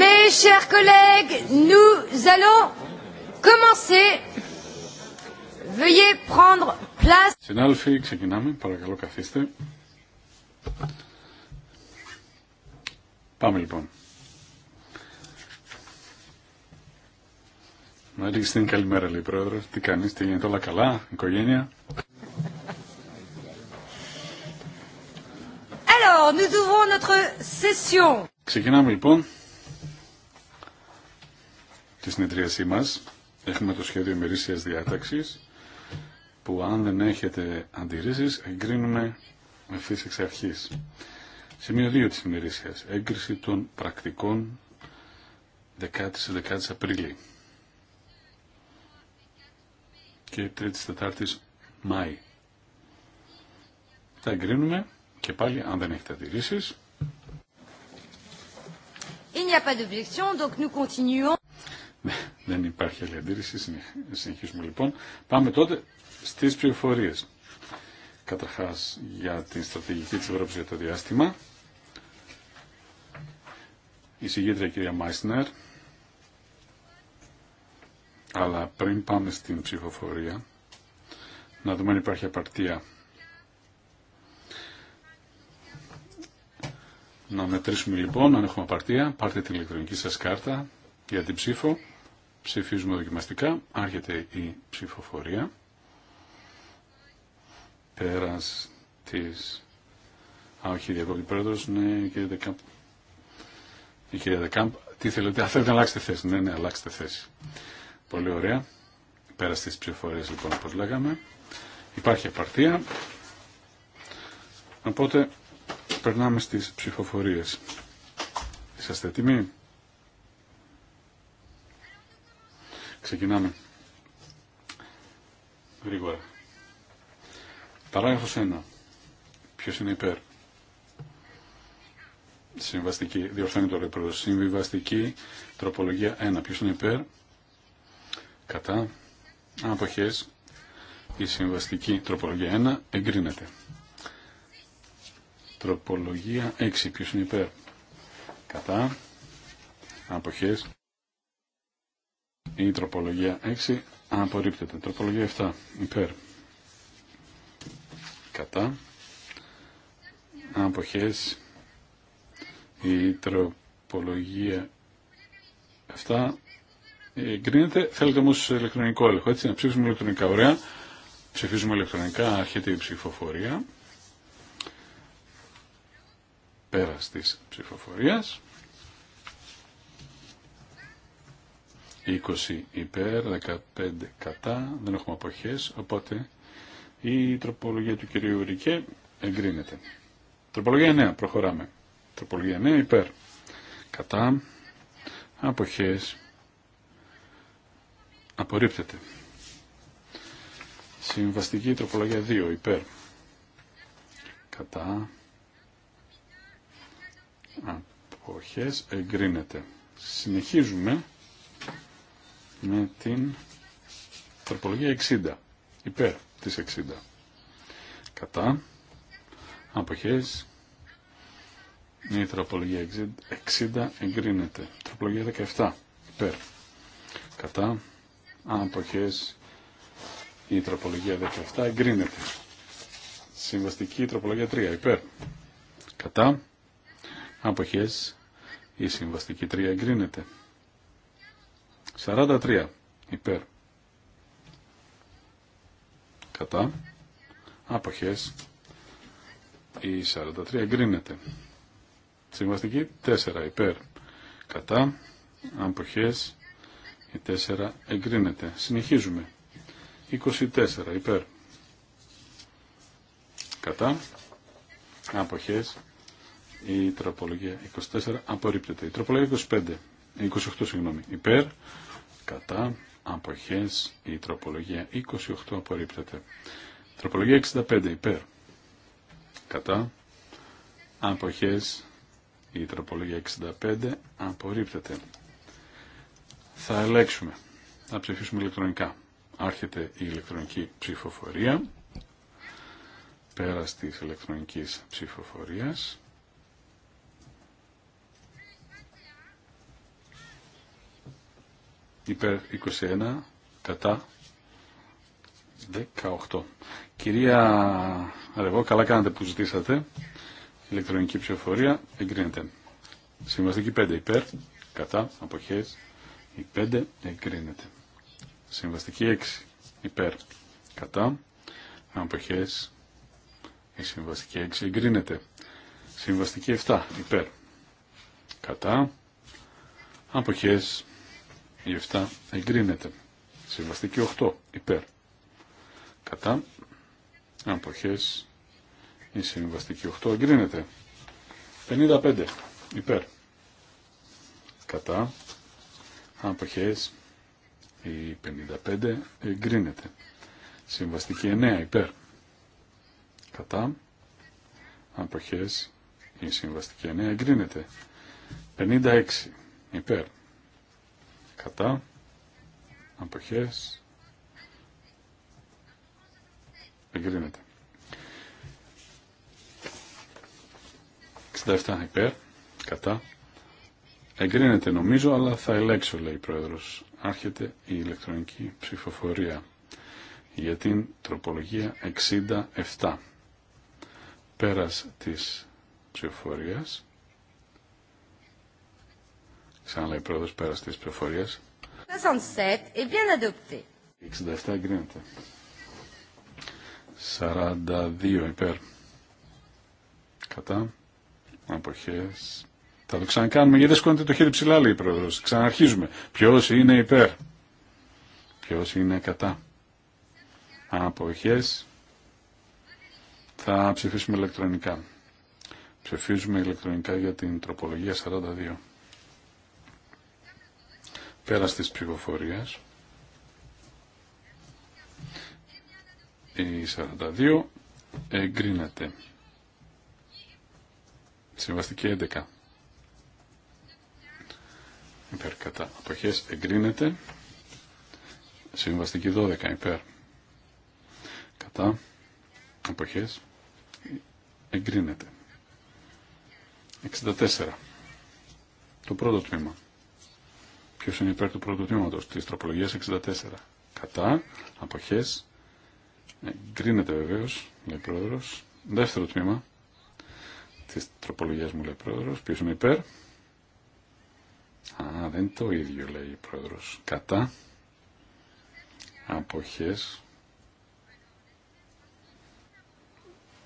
Mes chers collègues, nous allons commencer. Veuillez prendre place. Συνάδελφοι, ξεκινάμε. Παρακαλώ, καθίστε. Πάμε λοιπόν. Να ρίξει την καλημέρα, λέει πρόεδρο. Τι κάνει, τι γίνεται, όλα καλά, οικογένεια. Alors, nous ouvrons notre session. Ξεκινάμε λοιπόν στη συνεδρίασή μας. Έχουμε το σχέδιο ημερήσιας διάταξη που αν δεν έχετε αντιρρήσεις εγκρίνουμε ευθύ εξ αρχής. Σημείο 2 της ημερήσιας. Έγκριση των πρακτικών 10-11 Απρίλη και 3-4 Μάη. Τα εγκρίνουμε και πάλι αν δεν έχετε αντιρρήσεις. Δεν υπάρχει άλλη αντίρρηση. Συνεχίζουμε λοιπόν. Πάμε τότε στις πληροφορίες. καταρχά για την στρατηγική της Ευρώπης για το διάστημα. Η συγγήτρια κυρία Μάισνερ. Αλλά πριν πάμε στην ψηφοφορία, να δούμε αν υπάρχει απαρτία. Να μετρήσουμε λοιπόν αν έχουμε απαρτία. Πάρτε την ηλεκτρονική σας κάρτα για την ψήφο. Ψηφίζουμε δοκιμαστικά. Άρχεται η ψηφοφορία. Πέρας της... Α, όχι, διακόπτει πρόεδρος, ναι, κυρία Δεκάμπ. Η κυρία Δεκάμπ, τι θέλετε, α, θέλετε να αλλάξετε θέση. Ναι, ναι, αλλάξετε θέση. Πολύ ωραία. Πέρας τις ψηφοφορίες, λοιπόν, όπως λέγαμε. Υπάρχει απαρτία. Οπότε, περνάμε στις ψηφοφορίες. Είσαστε έτοιμοι. Ξεκινάμε. Γρήγορα. Παράγραφος 1. Ποιος είναι υπέρ. Συμβαστική. Διορθώνει το ρεπρό. Συμβιβαστική. Τροπολογία 1. Ποιος είναι υπέρ. Κατά. Αποχές. Η συμβαστική τροπολογία 1 εγκρίνεται. Τροπολογία 6. Ποιος είναι υπέρ. Κατά. Αποχές. Η τροπολογία 6 απορρίπτεται. Τροπολογία 7 υπέρ. Κατά. Αποχές. Η τροπολογία 7 εγκρίνεται. Θέλετε όμως ηλεκτρονικό έλεγχο, έτσι, να ψήφισουμε ηλεκτρονικά. Ωραία. Ψηφίζουμε ηλεκτρονικά, αρχίζει η ψηφοφορία. Πέρας της ψηφοφορίας. 20 υπέρ, 15 κατά, δεν έχουμε αποχές, οπότε η τροπολογία του κυρίου Ρικέ εγκρίνεται. Τροπολογία 9, προχωράμε. Τροπολογία 9 υπέρ, κατά, αποχές, απορρίπτεται. Συμβαστική τροπολογία 2 υπέρ, κατά, αποχές, εγκρίνεται. Συνεχίζουμε με την τροπολογία 60. Υπέρ της 60. Κατά. Αποχές. Η τροπολογία 60 εγκρίνεται. Τροπολογία 17. Υπέρ. Κατά. Αποχές. Η τροπολογία 17 εγκρίνεται. Συμβαστική τροπολογία 3. Υπέρ. Κατά. Αποχές. Η συμβαστική 3 εγκρίνεται. 43 υπέρ κατά αποχές η 43 εγκρίνεται συμβαστική 4 υπέρ κατά αποχές η 4 εγκρίνεται συνεχίζουμε 24 υπέρ κατά αποχές η τροπολογία 24 απορρίπτεται η τροπολογία 25 28 συγγνώμη, υπέρ, κατά, αποχές, η τροπολογία 28 απορρίπτεται. Τροπολογία 65 υπέρ, κατά, αποχές, η τροπολογία 65 απορρίπτεται. Θα ελέξουμε, θα ψηφίσουμε ηλεκτρονικά. Άρχεται η ηλεκτρονική ψηφοφορία, πέρα της ηλεκτρονικής ψηφοφορίας. υπέρ 21 κατά 18. Κυρία Ρεβό, καλά κάνατε που ζητήσατε. Ηλεκτρονική ψηφοφορία εγκρίνεται. Συμβαστική 5 υπέρ, κατά, αποχές, η 5 εγκρίνεται. Συμβαστική 6 υπέρ, κατά, αποχές, η συμβαστική 6 εγκρίνεται. Συμβαστική 7 υπέρ, κατά, αποχές, η 7 εγκρίνεται. Συμβαστική 8 υπέρ. Κατά αποχές η συμβαστική 8 εγκρίνεται. 55 υπέρ. Κατά αποχές η 55 εγκρίνεται. Συμβαστική 9 υπέρ. Κατά αποχές η συμβαστική 9 εγκρίνεται. 56 υπέρ κατά εγκρίνεται 67 υπέρ κατά εγκρίνεται νομίζω αλλά θα ελέξω λέει η πρόεδρος άρχεται η ηλεκτρονική ψηφοφορία για την τροπολογία 67 πέρας της ψηφοφορίας Ξαναλέει πρόεδρος πέρα της πληροφορίας. 67 εγκρίνεται. 42 υπέρ. Κατά. Αποχές. Θα το ξανακάνουμε γιατί δεν σκόνεται το χέρι ψηλά λέει η πρόεδρος. Ξαναρχίζουμε. Ποιος είναι υπέρ. Ποιος είναι κατά. Αποχές. Θα ψηφίσουμε ηλεκτρονικά. Ψηφίζουμε ηλεκτρονικά για την τροπολογία 42. Πέρα της ψηφοφορίας. Η 42 εγκρίνεται. Συμβαστική 11. Υπέρ κατά αποχές εγκρίνεται. Συμβαστική 12 υπέρ. Κατά αποχές εγκρίνεται. 64. Το πρώτο τμήμα. Ποιο είναι υπέρ του πρώτου τμήματο τη τροπολογία 64. Κατά. Αποχέ. Εγκρίνεται βεβαίω, λέει πρόεδρο. Δεύτερο τμήμα τη τροπολογία μου, λέει πρόεδρο. Ποιο είναι υπέρ. Α, δεν το ίδιο, λέει ο πρόεδρο. Κατά. Αποχέ.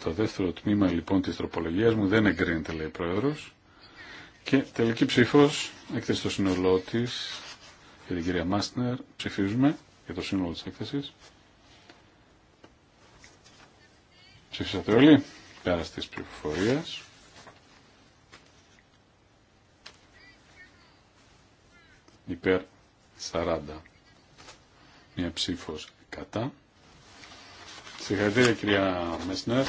Το δεύτερο τμήμα λοιπόν της τροπολογίας μου δεν εγκρίνεται, λέει ο Πρόεδρος. Και τελική ψήφος, έκθεση στο σύνολό τη για την κυρία Μάσνερ. ψηφίζουμε για το σύνολο της έκθεσης. Ψήφισατε όλοι, πέρα τη πληροφορία, υπέρ 40. Μια ψήφος κατά. Συγχαρητήρια κυρία Μέσνερ.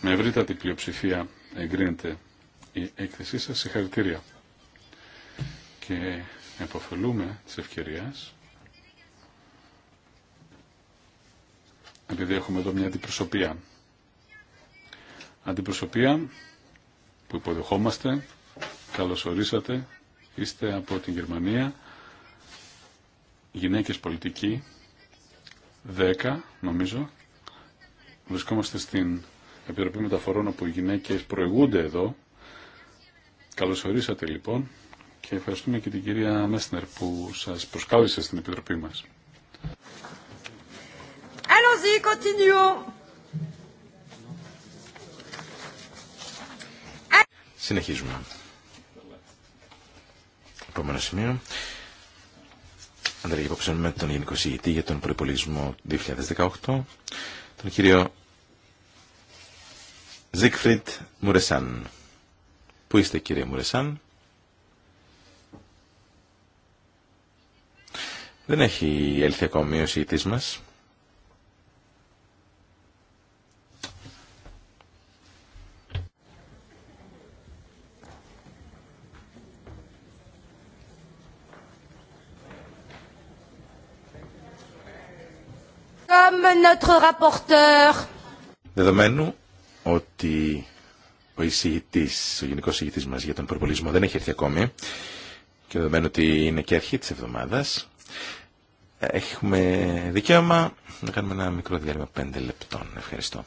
Με ευρύτατη πλειοψηφία εγκρίνεται η έκθεσή σας. Συγχαρητήρια. Και εποφελούμε της ευκαιρίας επειδή έχουμε εδώ μια αντιπροσωπεία. Αντιπροσωπεία που υποδεχόμαστε, καλωσορίσατε, είστε από την Γερμανία, γυναίκες πολιτικοί, 10 νομίζω, βρισκόμαστε στην Επιτροπή Μεταφορών όπου οι γυναίκες προηγούνται εδώ Καλωσορίσατε λοιπόν και ευχαριστούμε και την κυρία Μέσνερ που σας προσκάλεσε στην Επιτροπή μας. Συνεχίζουμε. Επόμενο σημείο. Ανταλλαγή υπόψη με τον Γενικό Συγητή για τον Προπολογισμό 2018, τον κύριο Ζίκφριντ Μουρεσάν. Πού είστε κύριε Μουρεσάν. Δεν έχει έλθει ακόμη ο συγητής μας. notre rapporteur. Δεδομένου ότι ο εισηγητής, ο Γενικό εισηγητής μα για τον προπολισμό δεν έχει έρθει ακόμη και δεδομένου ότι είναι και αρχή τη εβδομάδα. έχουμε δικαίωμα να κάνουμε ένα μικρό διάλειμμα πέντε λεπτών. Ευχαριστώ.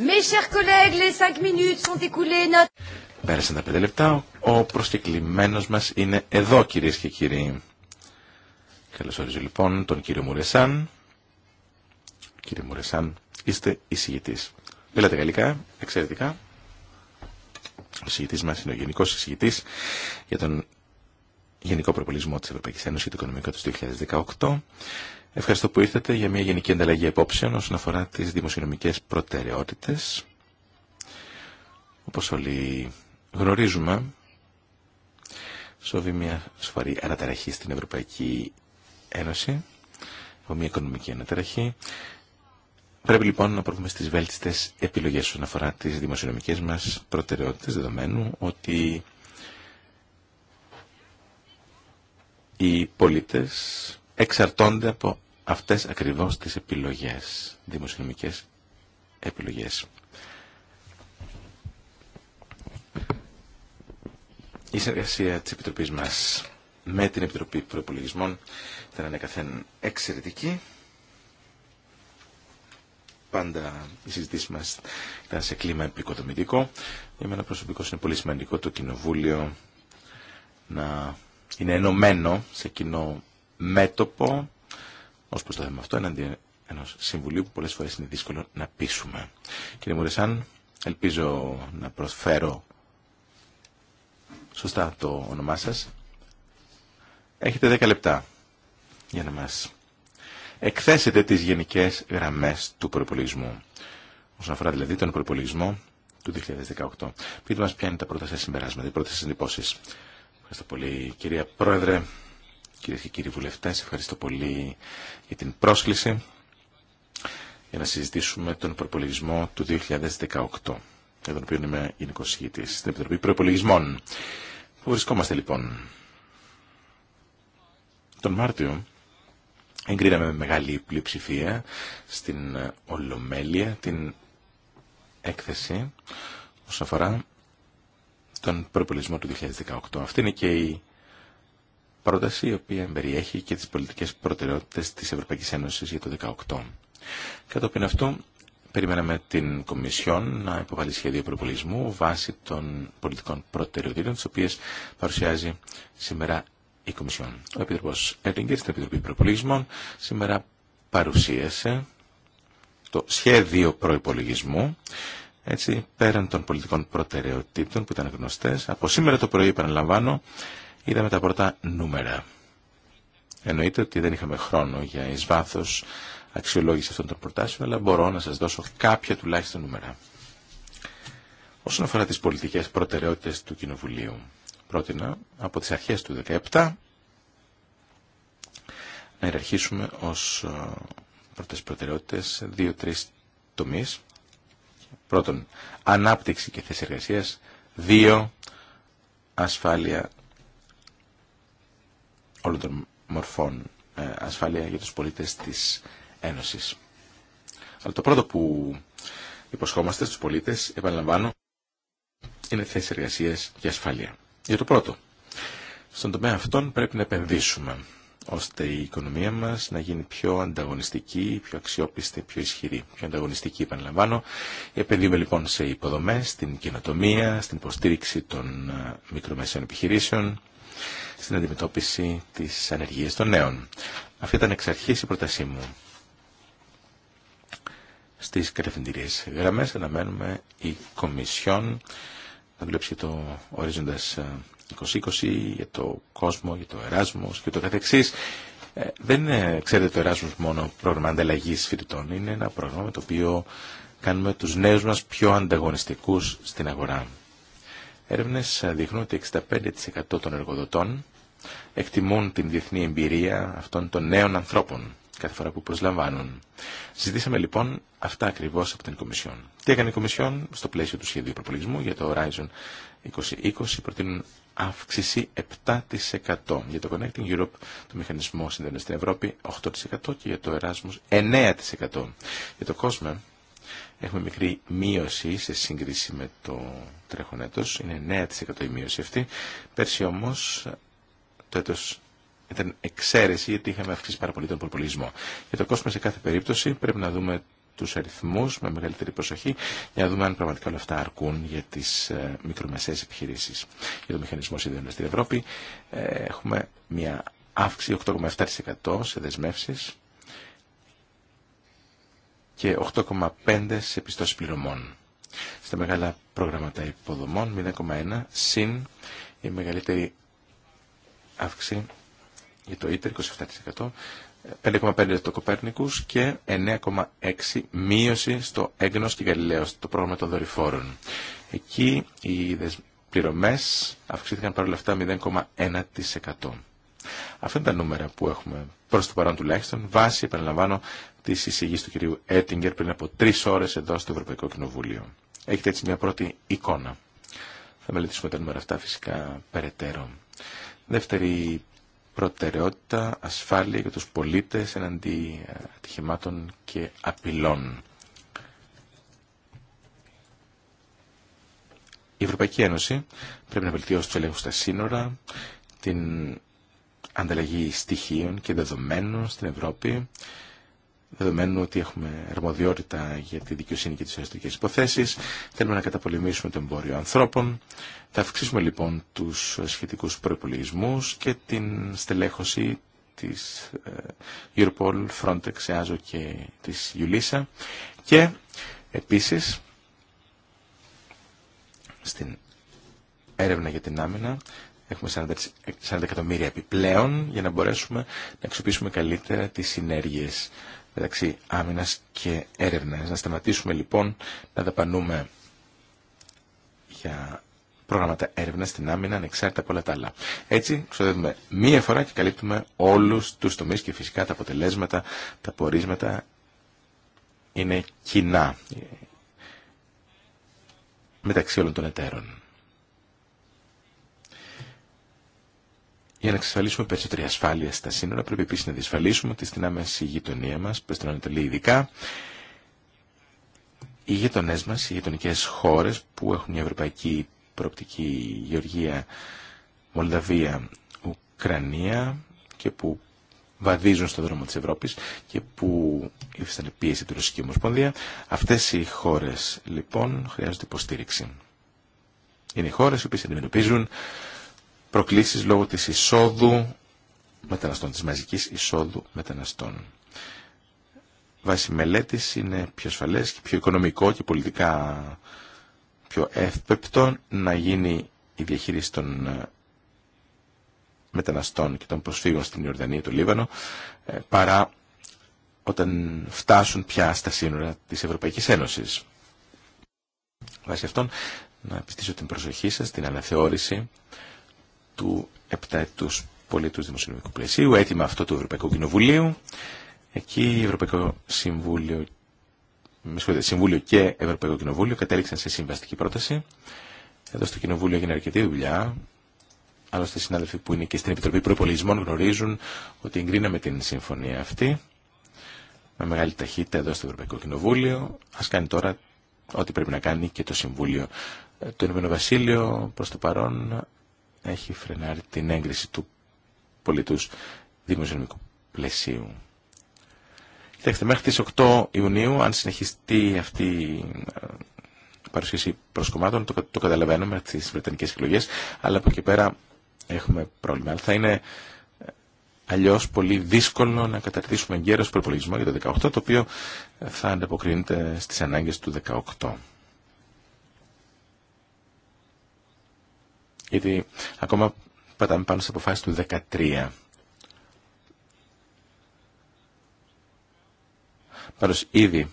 Mes chers 5 Πέρασαν τα πέντε λεπτά. Ο προσκεκλημένος μας είναι εδώ κυρίες και κύριοι. Καλώς ορίζω λοιπόν τον κύριο Μουρεσάν. Κύριε Μουρεσάν, είστε εισηγητής. Μιλάτε γαλλικά, εξαιρετικά. Ο εισηγητής μα είναι ο γενικός εισηγητής για τον Γενικό Προπολισμό της Ευρωπαϊκής Ένωσης και το Οικονομικό του 2018. Ευχαριστώ που ήρθατε για μια γενική ανταλλαγή απόψεων όσον αφορά τις δημοσιονομικές προτεραιότητες. Όπως όλοι γνωρίζουμε, σώβει μια σοβαρή αναταραχή στην Ευρωπαϊκή Ένωση, από μια οικονομική αναταραχή. Πρέπει λοιπόν να προβούμε στις βέλτιστες επιλογές όσον αφορά τις δημοσιονομικές μας προτεραιότητες, δεδομένου ότι οι πολίτες εξαρτώνται από αυτές ακριβώς τις επιλογές, δημοσιονομικές επιλογές. Η συνεργασία της Επιτροπής μας με την Επιτροπή Προπολογισμών ήταν καθέναν εξαιρετική. Πάντα οι συζητήσει μα ήταν σε κλίμα επικοδομητικό. Για μένα προσωπικό είναι πολύ σημαντικό το Κοινοβούλιο να είναι ενωμένο σε κοινό μέτωπο ως προς το θέμα αυτό εναντί ενός συμβουλίου που πολλές φορές είναι δύσκολο να πείσουμε. Κύριε Μουρεσάν, ελπίζω να προσφέρω σωστά το όνομά σας. Έχετε 10 λεπτά για να μας εκθέσετε τις γενικές γραμμές του προπολογισμού. Όσον αφορά δηλαδή τον προπολογισμό του 2018. Πείτε μας ποια είναι τα πρώτα σας συμπεράσματα, οι πρώτες σας εντυπώσεις. Ευχαριστώ πολύ κυρία Πρόεδρε. Κυρίε και κύριοι βουλευτέ, ευχαριστώ πολύ για την πρόσκληση για να συζητήσουμε τον προπολογισμό του 2018, για τον οποίο είμαι γενικό ηγητή στην Επιτροπή Προπολογισμών. Πού βρισκόμαστε λοιπόν. Τον Μάρτιο εγκρίναμε με μεγάλη πλειοψηφία στην Ολομέλεια την έκθεση όσον αφορά τον προπολογισμό του 2018. Αυτή είναι και η πρόταση η οποία περιέχει και τι πολιτικέ προτεραιότητε τη Ευρωπαϊκή Ένωση για το 2018. Κατόπιν αυτό, περιμέναμε την Κομισιόν να υποβάλει σχέδιο προπολισμού βάσει των πολιτικών προτεραιοτήτων, τι οποίε παρουσιάζει σήμερα η Κομισιόν. Ο Επιτροπός Έτιγκερ στην Επιτροπή Προπολισμών σήμερα παρουσίασε το σχέδιο προπολογισμού, έτσι, πέραν των πολιτικών προτεραιοτήτων που ήταν γνωστέ, Από σήμερα το πρωί, επαναλαμβάνω, είδαμε τα πρώτα νούμερα. Εννοείται ότι δεν είχαμε χρόνο για εις βάθος αξιολόγηση αυτών των προτάσεων, αλλά μπορώ να σας δώσω κάποια τουλάχιστον νούμερα. Όσον αφορά τις πολιτικές προτεραιότητες του Κοινοβουλίου, πρότεινα από τις αρχές του 2017 να ιεραρχήσουμε ως ε, πρώτες προτεραιότητες δύο-τρεις τομείς. Πρώτον, ανάπτυξη και θέση εργασίας. Δύο, ασφάλεια όλων των μορφών ε, ασφάλεια για τους πολίτες της Ένωσης. Αλλά το πρώτο που υποσχόμαστε στους πολίτες, επαναλαμβάνω, είναι θέσεις εργασία και ασφάλεια. Για το πρώτο, στον τομέα αυτών πρέπει να επενδύσουμε, ώστε η οικονομία μας να γίνει πιο ανταγωνιστική, πιο αξιόπιστη, πιο ισχυρή. Πιο ανταγωνιστική, επαναλαμβάνω. Επενδύουμε λοιπόν σε υποδομές, στην καινοτομία, στην υποστήριξη των ε, μικρομεσαίων επιχειρήσεων, στην αντιμετώπιση της ανεργίας των νέων. Αυτή ήταν εξ αρχής η πρότασή μου. Στις κατευθυντηρίες γραμμές αναμένουμε η Κομισιόν να δουλέψει το ορίζοντας 2020 ε, για το κόσμο, για το Εράσμος και το καθεξής. Ε, δεν είναι, ξέρετε, το Εράσμος μόνο πρόγραμμα ανταλλαγή φοιτητών. Είναι ένα πρόγραμμα το οποίο κάνουμε τους νέους μας πιο ανταγωνιστικούς στην αγορά. Έρευνε δείχνουν ότι 65% των εργοδοτών εκτιμούν την διεθνή εμπειρία αυτών των νέων ανθρώπων κάθε φορά που προσλαμβάνουν. Ζητήσαμε λοιπόν αυτά ακριβώ από την Κομισιόν. Τι έκανε η Κομισιόν στο πλαίσιο του σχεδίου προπολογισμού για το Horizon 2020 προτείνουν αύξηση 7% για το Connecting Europe, το μηχανισμό συνδέοντας στην Ευρώπη 8% και για το Erasmus 9%. Για το COSME Έχουμε μικρή μείωση σε σύγκριση με το τρέχον έτος, είναι 9% η μείωση αυτή. Πέρσι όμως το έτος ήταν εξαίρεση γιατί είχαμε αυξήσει πάρα πολύ τον πολιτισμό. Για το κόσμο σε κάθε περίπτωση πρέπει να δούμε τους αριθμούς με μεγαλύτερη προσοχή για να δούμε αν πραγματικά όλα αυτά αρκούν για τις ε, μικρομεσαίες επιχειρήσεις. Για το μηχανισμό σιδεών στην Ευρώπη ε, έχουμε μια αύξηση 8,7% σε δεσμεύσεις και 8,5 σε πιστώσεις πληρωμών. Στα μεγάλα πρόγραμματα υποδομών 0,1 συν η μεγαλύτερη αύξηση για το ίτερ 27%, 5,5 το Κοπέρνικους και 9,6 μείωση στο Έγνος και Γαλιλαίο, το πρόγραμμα των δορυφόρων. Εκεί οι πληρωμές αυξήθηκαν παρόλα αυτά 0,1%. Αυτά είναι τα νούμερα που έχουμε προς το παρόν τουλάχιστον, Βάση, επαναλαμβάνω, τη εισήγη του κυρίου Έτιγκερ πριν από τρει ώρε εδώ στο Ευρωπαϊκό Κοινοβούλιο. Έχετε έτσι μια πρώτη εικόνα. Θα μελετήσουμε τα νούμερα αυτά φυσικά περαιτέρω. Δεύτερη προτεραιότητα, ασφάλεια για του πολίτε εναντί ε, ατυχημάτων και απειλών. Η Ευρωπαϊκή Ένωση πρέπει να βελτιώσει του ελέγχου στα σύνορα, την ανταλλαγή στοιχείων και δεδομένων στην Ευρώπη δεδομένου ότι έχουμε αρμοδιότητα για τη δικαιοσύνη και τις αριστικές υποθέσεις, θέλουμε να καταπολεμήσουμε το εμπόριο ανθρώπων, θα αυξήσουμε λοιπόν τους σχετικούς προϋπολογισμούς και την στελέχωση της ε, Europol, Frontex, EASO και της Ιουλίσα και επίσης στην έρευνα για την άμυνα έχουμε 40, εκατομμύρια επιπλέον για να μπορέσουμε να εξοπλίσουμε καλύτερα τις συνέργειες μεταξύ άμυνας και έρευνας. Να σταματήσουμε λοιπόν να δαπανούμε για προγράμματα έρευνα στην άμυνα ανεξάρτητα από όλα τα άλλα. Έτσι, ξοδεύουμε μία φορά και καλύπτουμε όλου του τομεί και φυσικά τα αποτελέσματα, τα πορίσματα είναι κοινά μεταξύ όλων των εταίρων. Για να εξασφαλίσουμε περισσότερη ασφάλεια στα σύνορα, πρέπει επίση να διασφαλίσουμε ότι στην άμεση γειτονία μα, που στην Ανατολή ειδικά, οι γειτονέ μα, οι γειτονικέ χώρε που έχουν μια ευρωπαϊκή προοπτική Γεωργία, Μολδαβία, Ουκρανία και που βαδίζουν στον δρόμο τη Ευρώπη και που ήρθαν πίεση του Ρωσική Ομοσπονδία. Αυτές οι χώρε λοιπόν χρειάζονται υποστήριξη. Είναι οι χώρε οι αντιμετωπίζουν προκλήσεις λόγω της εισόδου μεταναστών, της μαζικής εισόδου μεταναστών. Βάσει μελέτης είναι πιο ασφαλές και πιο οικονομικό και πολιτικά πιο εύπεπτο να γίνει η διαχείριση των ε, μεταναστών και των προσφύγων στην Ιορδανία, το Λίβανο, ε, παρά όταν φτάσουν πια στα σύνορα της Ευρωπαϊκής Ένωσης. Βάσει αυτών, να επιστήσω την προσοχή σας, την αναθεώρηση του επτάετους πολίτους δημοσιονομικού πλαισίου, έτοιμα αυτό του Ευρωπαϊκού Κοινοβουλίου. Εκεί Ευρωπαϊκό Συμβούλιο, με Συμβούλιο και Ευρωπαϊκό Κοινοβούλιο κατέληξαν σε συμβαστική πρόταση. Εδώ στο Κοινοβούλιο έγινε αρκετή δουλειά. Άλλωστε, οι συνάδελφοι που είναι και στην Επιτροπή Προπολογισμών γνωρίζουν ότι εγκρίναμε την συμφωνία αυτή με μεγάλη ταχύτητα εδώ στο Ευρωπαϊκό Κοινοβούλιο. Α κάνει τώρα ό,τι πρέπει να κάνει και το Συμβούλιο. Ε, το Ηνωμένο Βασίλειο προ το παρόν έχει φρενάρει την έγκριση του πολιτούς δημοσιονομικού πλαισίου. Κοιτάξτε, μέχρι τις 8 Ιουνίου, αν συνεχιστεί αυτή η ε, παρουσίαση προσκομμάτων, το, το καταλαβαίνουμε με τις Βρετανικές εκλογές, αλλά από εκεί πέρα έχουμε πρόβλημα. Αλλά θα είναι ε, αλλιώς πολύ δύσκολο να καταρτήσουμε γέρος προπολογισμό για το 18, το οποίο θα ανταποκρίνεται στις ανάγκες του 18. γιατί ακόμα πατάμε πάνω στις αποφάσεις του 13. Πάντως ήδη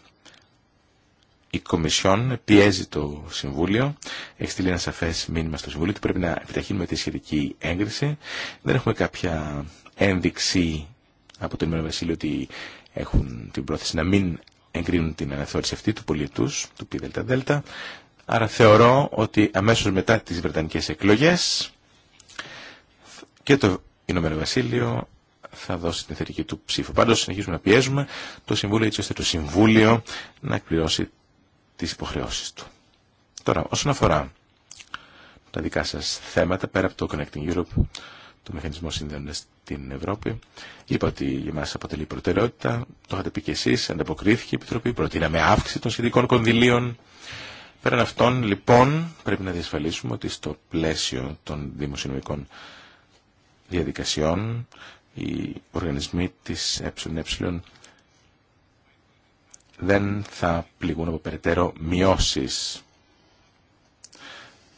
η Κομισιόν πιέζει το Συμβούλιο, έχει στείλει ένα σαφές μήνυμα στο Συμβούλιο ότι πρέπει να επιταχύνουμε τη σχετική έγκριση. Δεν έχουμε κάποια ένδειξη από το Ηνωμένο ότι έχουν την πρόθεση να μην εγκρίνουν την αναθεώρηση αυτή του πολιτού, του δέλτα, Άρα θεωρώ ότι αμέσως μετά τις Βρετανικές εκλογές και το Ηνωμένο Βασίλειο θα δώσει την θετική του ψήφο. Πάντως συνεχίζουμε να πιέζουμε το Συμβούλιο έτσι ώστε το Συμβούλιο να εκπληρώσει τις υποχρεώσεις του. Τώρα, όσον αφορά τα δικά σας θέματα, πέρα από το Connecting Europe, το μηχανισμό Σύνδεων στην Ευρώπη, είπα ότι για μας αποτελεί προτεραιότητα, το είχατε πει και εσείς, ανταποκρίθηκε η Επιτροπή, προτείναμε αύξηση των σχετικών κονδυλίων, Πέραν αυτών, λοιπόν, πρέπει να διασφαλίσουμε ότι στο πλαίσιο των δημοσιονομικών διαδικασιών οι οργανισμοί της ΕΕ δεν θα πληγούν από περαιτέρω μειώσεις.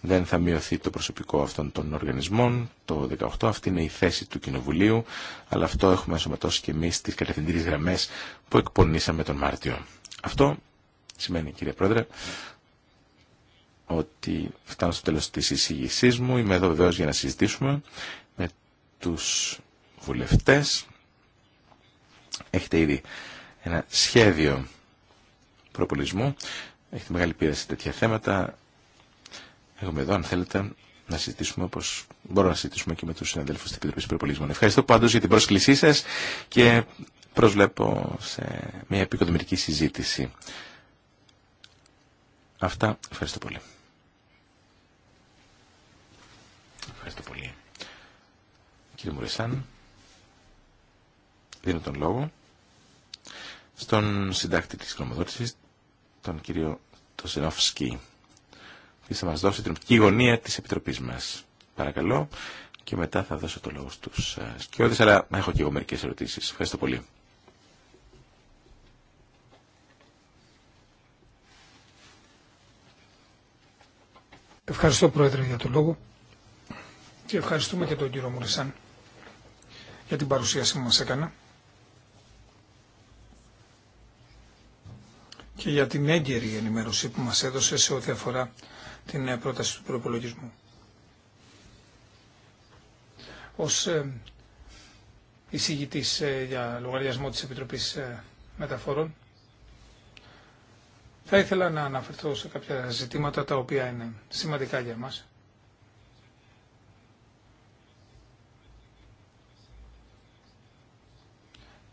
Δεν θα μειωθεί το προσωπικό αυτών των οργανισμών το 18. Αυτή είναι η θέση του Κοινοβουλίου, αλλά αυτό έχουμε ενσωματώσει και εμείς τις κατευθυντήριες γραμμές που εκπονήσαμε τον Μάρτιο. Αυτό σημαίνει, κύριε Πρόεδρε, ότι φτάνω στο τέλος της εισηγησής μου. Είμαι εδώ βεβαίως για να συζητήσουμε με τους βουλευτές. Έχετε ήδη ένα σχέδιο προπολισμού. Έχετε μεγάλη πείρα σε τέτοια θέματα. Εγώ εδώ, αν θέλετε, να συζητήσουμε όπως μπορώ να συζητήσουμε και με τους συναδέλφους της Επιτροπής Προπολισμού. Ευχαριστώ πάντως για την πρόσκλησή σας και προσβλέπω σε μια επικοδομητική συζήτηση. Αυτά. Ευχαριστώ πολύ. Ευχαριστώ πολύ. Κύριε Μουρεσάν, δίνω τον λόγο στον συντάκτη της γνωμοδότησης, τον κύριο Τοσενόφσκι, που θα μας δώσει την οπτική γωνία της Επιτροπής μας. Παρακαλώ και μετά θα δώσω το λόγο στους ε, σκιώδες, αλλά έχω και εγώ μερικές ερωτήσεις. Ευχαριστώ πολύ. Ευχαριστώ Πρόεδρε για το λόγο. Και ευχαριστούμε και τον κύριο Μουρισάν για την παρουσίαση που μας έκανε και για την έγκαιρη ενημέρωση που μας έδωσε σε ό,τι αφορά την ε, πρόταση του προπολογισμού. Ως ε, εισηγητής ε, για λογαριασμό της Επιτροπής Μεταφορών θα ήθελα να αναφερθώ σε κάποια ζητήματα τα οποία είναι σημαντικά για μας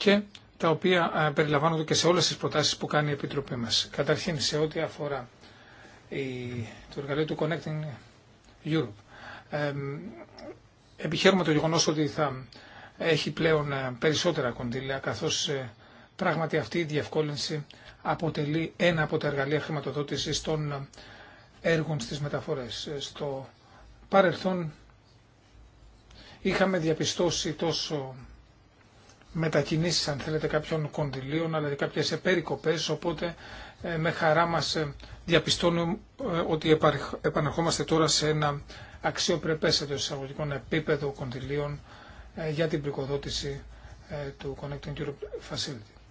και τα οποία ε, περιλαμβάνονται και σε όλες τις προτάσεις που κάνει η Επιτροπή μας. Καταρχήν σε ό,τι αφορά το εργαλείο του Connecting Europe. Επιχαίρουμε το γεγονός ότι θα έχει πλέον ε, περισσότερα κονδύλια καθώς ε, πράγματι αυτή η διευκόλυνση αποτελεί ένα από τα εργαλεία χρηματοδότησης των έργων στις μεταφορές. Στο παρελθόν είχαμε διαπιστώσει τόσο μετακινήσεις αν θέλετε κάποιων κοντιλίων, αλλά και κάποιες επερικοπές, οπότε ε, με χαρά μας ε, διαπιστώνουμε ότι επαναρχόμαστε τώρα σε ένα αξιοπρεπές εντός εισαγωγικών επίπεδο κοντιλίων ε, για την πρικοδότηση του Connecting Europe Facility.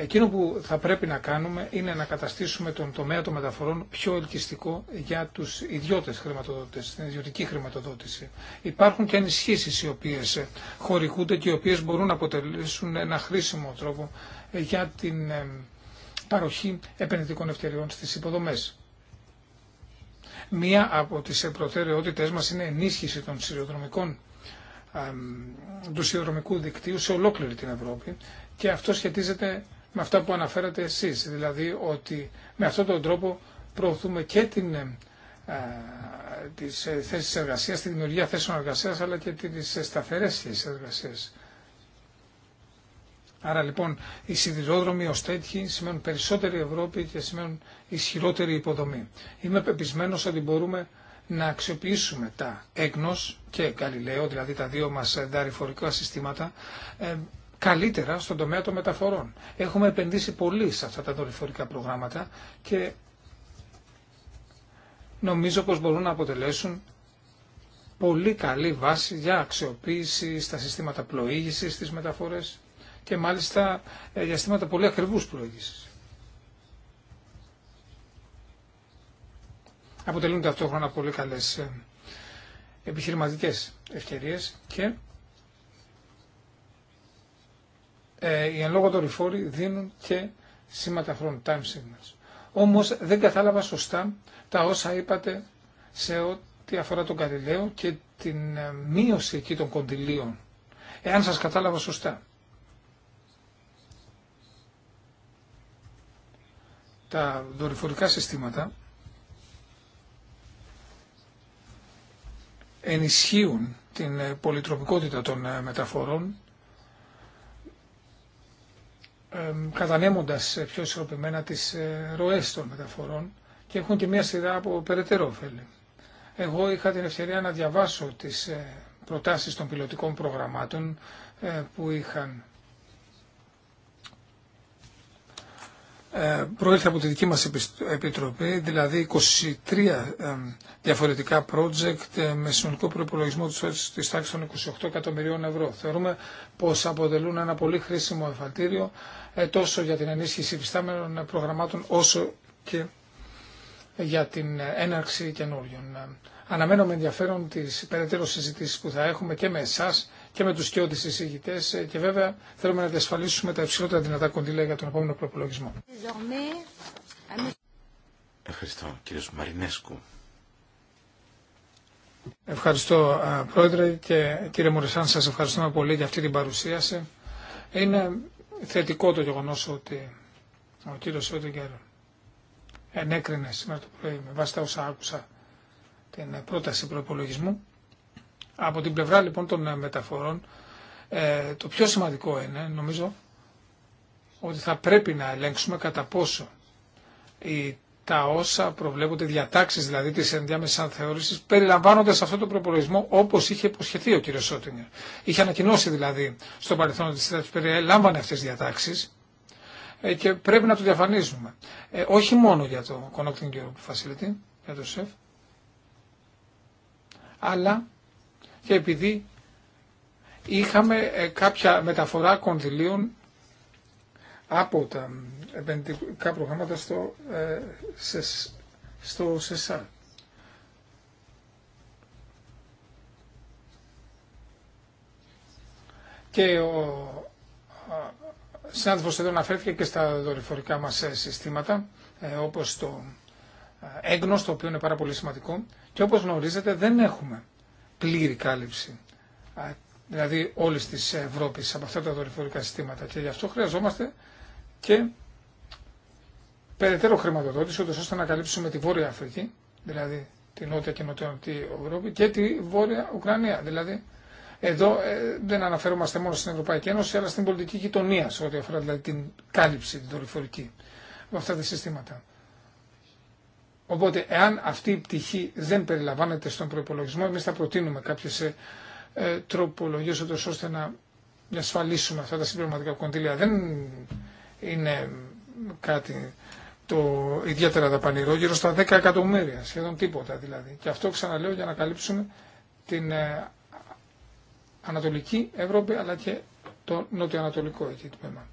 Εκείνο που θα πρέπει να κάνουμε είναι να καταστήσουμε τον τομέα των μεταφορών πιο ελκυστικό για του ιδιώτε χρηματοδότε, την ιδιωτική χρηματοδότηση. Υπάρχουν και ενισχύσει οι οποίε χορηγούνται και οι οποίε μπορούν να αποτελέσουν ένα χρήσιμο τρόπο για την ε, παροχή επενδυτικών ευκαιριών στι υποδομέ. Μία από τι προτεραιότητέ μα είναι ενίσχυση των σιδηροδρομικών ε, του σιδηροδρομικού δικτύου σε ολόκληρη την Ευρώπη και αυτό σχετίζεται με αυτά που αναφέρατε εσείς, δηλαδή ότι με αυτόν τον τρόπο προωθούμε και την, ε, τις ε, θέσεις εργασίας, τη δημιουργία θέσεων εργασίας, αλλά και τις ε, σταθερές θέσεις εργασίας. Άρα λοιπόν οι σιδηρόδρομοι ω τέτοιοι σημαίνουν περισσότερη Ευρώπη και σημαίνουν ισχυρότερη υποδομή. Είμαι πεπισμένο ότι μπορούμε να αξιοποιήσουμε τα έγνος και Γαλιλαίο, δηλαδή τα δύο μας ε, δαρυφορικά συστήματα, καλύτερα στον τομέα των μεταφορών. Έχουμε επενδύσει πολύ σε αυτά τα δορυφορικά προγράμματα και νομίζω πως μπορούν να αποτελέσουν πολύ καλή βάση για αξιοποίηση στα συστήματα πλοήγησης στις μεταφορές και μάλιστα ε, για συστήματα πολύ ακριβούς πλοήγησης. Αποτελούν ταυτόχρονα πολύ καλές ε, επιχειρηματικές ευκαιρίες και Ε, οι εν λόγω δορυφόροι δίνουν και σήματα χρόνου, time signals. Όμως δεν κατάλαβα σωστά τα όσα είπατε σε ό,τι αφορά τον Καλιλαίο και την ε, μείωση εκεί των κοντιλίων. Εάν σας κατάλαβα σωστά. Τα δορυφορικά συστήματα ενισχύουν την ε, πολυτροπικότητα των μεταφορών κατανέμοντας ε, πιο ισορροπημένα τις ε, ροές των μεταφορών και έχουν και μια σειρά από περαιτέρω ωφέλη. Εγώ είχα την ευκαιρία να διαβάσω τις ε, προτάσεις των πιλωτικών προγραμμάτων που είχαν Ε, προήλθε από τη δική μας επιτροπή, δηλαδή 23 ε, διαφορετικά project ε, με συνολικό προπολογισμό της τάξης των 28 εκατομμυρίων ευρώ. Θεωρούμε πως αποτελούν ένα πολύ χρήσιμο εφαλτήριο τόσο για την ενίσχυση υφιστάμενων προγραμμάτων όσο και για την έναρξη καινούριων. Αναμένω με ενδιαφέρον τις περαιτέρω συζητήσεις που θα έχουμε και με εσάς και με του σκιώδει εισηγητέ ε, και βέβαια θέλουμε να διασφαλίσουμε τα υψηλότερα δυνατά κονδύλια για τον επόμενο προπολογισμό. Ευχαριστώ, κύριε Μαρινέσκου. Ευχαριστώ, Πρόεδρε και κύριε Μουρισάν, σα ευχαριστούμε πολύ για αυτή την παρουσίαση. Είναι θετικό το γεγονό ότι ο κύριο Σόντιγκερ ενέκρινε σήμερα το πρωί με βάση τα όσα άκουσα την πρόταση προπολογισμού από την πλευρά λοιπόν των ε, μεταφορών, ε, το πιο σημαντικό είναι, νομίζω, ότι θα πρέπει να ελέγξουμε κατά πόσο η, τα όσα προβλέπονται διατάξεις δηλαδή της ενδιάμεσης ανθεώρησης περιλαμβάνονται σε αυτό το προπολογισμό όπως είχε υποσχεθεί ο κ. Σότινγκ Είχε ανακοινώσει δηλαδή στο παρελθόν ότι θα περιλάμβανε αυτές τις διατάξεις ε, και πρέπει να το διαφανίζουμε. όχι μόνο για το Connecting Europe Facility, για το ΣΕΦ, αλλά και επειδή είχαμε ε, κάποια μεταφορά κονδυλίων από τα επενδυτικά προγράμματα στο, ε, Και ο συνάδελφος εδώ αναφέρθηκε και στα δορυφορικά μας ε, συστήματα, ε, όπως το έγνωστο, το οποίο είναι πάρα πολύ σημαντικό. Και όπως γνωρίζετε δεν έχουμε πλήρη κάλυψη δηλαδή όλης της Ευρώπης από αυτά τα δορυφορικά συστήματα και γι' αυτό χρειαζόμαστε και περαιτέρω χρηματοδότηση ώστε να καλύψουμε τη Βόρεια Αφρική, δηλαδή τη Νότια και Νοτιονοτή Ευρώπη και τη Βόρεια Ουκρανία. Δηλαδή εδώ ε, δεν αναφέρομαστε μόνο στην Ευρωπαϊκή Ένωση αλλά στην πολιτική γειτονία σε ό,τι αφορά δηλαδή, την κάλυψη, την δορυφορική από αυτά τα συστήματα. Οπότε, εάν αυτή η πτυχή δεν περιλαμβάνεται στον προπολογισμό, εμεί θα προτείνουμε κάποιε ε, ε τροπολογίε, ώστε να ασφαλίσουμε αυτά τα συμπληρωματικά κονδύλια. Δεν είναι κάτι το ιδιαίτερα δαπανηρό, γύρω στα 10 εκατομμύρια, σχεδόν τίποτα δηλαδή. Και αυτό ξαναλέω για να καλύψουμε την ε, Ανατολική Ευρώπη αλλά και το ανατολικό εκεί το πέμα.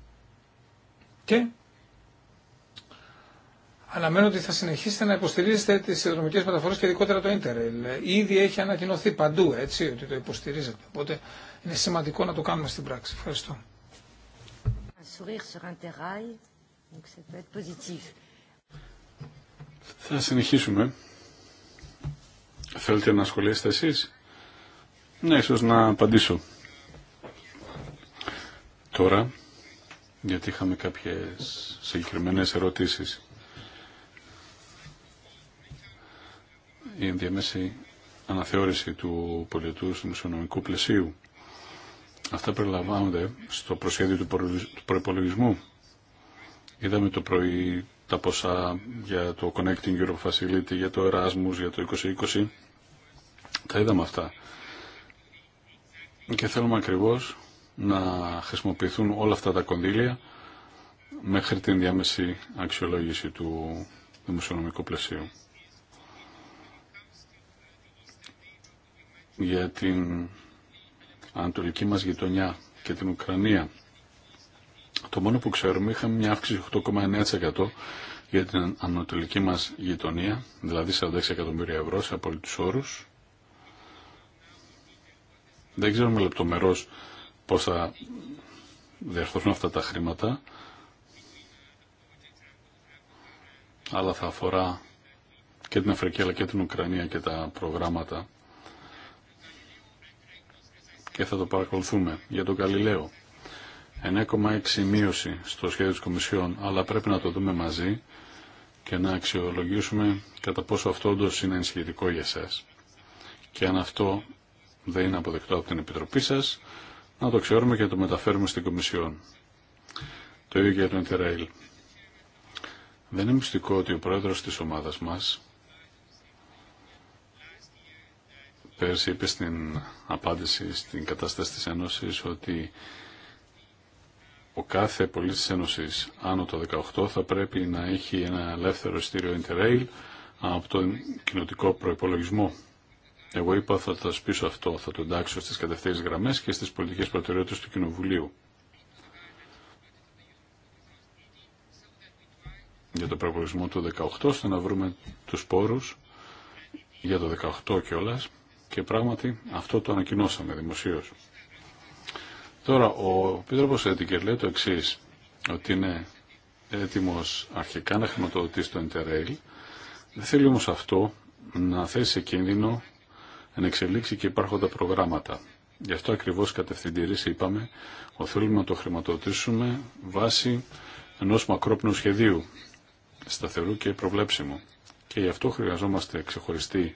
Και αναμένω ότι θα συνεχίσετε να υποστηρίζετε τις συνδρομικές μεταφορέ και ειδικότερα το Interrail. Ήδη έχει ανακοινωθεί παντού έτσι ότι το υποστηρίζετε. Οπότε είναι σημαντικό να το κάνουμε στην πράξη. Ευχαριστώ. Θα συνεχίσουμε. Θέλετε να ασχολείστε εσεί Ναι, ίσω να απαντήσω. Τώρα, γιατί είχαμε κάποιες συγκεκριμένες ερωτήσεις. η ενδιαμέση αναθεώρηση του πολιτού του μισονομικού πλαισίου. Αυτά περιλαμβάνονται στο προσχέδιο του προπολογισμού. Είδαμε το πρωί τα ποσά για το Connecting Europe Facility, για το Erasmus, για το 2020. Τα είδαμε αυτά. Και θέλουμε ακριβώς να χρησιμοποιηθούν όλα αυτά τα κονδύλια μέχρι την διάμεση αξιολόγηση του δημοσιονομικού πλαισίου. για την ανατολική μας γειτονιά και την Ουκρανία. Το μόνο που ξέρουμε είχαμε μια αύξηση 8,9% για την ανατολική μας γειτονία, δηλαδή 46 εκατομμύρια ευρώ σε απόλυτους όρους. Δεν ξέρουμε λεπτομερώς πώς θα διαρθωθούν αυτά τα χρήματα, αλλά θα αφορά και την Αφρική αλλά και την Ουκρανία και τα προγράμματα και θα το παρακολουθούμε. Για τον Είναι 9,6 μείωση στο σχέδιο της Κομισιόν, αλλά πρέπει να το δούμε μαζί και να αξιολογήσουμε κατά πόσο αυτό όντω είναι ενσχετικό για σας. Και αν αυτό δεν είναι αποδεκτό από την Επιτροπή σας, να το ξέρουμε και να το μεταφέρουμε στην Κομισιόν. Το ίδιο για τον Ιντεραήλ. Δεν είναι μυστικό ότι ο πρόεδρος της ομάδας μας πέρσι είπε στην απάντηση στην κατάσταση της Ένωσης ότι ο κάθε πολίτης της Ένωσης άνω το 18 θα πρέπει να έχει ένα ελεύθερο στήριο Interrail από τον κοινοτικό προϋπολογισμό. Εγώ είπα θα το σπίσω αυτό, θα το εντάξω στις κατευθύνσεις γραμμές και στις πολιτικές προτεραιότητες του Κοινοβουλίου. για τον προϋπολογισμό του 18, ώστε να βρούμε τους πόρους για το 18 κιόλας και πράγματι αυτό το ανακοινώσαμε δημοσίω. Τώρα, ο Πίτροπος Έντικερ λέει το εξή ότι είναι έτοιμος αρχικά να χρηματοδοτήσει το Interrail. Δεν θέλει όμως αυτό να θέσει σε κίνδυνο να εξελίξει και υπάρχοντα προγράμματα. Γι' αυτό ακριβώς κατευθυντήρηση είπαμε ότι θέλουμε να το χρηματοδοτήσουμε βάσει ενός μακρόπνου σχεδίου σταθερού και προβλέψιμου. Και γι' αυτό χρειαζόμαστε ξεχωριστή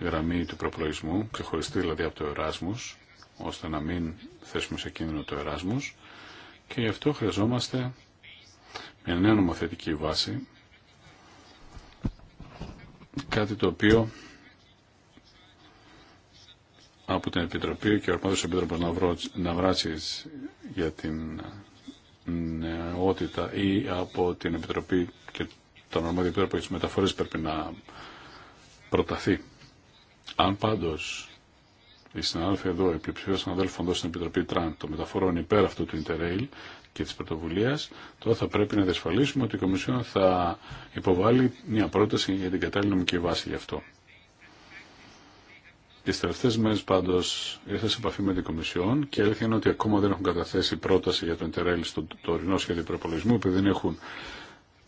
γραμμή του προπλογισμού ξεχωριστή δηλαδή από το Εράσμους, ώστε να μην θέσουμε σε κίνδυνο το Εράσμους και γι' αυτό χρειαζόμαστε μια νέα νομοθετική βάση, κάτι το οποίο από την Επιτροπή και ο να Επίτροπος Ναυράτσης για την νεότητα ή από την Επιτροπή και τον Αρμόδιο Επίτροπο για τις πρέπει να προταθεί. Αν πάντω οι συνάδελφοι εδώ, η πλειοψηφία συναδέλφων εδώ στην Επιτροπή Τραν το μεταφορών υπέρ αυτού του Interrail και τη πρωτοβουλία, τώρα θα πρέπει να διασφαλίσουμε ότι η Κομισιόν θα υποβάλει μια πρόταση για την κατάλληλη νομική βάση γι' αυτό. Τι τελευταίε μέρε πάντω ήρθα σε επαφή με την Κομισιόν και η ότι ακόμα δεν έχουν καταθέσει πρόταση για το Interrail στο τωρινό σχέδιο προπολογισμού, επειδή δεν έχουν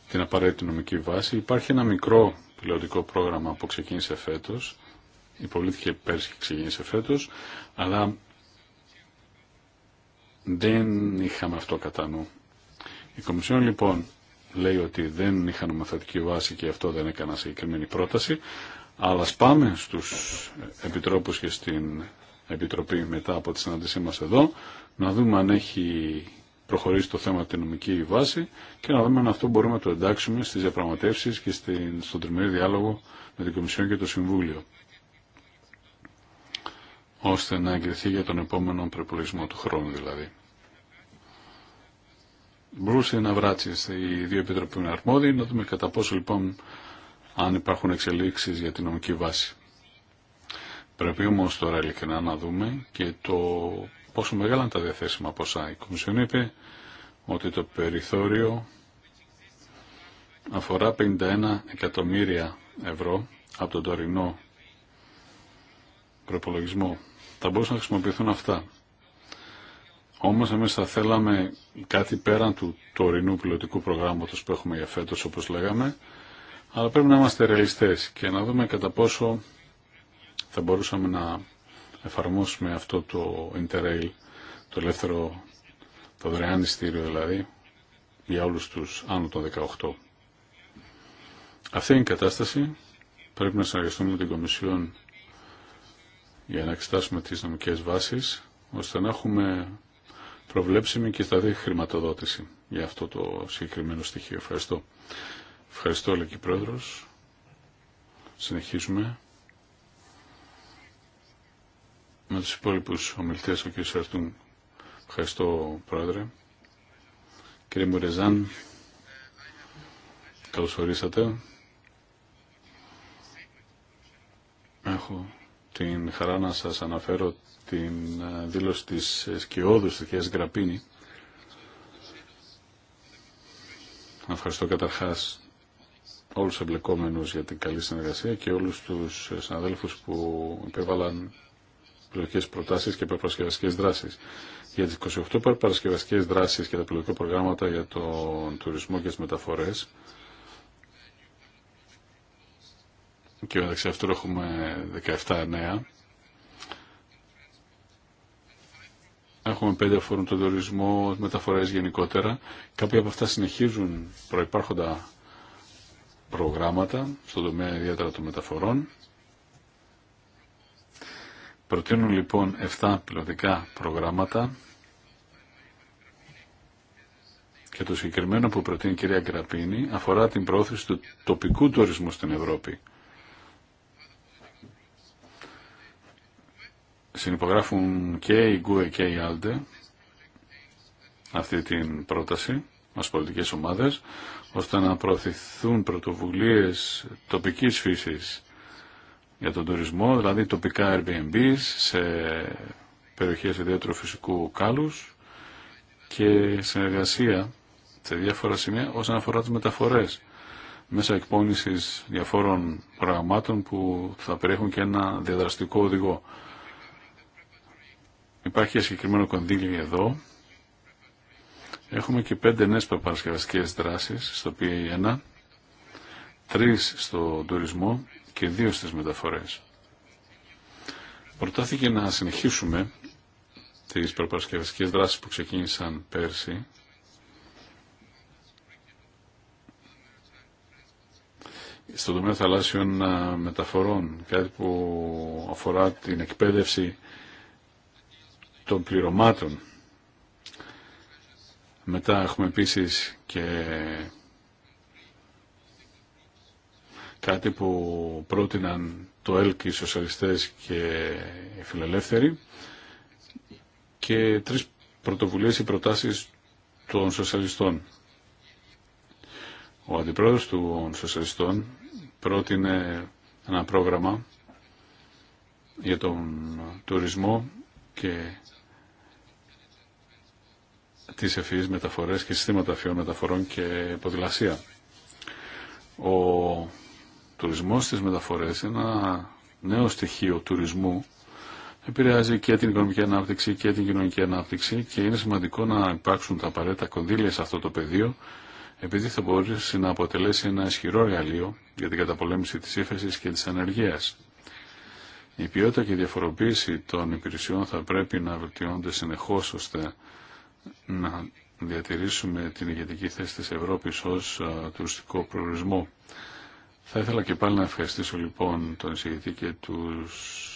την απαραίτητη νομική βάση. Υπάρχει ένα μικρό πιλωτικό πρόγραμμα που ξεκίνησε φέτο υποβλήθηκε πέρσι και ξεκίνησε φέτο, αλλά δεν είχαμε αυτό κατά νου. Η Κομισιόν λοιπόν λέει ότι δεν είχα νομοθετική βάση και αυτό δεν έκανα συγκεκριμένη πρόταση, αλλά σπάμε στους επιτρόπους και στην Επιτροπή μετά από τη συνάντησή μας εδώ, να δούμε αν έχει προχωρήσει το θέμα την νομική βάση και να δούμε αν αυτό μπορούμε να το εντάξουμε στις διαπραγματεύσεις και στον τριμερή διάλογο με την Κομισιόν και το Συμβούλιο ώστε να εγκριθεί για τον επόμενο προπολογισμό του χρόνου δηλαδή. Μπορούσε να βράτσει οι δύο επιτροποί είναι αρμόδιοι, να δούμε κατά πόσο λοιπόν αν υπάρχουν εξελίξεις για την νομική βάση. Πρέπει όμω τώρα ειλικρινά να δούμε και το πόσο μεγάλα είναι τα διαθέσιμα ποσά. Η Κομισιόν είπε ότι το περιθώριο αφορά 51 εκατομμύρια ευρώ από τον τωρινό προπολογισμό. Θα μπορούσαν να χρησιμοποιηθούν αυτά. Όμως εμείς θα θέλαμε κάτι πέραν του τωρινού πιλωτικού προγράμματος που έχουμε για φέτο, όπως λέγαμε, αλλά πρέπει να είμαστε ρεαλιστές και να δούμε κατά πόσο θα μπορούσαμε να εφαρμόσουμε αυτό το Interrail, το ελεύθερο, το δωρεάν ειστήριο δηλαδή, για όλου του άνω των 18. Αυτή είναι η κατάσταση. Πρέπει να συνεργαστούμε με την Κομισιόν για να εξετάσουμε τις νομικές βάσεις, ώστε να έχουμε προβλέψιμη και σταθερή χρηματοδότηση για αυτό το συγκεκριμένο στοιχείο. Ευχαριστώ. Ευχαριστώ, Λεκή Πρόεδρος. Συνεχίζουμε. Με τους υπόλοιπους ομιλητές, ο κ. Σαρτούν. Ευχαριστώ, Πρόεδρε. Κύριε Μουρεζάν, καλώς Έχω την χαρά να σας αναφέρω την ε, δήλωση της Σκιώδου του κ. Γκραπίνη. Ευχαριστώ καταρχάς όλους τους εμπλεκόμενους για την καλή συνεργασία και όλους τους συναδέλφους που υπέβαλαν πλοκές προτάσεις και προπαρασκευαστικές δράσεις. Για τις 28 παρασκευαστικές δράσεις και τα πλοκές προγράμματα για τον τουρισμό και τις μεταφορές, και μεταξύ αυτού έχουμε 17 νέα. Έχουμε πέντε αφορούν τον τουρισμό, μεταφορές γενικότερα. Κάποια από αυτά συνεχίζουν προϋπάρχοντα προγράμματα στον τομέα ιδιαίτερα των μεταφορών. Προτείνουν λοιπόν 7 πιλωτικά προγράμματα και το συγκεκριμένο που προτείνει η κυρία Γκραπίνη αφορά την πρόθεση του τοπικού τουρισμού στην Ευρώπη. συνυπογράφουν και η Γκουε και η ΑΛΤΕ αυτή την πρόταση μας πολιτικές ομάδες, ώστε να προωθηθούν πρωτοβουλίες τοπικής φύσης για τον τουρισμό, δηλαδή τοπικά Airbnb σε περιοχές ιδιαίτερου φυσικού κάλους και συνεργασία σε διάφορα σημεία όσον αφορά τις μεταφορές μέσα εκπόνησης διαφόρων προγραμμάτων που θα περιέχουν και ένα διαδραστικό οδηγό. Υπάρχει συγκεκριμένο κονδύλι εδώ. Έχουμε και πέντε νέες παρασκευαστικές δράσεις στο PA1, τρεις στο τουρισμό και δύο στις μεταφορές. Προτάθηκε να συνεχίσουμε τις προπαρασκευαστικές δράσεις που ξεκίνησαν πέρσι στον τομέα θαλάσσιων ε, μεταφορών, κάτι που αφορά την εκπαίδευση των πληρωμάτων. Μετά έχουμε επίσης και κάτι που πρότειναν το ΕΛΚ, οι σοσιαλιστές και οι φιλελεύθεροι και τρεις πρωτοβουλίες ή προτάσεις των σοσιαλιστών. Ο αντιπρόεδρος των σοσιαλιστών πρότεινε ένα πρόγραμμα για τον τουρισμό και τις ευφυείς μεταφορές και συστήματα ευφυών μεταφορών και ποδηλασία. Ο τουρισμός στις μεταφορές είναι ένα νέο στοιχείο τουρισμού επηρεάζει και την οικονομική ανάπτυξη και την κοινωνική ανάπτυξη και είναι σημαντικό να υπάρξουν τα απαραίτητα κονδύλια σε αυτό το πεδίο επειδή θα μπορέσει να αποτελέσει ένα ισχυρό εργαλείο για την καταπολέμηση της ύφεσης και της ανεργίας. Η ποιότητα και η διαφοροποίηση των υπηρεσιών θα πρέπει να βελτιώνονται συνεχώ ώστε να διατηρήσουμε την ηγετική θέση της Ευρώπης ως τουριστικό προορισμό. Θα ήθελα και πάλι να ευχαριστήσω λοιπόν τον εισηγητή και τους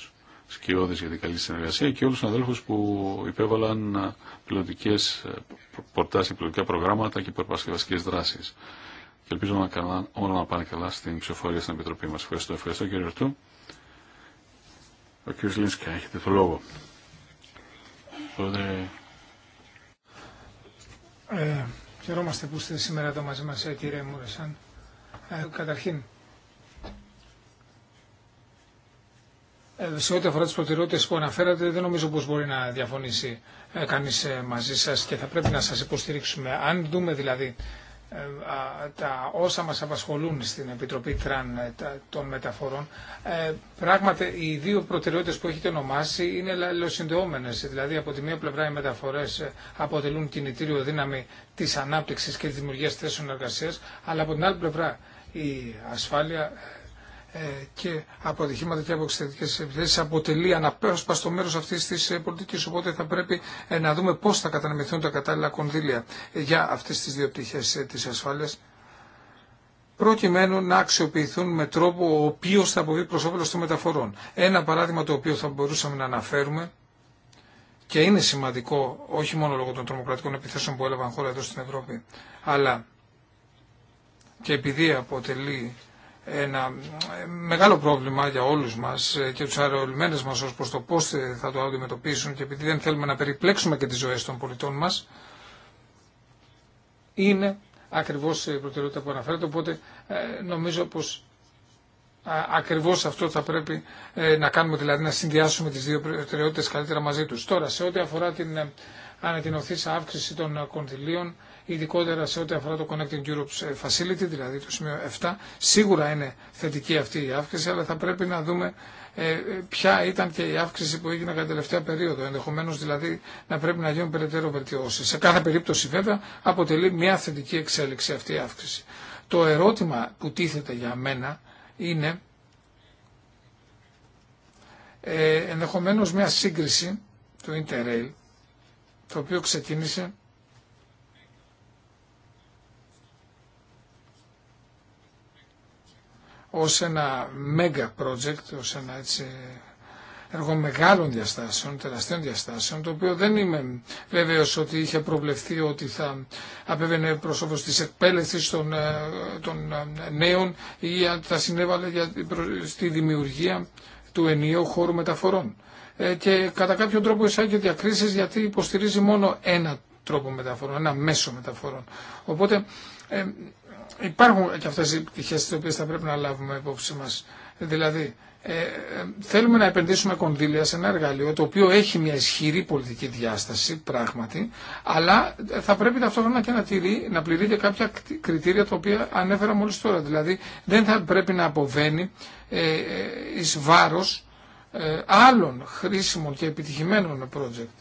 σκιώδες για την καλή συνεργασία και όλους τους αδέλφους που υπέβαλαν πιλωτικές προτάσεις, πιλωτικά προγράμματα και προπασκευαστικές δράσεις. Και ελπίζω να καλά, όλα να πάνε καλά στην ψηφοφορία στην Επιτροπή μας. Ευχαριστώ, ευχαριστώ κύριε Ρωτού. Ο κύριος Λίνσκα, έχετε το λόγο. Ε, χαιρόμαστε που είστε σήμερα εδώ μαζί μας, ε, κύριε Μουρεσάν. Ε, καταρχήν, ε, σε ό,τι αφορά τις προτεραιότητες που αναφέρατε, δεν νομίζω πως μπορεί να διαφωνήσει ε, κανείς μαζί σας και θα πρέπει να σας υποστηρίξουμε. Αν δούμε δηλαδή ε, τα όσα μας απασχολούν στην Επιτροπή Τραν ε, των Μεταφορών, ε, πράγματι οι δύο προτεραιότητες που έχετε ονομάσει είναι συνδεόμενες. Δηλαδή από τη μία πλευρά οι μεταφορές αποτελούν κινητήριο δύναμη της ανάπτυξης και της δημιουργίας θέσεων εργασίας, αλλά από την άλλη πλευρά η ασφάλεια ε, και από ατυχήματα και από εξαιρετικέ επιθέσει αποτελεί αναπέρασπαστο μέρο αυτή τη ε, πολιτική. Οπότε θα πρέπει ε, να δούμε πώ θα κατανεμηθούν τα κατάλληλα κονδύλια για αυτέ τι δύο πτυχέ τη ασφάλεια προκειμένου να αξιοποιηθούν με τρόπο ο οποίο θα αποβεί προ όφελο των μεταφορών. Ένα παράδειγμα το οποίο θα μπορούσαμε να αναφέρουμε και είναι σημαντικό όχι μόνο λόγω των τρομοκρατικών επιθέσεων που έλαβαν χώρα εδώ στην Ευρώπη, αλλά και επειδή αποτελεί ένα ε, μεγάλο πρόβλημα για όλους μας ε, και τους αερολιμένες μας ως προς το πώς θα το αντιμετωπίσουν και επειδή δεν θέλουμε να περιπλέξουμε και τις ζωές των πολιτών μας είναι ακριβώς η ε, προτεραιότητα που αναφέρεται οπότε νομίζω πως ακριβώς αυτό θα πρέπει να κάνουμε δηλαδή να συνδυάσουμε τις δύο προτεραιότητες καλύτερα μαζί τους. Τώρα σε ό,τι αφορά την ανακοινωθήσα αύξηση των κονδυλίων ειδικότερα σε ό,τι αφορά το Connecting Europe ε, Facility, δηλαδή το σημείο 7. Σίγουρα είναι θετική αυτή η αύξηση, αλλά θα πρέπει να δούμε ε, ε, ποια ήταν και η αύξηση που έγινε κατά τελευταία περίοδο. Ενδεχομένω δηλαδή να πρέπει να γίνουν περαιτέρω βελτιώσει. Σε κάθε περίπτωση βέβαια αποτελεί μια θετική εξέλιξη αυτή η αύξηση. Το ερώτημα που τίθεται για μένα είναι ε, ενδεχομένως μια σύγκριση του Interrail το οποίο ξεκίνησε ως ένα mega project, ως ένα έτσι έργο μεγάλων διαστάσεων, τεραστίων διαστάσεων, το οποίο δεν είμαι βέβαιος ότι είχε προβλεφθεί ότι θα απέβαινε προς όφελος της εκπαίδευσης των, ε, των ε, νέων ή θα συνέβαλε για, στη δημιουργία του ενίου χώρου μεταφορών. Ε, και κατά κάποιο τρόπο εισάγει διακρίσεις γιατί υποστηρίζει μόνο ένα τρόπο μεταφορών, ένα μέσο μεταφορών. Οπότε υπάρχουν και αυτέ οι πτυχέ τι οποίες θα πρέπει να λάβουμε υπόψη μα. Δηλαδή, ε, ε, θέλουμε να επενδύσουμε κονδύλια σε ένα εργαλείο το οποίο έχει μια ισχυρή πολιτική διάσταση πράγματι, αλλά θα πρέπει ταυτόχρονα και να, τηρεί, να πληρεί και κάποια κριτήρια τα οποία ανέφερα μόλις τώρα. Δηλαδή δεν θα πρέπει να αποβαίνει ε, ε εις ε, άλλων χρήσιμων και επιτυχημένων project.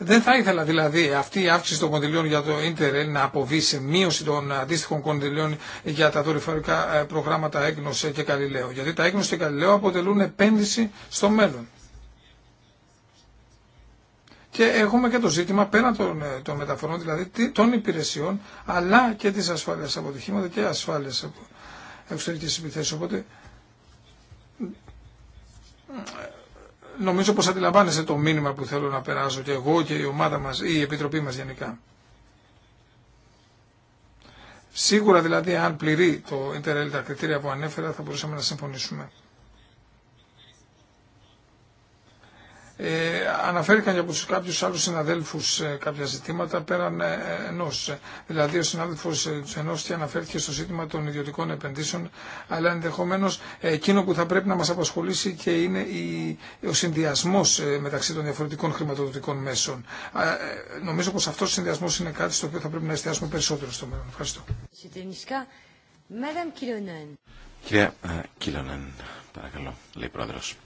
Δεν θα ήθελα δηλαδή αυτή η αύξηση των κονδυλίων για το ίντερνετ να αποβεί σε μείωση των αντίστοιχων κονδυλίων για τα δορυφορικά ε, προγράμματα έγνωση και Καλλιλέο. Γιατί τα Έγνωση και Καλλιλέο αποτελούν επένδυση στο μέλλον. Και έχουμε και το ζήτημα πέραν των, ε, μεταφορών, δηλαδή των υπηρεσιών, αλλά και τη ασφάλεια αποτυχήματα και ασφάλεια από εξωτερικέ Οπότε νομίζω πως αντιλαμβάνεσαι το μήνυμα που θέλω να περάσω και εγώ και η ομάδα μας ή η Επιτροπή μας γενικά. Σίγουρα δηλαδή αν πληρεί το Interrail τα κριτήρια που ανέφερα θα μπορούσαμε να συμφωνήσουμε. Ε, αναφέρθηκαν και από κάποιου άλλου συναδέλφου ε, κάποια ζητήματα πέραν ε, ενό. Δηλαδή, ο συνάδελφο ε, του Ενώστη αναφέρθηκε στο ζήτημα των ιδιωτικών επενδύσεων, αλλά ενδεχομένω εκείνο που θα πρέπει να μα απασχολήσει και είναι η, ο συνδυασμό μεταξύ των διαφορετικών χρηματοδοτικών μέσων. νομίζω πω αυτό ο συνδυασμό είναι κάτι στο οποίο θα πρέπει να εστιάσουμε περισσότερο στο μέλλον. Ευχαριστώ. Κυρία Κίλωνεν, παρακαλώ, λέει πρόεδρος.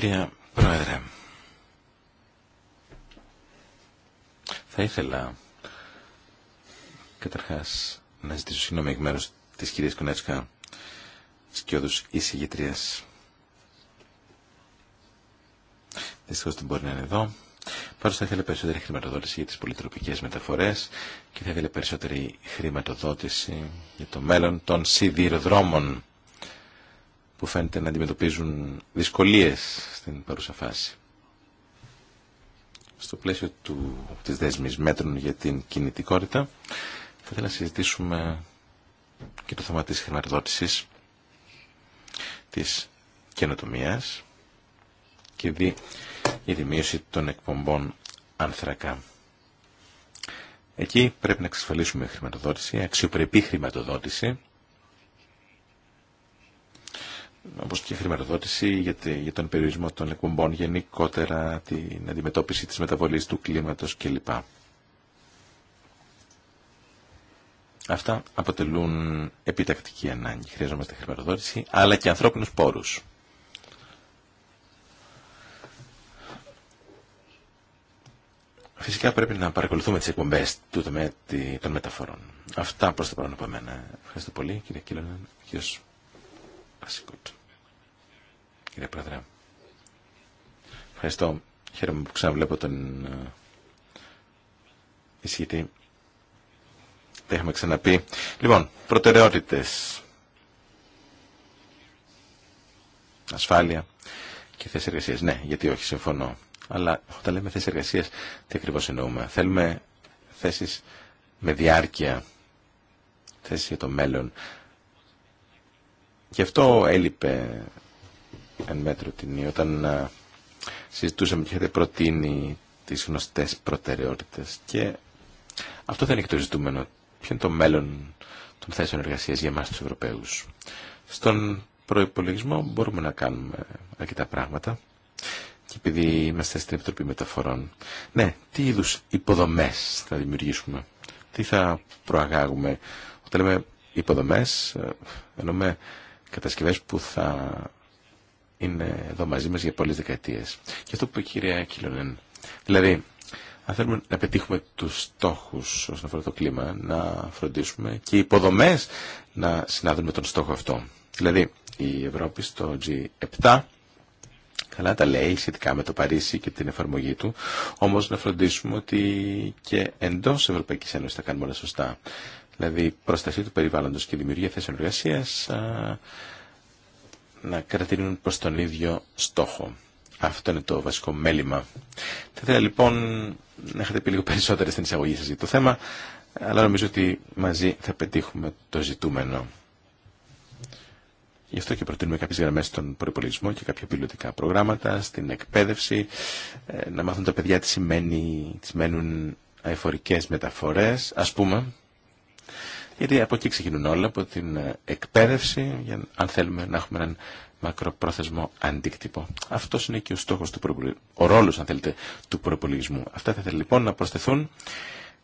Κυρία Πρόεδρε, θα ήθελα καταρχάς να ζητήσω συγγνώμη εκ μέρους της κυρίας Κονέτσκα σκιώδους εισηγητρίας. Δυστυχώς δεν μπορεί να είναι εδώ. Πάντως θα ήθελα περισσότερη χρηματοδότηση για τις πολυτροπικές μεταφορές και θα ήθελα περισσότερη χρηματοδότηση για το μέλλον των σιδηροδρόμων που φαίνεται να αντιμετωπίζουν δυσκολίες στην παρούσα φάση. Στο πλαίσιο του, της δέσμης μέτρων για την κινητικότητα θα ήθελα να συζητήσουμε και το θέμα της χρηματοδότησης της καινοτομίας και δι, η δημίωση των εκπομπών ανθρακά. Εκεί πρέπει να εξασφαλίσουμε χρηματοδότηση, αξιοπρεπή χρηματοδότηση όπω και η χρηματοδότηση για, τον περιορισμό των εκπομπών γενικότερα, την αντιμετώπιση της μεταβολής του κλίματος κλπ. Αυτά αποτελούν επιτακτική ανάγκη. Χρειαζόμαστε χρηματοδότηση, αλλά και ανθρώπινους πόρους. Φυσικά πρέπει να παρακολουθούμε τις εκπομπές του τομέα των μεταφορών. Αυτά προς το παρόν από μένα. Ευχαριστώ πολύ κύριε κύριε Πρόεδρε. Ευχαριστώ. Χαίρομαι που ξαναβλέπω τον ε, εισηγητή. Τα είχαμε ξαναπεί. Λοιπόν, προτεραιότητες. Ασφάλεια και θέσει εργασία. Ναι, γιατί όχι, συμφωνώ. Αλλά όταν λέμε θέσει εργασία, τι ακριβώ εννοούμε. Θέλουμε θέσει με διάρκεια. Θέσεις για το μέλλον. Γι' αυτό έλειπε εν μέτρο τιμή. Όταν ε, συζητούσαμε και είχατε προτείνει τι γνωστέ προτεραιότητε. και αυτό δεν είναι και το ζητούμενο. Ποιο είναι το μέλλον των θέσεων εργασία για εμά τους Ευρωπαίους. Στον προπολογισμό μπορούμε να κάνουμε αρκετά πράγματα και επειδή είμαστε στην Επιτροπή Μεταφορών. Ναι, τι είδου υποδομές θα δημιουργήσουμε, τι θα προαγάγουμε. Όταν λέμε υποδομές, ε, εννοούμε κατασκευέ που θα είναι εδώ μαζί μας για πολλές δεκαετίες. Και αυτό που είπε η κυρία Κιλονέν. Δηλαδή, αν θέλουμε να πετύχουμε τους στόχους όσον αφορά το κλίμα, να φροντίσουμε και οι υποδομές να συνάδουν με τον στόχο αυτό. Δηλαδή, η Ευρώπη στο G7 καλά τα λέει σχετικά με το Παρίσι και την εφαρμογή του, όμως να φροντίσουμε ότι και εντός Ευρωπαϊκής Ένωσης θα κάνουμε όλα σωστά. Δηλαδή, προστασία του περιβάλλοντος και δημιουργία θέσεων εργασία να κρατηρούν προς τον ίδιο στόχο. Αυτό είναι το βασικό μέλημα. Θα ήθελα λοιπόν να έχετε πει λίγο περισσότερες στην εισαγωγή σας για το θέμα, αλλά νομίζω ότι μαζί θα πετύχουμε το ζητούμενο. Γι' αυτό και προτείνουμε κάποιες γραμμές στον προπολογισμό και κάποια πιλωτικά προγράμματα, στην εκπαίδευση, ε, να μάθουν τα παιδιά τι σημαίνει, τι σημαίνουν αεφορικές μεταφορές, ας πούμε, γιατί από εκεί ξεκινούν όλα, από την ε, εκπαίδευση, για, αν θέλουμε να έχουμε έναν μακροπρόθεσμο αντίκτυπο. Αυτό είναι και ο στόχος του προπολογισμού, ο ρόλο, αν θέλετε, του προπολογισμού. Αυτά θα ήθελα λοιπόν να προσθεθούν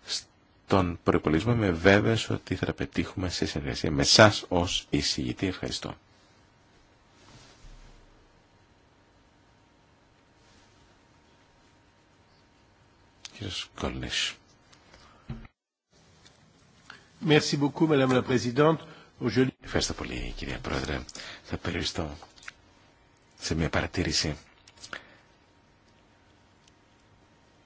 στον προπολογισμό. με βέβαιο ότι θα τα πετύχουμε σε συνεργασία με εσά ω εισηγητή. Ευχαριστώ. Κύριος Ευχαριστώ πολύ κυρία Πρόεδρε. Θα περιοριστώ σε μια παρατήρηση.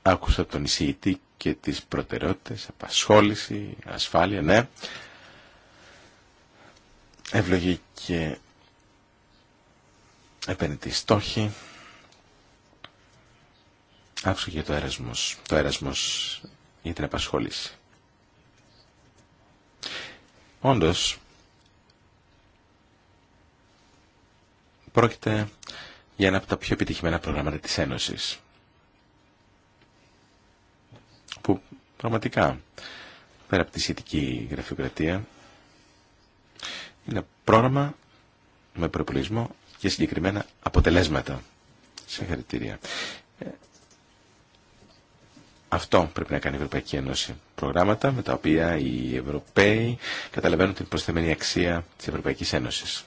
Άκουσα τον εισηγητή και τις προτεραιότητες, απασχόληση, ασφάλεια, ναι. Ευλογή και επενδυτή στόχη. Άκουσα και το έρασμος, το έρασμος για την απασχόληση. Όντως, πρόκειται για ένα από τα πιο επιτυχημένα προγράμματα της Ένωσης. Που πραγματικά, πέρα από τη σχετική γραφειοκρατία, είναι πρόγραμμα με προπολισμό και συγκεκριμένα αποτελέσματα. Συγχαρητήρια. Ε, αυτό πρέπει να κάνει η Ευρωπαϊκή Ένωση. Προγράμματα με τα οποία οι Ευρωπαίοι καταλαβαίνουν την προσθεμένη αξία της Ευρωπαϊκής Ένωση.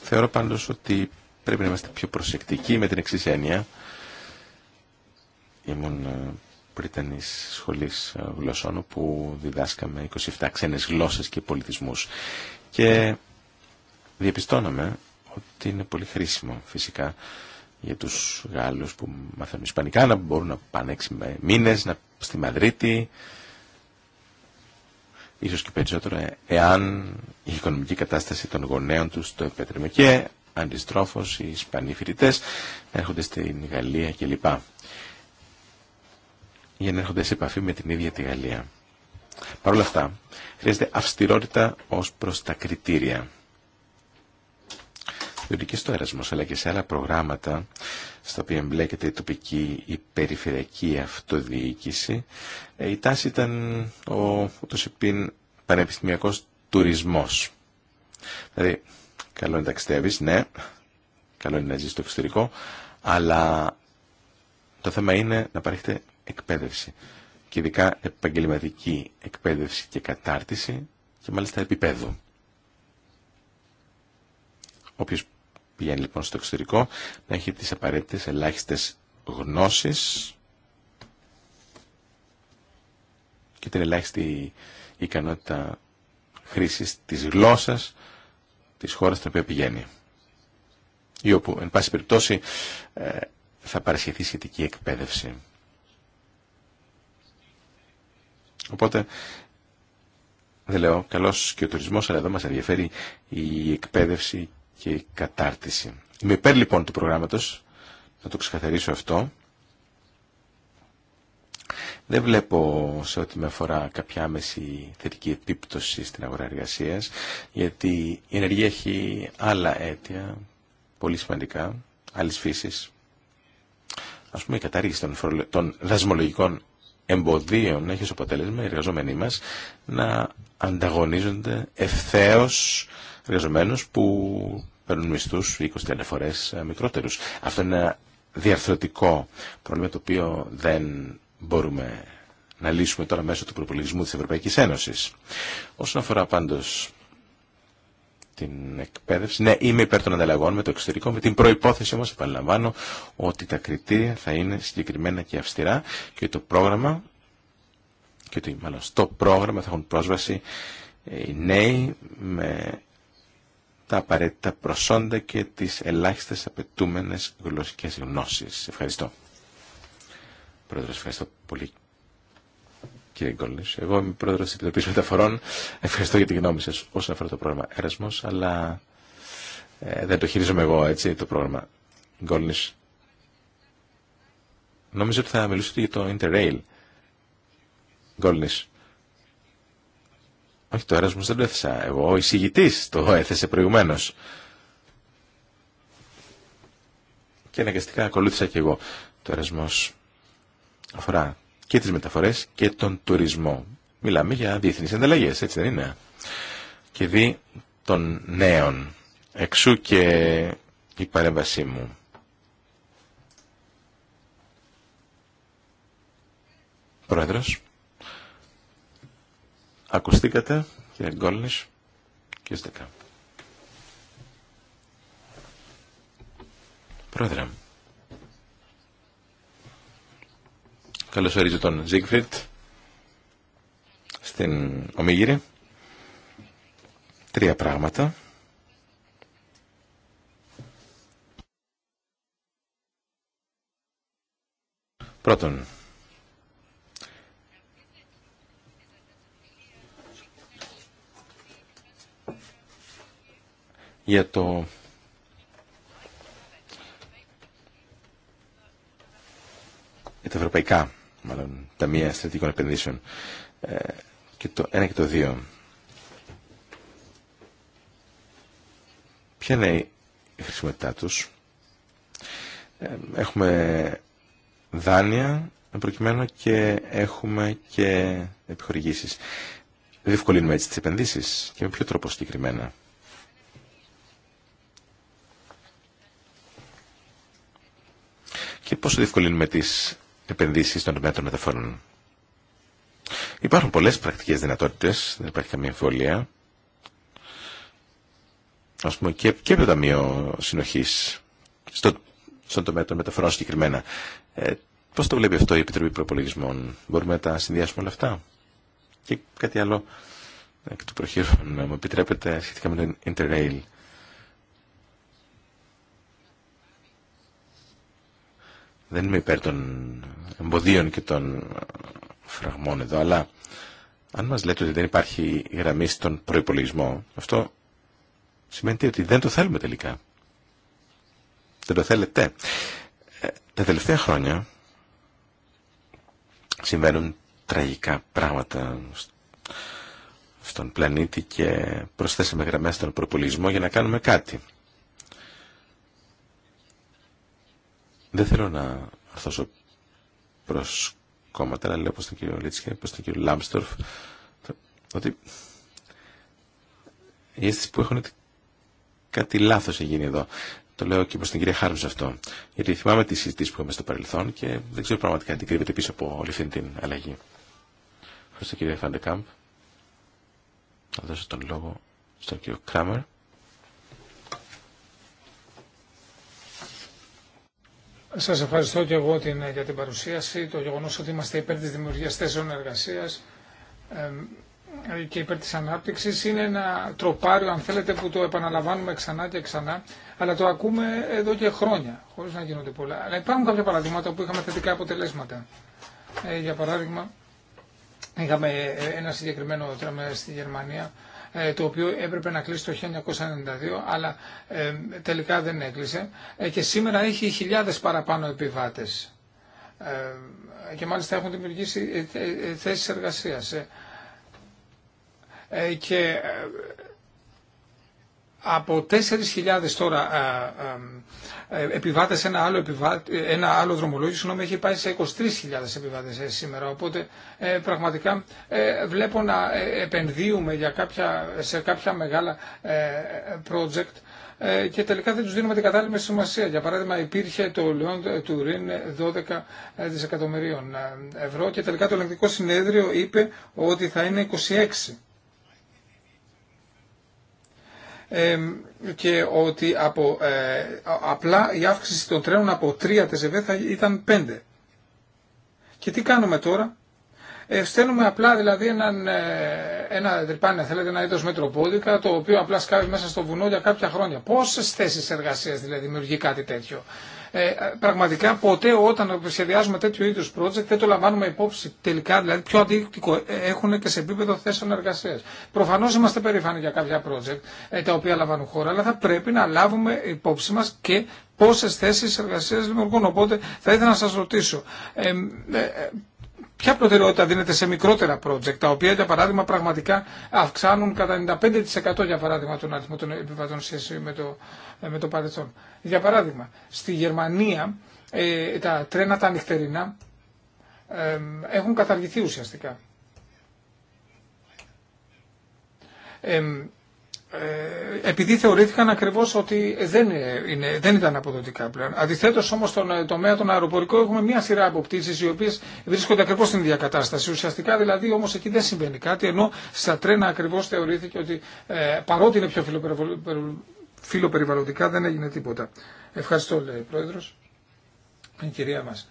Θεωρώ πάντως ότι πρέπει να είμαστε πιο προσεκτικοί με την εξή έννοια. Ήμουν Πρίτανης ε, σχολή ε, Γλωσσών όπου διδάσκαμε 27 ξένες γλώσσες και πολιτισμούς και διαπιστώναμε ότι είναι πολύ χρήσιμο φυσικά για τους Γάλλους που μαθαίνουν Ισπανικά να μπορούν να πάνε έξι μήνες να, στη Μαδρίτη ίσως και περισσότερο ε, εάν η οικονομική κατάσταση των γονέων τους το επέτρεπε και αντιστρόφως οι Ισπανοί φοιτητέ έρχονται στην Γαλλία κλπ. Για να έρχονται σε επαφή με την ίδια τη Γαλλία. Παρ' όλα αυτά χρειάζεται αυστηρότητα ως προς τα κριτήρια διότι και στο Έρασμος αλλά και σε άλλα προγράμματα στα οποία εμπλέκεται η τοπική ή περιφερειακή αυτοδιοίκηση ε, η τάση ήταν ο ούτως επίν πανεπιστημιακός τουρισμός. Δηλαδή, καλό είναι να ναι, καλό είναι να ζεις στο εξωτερικό, αλλά το θέμα είναι να παρέχεται εκπαίδευση και ειδικά επαγγελματική εκπαίδευση και κατάρτιση και μάλιστα επίπεδου. Όποιος πηγαίνει λοιπόν στο εξωτερικό να έχει τις απαραίτητες ελάχιστες γνώσεις και την ελάχιστη ικανότητα χρήσης της γλώσσας της χώρας στην οποία πηγαίνει ή όπου εν πάση περιπτώσει ε, θα παρασχεθεί σχετική εκπαίδευση. Οπότε δεν λέω καλός και ο τουρισμός αλλά εδώ μας ενδιαφέρει η εκπαίδευση και η κατάρτιση. Είμαι υπέρ λοιπόν του προγράμματος, να το ξεκαθαρίσω αυτό. Δεν βλέπω σε ό,τι με αφορά κάποια άμεση θετική επίπτωση στην αγορά εργασία, γιατί η ενεργία έχει άλλα αίτια, πολύ σημαντικά, άλλη φύση. Α πούμε, η κατάργηση των δασμολογικών εμποδίων έχει ω αποτέλεσμα οι εργαζόμενοι μα να ανταγωνίζονται ευθέω εργαζομένους που παιρνουν μισθου μισθούς 20-30 φορέ ε, μικρότερους. Αυτό είναι ένα διαρθρωτικό πρόβλημα το οποίο δεν μπορούμε να λύσουμε τώρα μέσω του προπολογισμού της Ευρωπαϊκής Ένωσης. Όσον αφορά πάντως την εκπαίδευση, ναι, είμαι υπέρ των ανταλλαγών με το εξωτερικό, με την προϋπόθεση όμως επαναλαμβάνω ότι τα κριτήρια θα είναι συγκεκριμένα και αυστηρά και το πρόγραμμα και ότι μάλλον στο πρόγραμμα θα έχουν πρόσβαση ε, οι νέοι με τα απαραίτητα προσόντα και τις ελάχιστες απαιτούμενες γλωσσικές γνώσεις. Ευχαριστώ. Πρόεδρος, ευχαριστώ πολύ. Κύριε Γκόλνης, εγώ είμαι πρόεδρος της Επιτροπής Μεταφορών. Ευχαριστώ για τη γνώμη σας όσον αφορά το πρόγραμμα Έρασμος, αλλά ε, δεν το χειρίζομαι εγώ, έτσι, το πρόγραμμα Γκόλνης. Νόμιζα ότι θα μιλούσατε για το Interrail. Γκόλνης. Όχι, το Erasmus δεν το έθεσα. Εγώ ο εισηγητής το έθεσε προηγουμένως. Και αναγκαστικά ακολούθησα και εγώ. Το Erasmus αφορά και τις μεταφορές και τον τουρισμό. Μιλάμε για διεθνείς ανταλλαγές, έτσι δεν είναι. Και δι των νέων. Εξού και η παρέμβασή μου. Πρόεδρος. Ακουστήκατε, κύριε Γκόλνης, κύριε Στεκά. Πρόεδρε, καλώς ορίζω τον Ζίγκφριτ στην Ομίγυρη. Τρία πράγματα. Πρώτον, για το για τα ευρωπαϊκά μάλλον ταμεία στρατηγικών επενδύσεων ε, και το ένα και το δύο ποια είναι η χρησιμότητά τους ε, έχουμε δάνεια προκειμένου και έχουμε και επιχορηγήσεις διευκολύνουμε έτσι τις επενδύσεις και με ποιο τρόπο συγκεκριμένα και πόσο διευκολύνουμε τις επενδύσεις στον τομέα των μεταφορών. Υπάρχουν πολλές πρακτικές δυνατότητες, δεν υπάρχει καμία εμφόλια. Α πούμε και, και το Ταμείο Συνοχής, στο, στον τομέα των μεταφορών συγκεκριμένα. Ε, πώς το βλέπει αυτό η Επιτροπή Προπολογισμών, μπορούμε να τα συνδυάσουμε όλα αυτά. Και κάτι άλλο, εκ του προχείρου, να μου επιτρέπετε, σχετικά με το Interrail. Δεν είμαι υπέρ των εμποδίων και των φραγμών εδώ, αλλά αν μας λέτε ότι δεν υπάρχει γραμμή στον προϋπολογισμό, αυτό σημαίνει ότι δεν το θέλουμε τελικά. Δεν το θέλετε. Ε, τα τελευταία χρόνια συμβαίνουν τραγικά πράγματα στον πλανήτη και προσθέσαμε γραμμές στον προπολισμό για να κάνουμε κάτι. Δεν θέλω να αρθώσω προς κόμματα, αλλά λέω προς τον κύριο Λίτσκε, προς τον κύριο Λάμπστορφ, ότι η αίσθηση που έχουν ότι κάτι λάθος έχει γίνει εδώ. Το λέω και προς την κυρία Χάρμς αυτό. Γιατί θυμάμαι τις συζητήσεις που είχαμε στο παρελθόν και δεν ξέρω πραγματικά τι κρύβεται πίσω από όλη αυτή την αλλαγή. Ευχαριστώ κύριε Φαντεκάμπ. Θα δώσω τον λόγο στον κύριο Κράμερ. Σας ευχαριστώ και εγώ την, ε, για την παρουσίαση. Το γεγονό ότι είμαστε υπέρ τη δημιουργία θέσεων ε, και υπέρ τη ανάπτυξης είναι ένα τροπάριο, αν θέλετε, που το επαναλαμβάνουμε ξανά και ξανά, αλλά το ακούμε εδώ και χρόνια, χωρίς να γίνονται πολλά. Αλλά υπάρχουν κάποια παραδείγματα που είχαμε θετικά αποτελέσματα. Ε, για παράδειγμα, είχαμε ε, ένα συγκεκριμένο τρέμα στη Γερμανία, ε, το οποίο έπρεπε να κλείσει το 1992 αλλά ε, τελικά δεν έκλεισε ε, και σήμερα έχει χιλιάδες παραπάνω επιβάτες και μάλιστα έχουν δημιουργήσει θέσεις εργασίας. Και από 4.000 τώρα ε, επιβάτες ένα άλλο, επιβά... ένα άλλο δρομολόγιο έχει πάει σε 23.000 επιβάτες ε, σήμερα οπότε ε, πραγματικά βλέπω να επενδύουμε για κάποια, σε κάποια μεγάλα project και τελικά δεν τους δίνουμε την κατάλληλη σημασία. Για παράδειγμα υπήρχε το Λεόν του Ρίν 12 δισεκατομμυρίων ευρώ και τελικά το ελεγκτικό συνέδριο είπε ότι θα είναι 26 και ότι από, ε, απλά η αύξηση των τρένων από 3 τεζεβέ θα ήταν 5. Και τι κάνουμε τώρα. Ε, στέλνουμε απλά δηλαδή έναν, ε, ένα τρυπάνι, θέλετε, ένα είδο μετροπόδικα, το οποίο απλά σκάβει μέσα στο βουνό για κάποια χρόνια. Πόσε θέσει εργασία δηλαδή δημιουργεί κάτι τέτοιο. Ε, πραγματικά ποτέ όταν σχεδιάζουμε τέτοιο είδου project δεν το λαμβάνουμε υπόψη τελικά, δηλαδή πιο αντίκτυπο έχουν και σε επίπεδο θέσεων εργασία. Προφανώς είμαστε περήφανοι για κάποια project ε, τα οποία λαμβάνουν χώρα, αλλά θα πρέπει να λάβουμε υπόψη μα και πόσε θέσει εργασία δημιουργούν. Οπότε θα ήθελα να σα ρωτήσω, ε, ε ποια προτεραιότητα δίνεται σε μικρότερα project, τα οποία για παράδειγμα πραγματικά αυξάνουν κατά 95% για παράδειγμα τον αριθμό των επιβατών σχέση με το, ε, με το παρελθόν. Για παράδειγμα, στη Γερμανία ε, τα τρένα τα νυχτερινά ε, έχουν καταργηθεί ουσιαστικά. Ε, ε, επειδή θεωρήθηκαν ακριβώς ότι δεν, είναι, δεν ήταν αποδοτικά πλέον. Αντιθέτως όμως στον ε, τομέα των αεροπορικών έχουμε μια σειρά αποπτήσεις οι οποίες βρίσκονται ακριβώς στην διακατάσταση Ουσιαστικά δηλαδή όμως εκεί δεν συμβαίνει κάτι ενώ στα τρένα ακριβώς θεωρήθηκε ότι ε, παρότι είναι πιο φιλοπεριβαλλοντικά δεν έγινε τίποτα. Ευχαριστώ λέει Πρόεδρος. Η κυρία μας.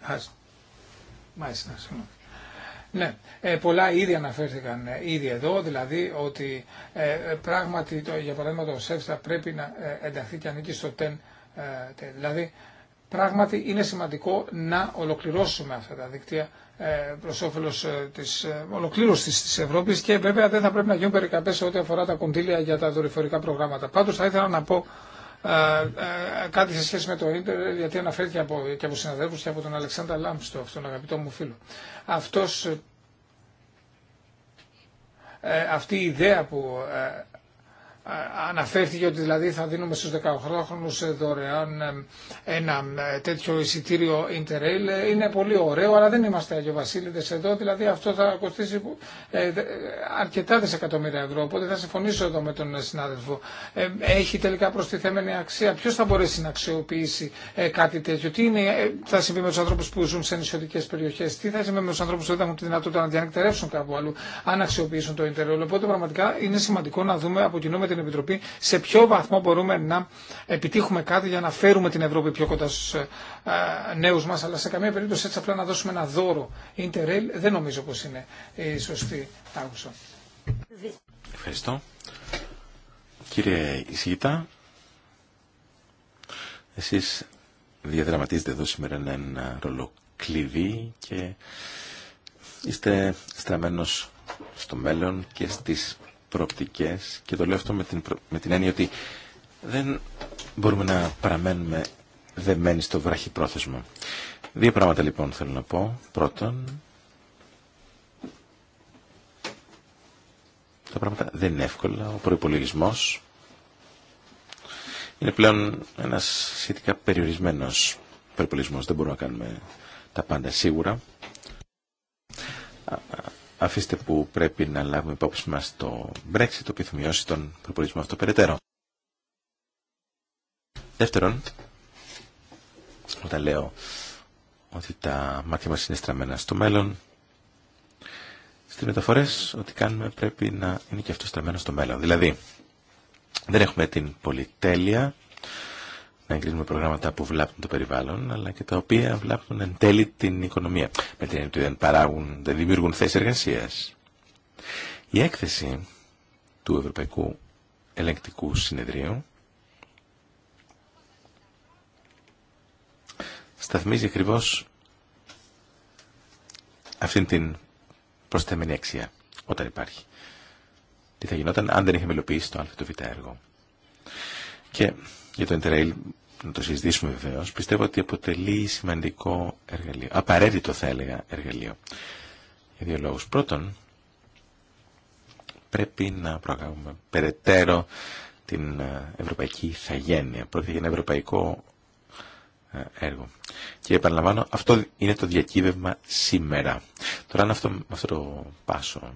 Μάλιστα, συγγνώμη. Ναι, ε, πολλά ήδη αναφέρθηκαν ε, ήδη εδώ, δηλαδή ότι ε, πράγματι, το, για παράδειγμα, το ΣΕΦ θα πρέπει να ενταχθεί και ανήκει στο ΤΕΝ. δηλαδή, πράγματι είναι σημαντικό να ολοκληρώσουμε αυτά τα δίκτυα προ όφελο τη ολοκλήρωση τη Ευρώπη και βέβαια δεν θα πρέπει να γίνουν περικαπέ σε ό,τι αφορά τα κονδύλια για τα δορυφορικά προγράμματα. Πάντω, θα ήθελα να πω κάτι σε σχέση με το ίντερ, γιατί αναφέρθηκε από, και από συναδέλφου και από τον Αλεξάνδρα Λάμπστοφ, τον αγαπητό μου φίλο. Αυτός, ε, ε, αυτή η ιδέα που ε, Αναφέρθηκε ότι δηλαδή θα δίνουμε στους 18χρονους ε, δωρεάν ε, ένα ε, τέτοιο εισιτήριο Interrail. Είναι πολύ ωραίο, αλλά δεν είμαστε αγιοβασίλειδες εδώ, δηλαδή αυτό θα κοστίσει αρκετά δισεκατομμύρια ευρώ. Οπότε θα συμφωνήσω εδώ με τον συνάδελφο. Έχει τελικά προστιθέμενη αξία. Ποιο θα μπορέσει να αξιοποιήσει κάτι τέτοιο. Τι θα συμβεί με του ανθρώπου που ζουν σε νησιωτικέ περιοχέ, τι θα συμβεί με του ανθρώπου που δεν έχουν τη δυνατότητα να διανεκτερεύσουν κάπου αλλού, αν αξιοποιήσουν το Interrail. Οπότε πραγματικά είναι σημαντικό να δούμε από την Επιτροπή σε ποιο βαθμό μπορούμε να επιτύχουμε κάτι για να φέρουμε την Ευρώπη πιο κοντά στου ε, νέου μα, αλλά σε καμία περίπτωση έτσι απλά να δώσουμε ένα δώρο Interrail δεν νομίζω πω είναι η σωστή άγουσα. Ευχαριστώ. Κύριε Ισηγητά, εσείς διαδραματίζετε εδώ σήμερα έναν ρόλο κλειδί και είστε στραμμένος στο μέλλον και στις προοπτικές και το λέω αυτό με την, με την έννοια ότι δεν μπορούμε να παραμένουμε δεμένοι στο βραχυπρόθεσμο. Δύο πράγματα λοιπόν θέλω να πω. Πρώτον, τα πράγματα δεν είναι εύκολα. Ο προϋπολογισμός είναι πλέον ένας σχετικά περιορισμένος προϋπολογισμός. Δεν μπορούμε να κάνουμε τα πάντα σίγουρα αφήστε που πρέπει να λάβουμε υπόψη μας το Brexit, το οποίο θα μειώσει τον προπολισμό αυτό περαιτέρω. Δεύτερον, όταν λέω ότι τα μάτια μας είναι στραμμένα στο μέλλον, στις μεταφορές ό,τι κάνουμε πρέπει να είναι και αυτό στραμμένο στο μέλλον. Δηλαδή, δεν έχουμε την πολυτέλεια να εγκρίνουμε προγράμματα που βλάπτουν το περιβάλλον, αλλά και τα οποία βλάπτουν εν τέλει την οικονομία. Με την έννοια ότι δεν παράγουν, δεν δημιουργούν θέσει εργασία. Η έκθεση του Ευρωπαϊκού Ελεγκτικού Συνεδρίου σταθμίζει ακριβώ αυτήν την προσθέμενη αξία όταν υπάρχει. Τι θα γινόταν αν δεν είχαμε υλοποιήσει το α έργο. Και για το Interrail να το συζητήσουμε βεβαίω, πιστεύω ότι αποτελεί σημαντικό εργαλείο, απαραίτητο θα έλεγα εργαλείο. Για δύο λόγου. Πρώτον, πρέπει να προαγάγουμε περαιτέρω την ε, ευρωπαϊκή ηθαγένεια. Πρόκειται για ένα ευρωπαϊκό ε, έργο. Και επαναλαμβάνω, αυτό είναι το διακύβευμα σήμερα. Τώρα, αν αυτό, αυτό το πάσο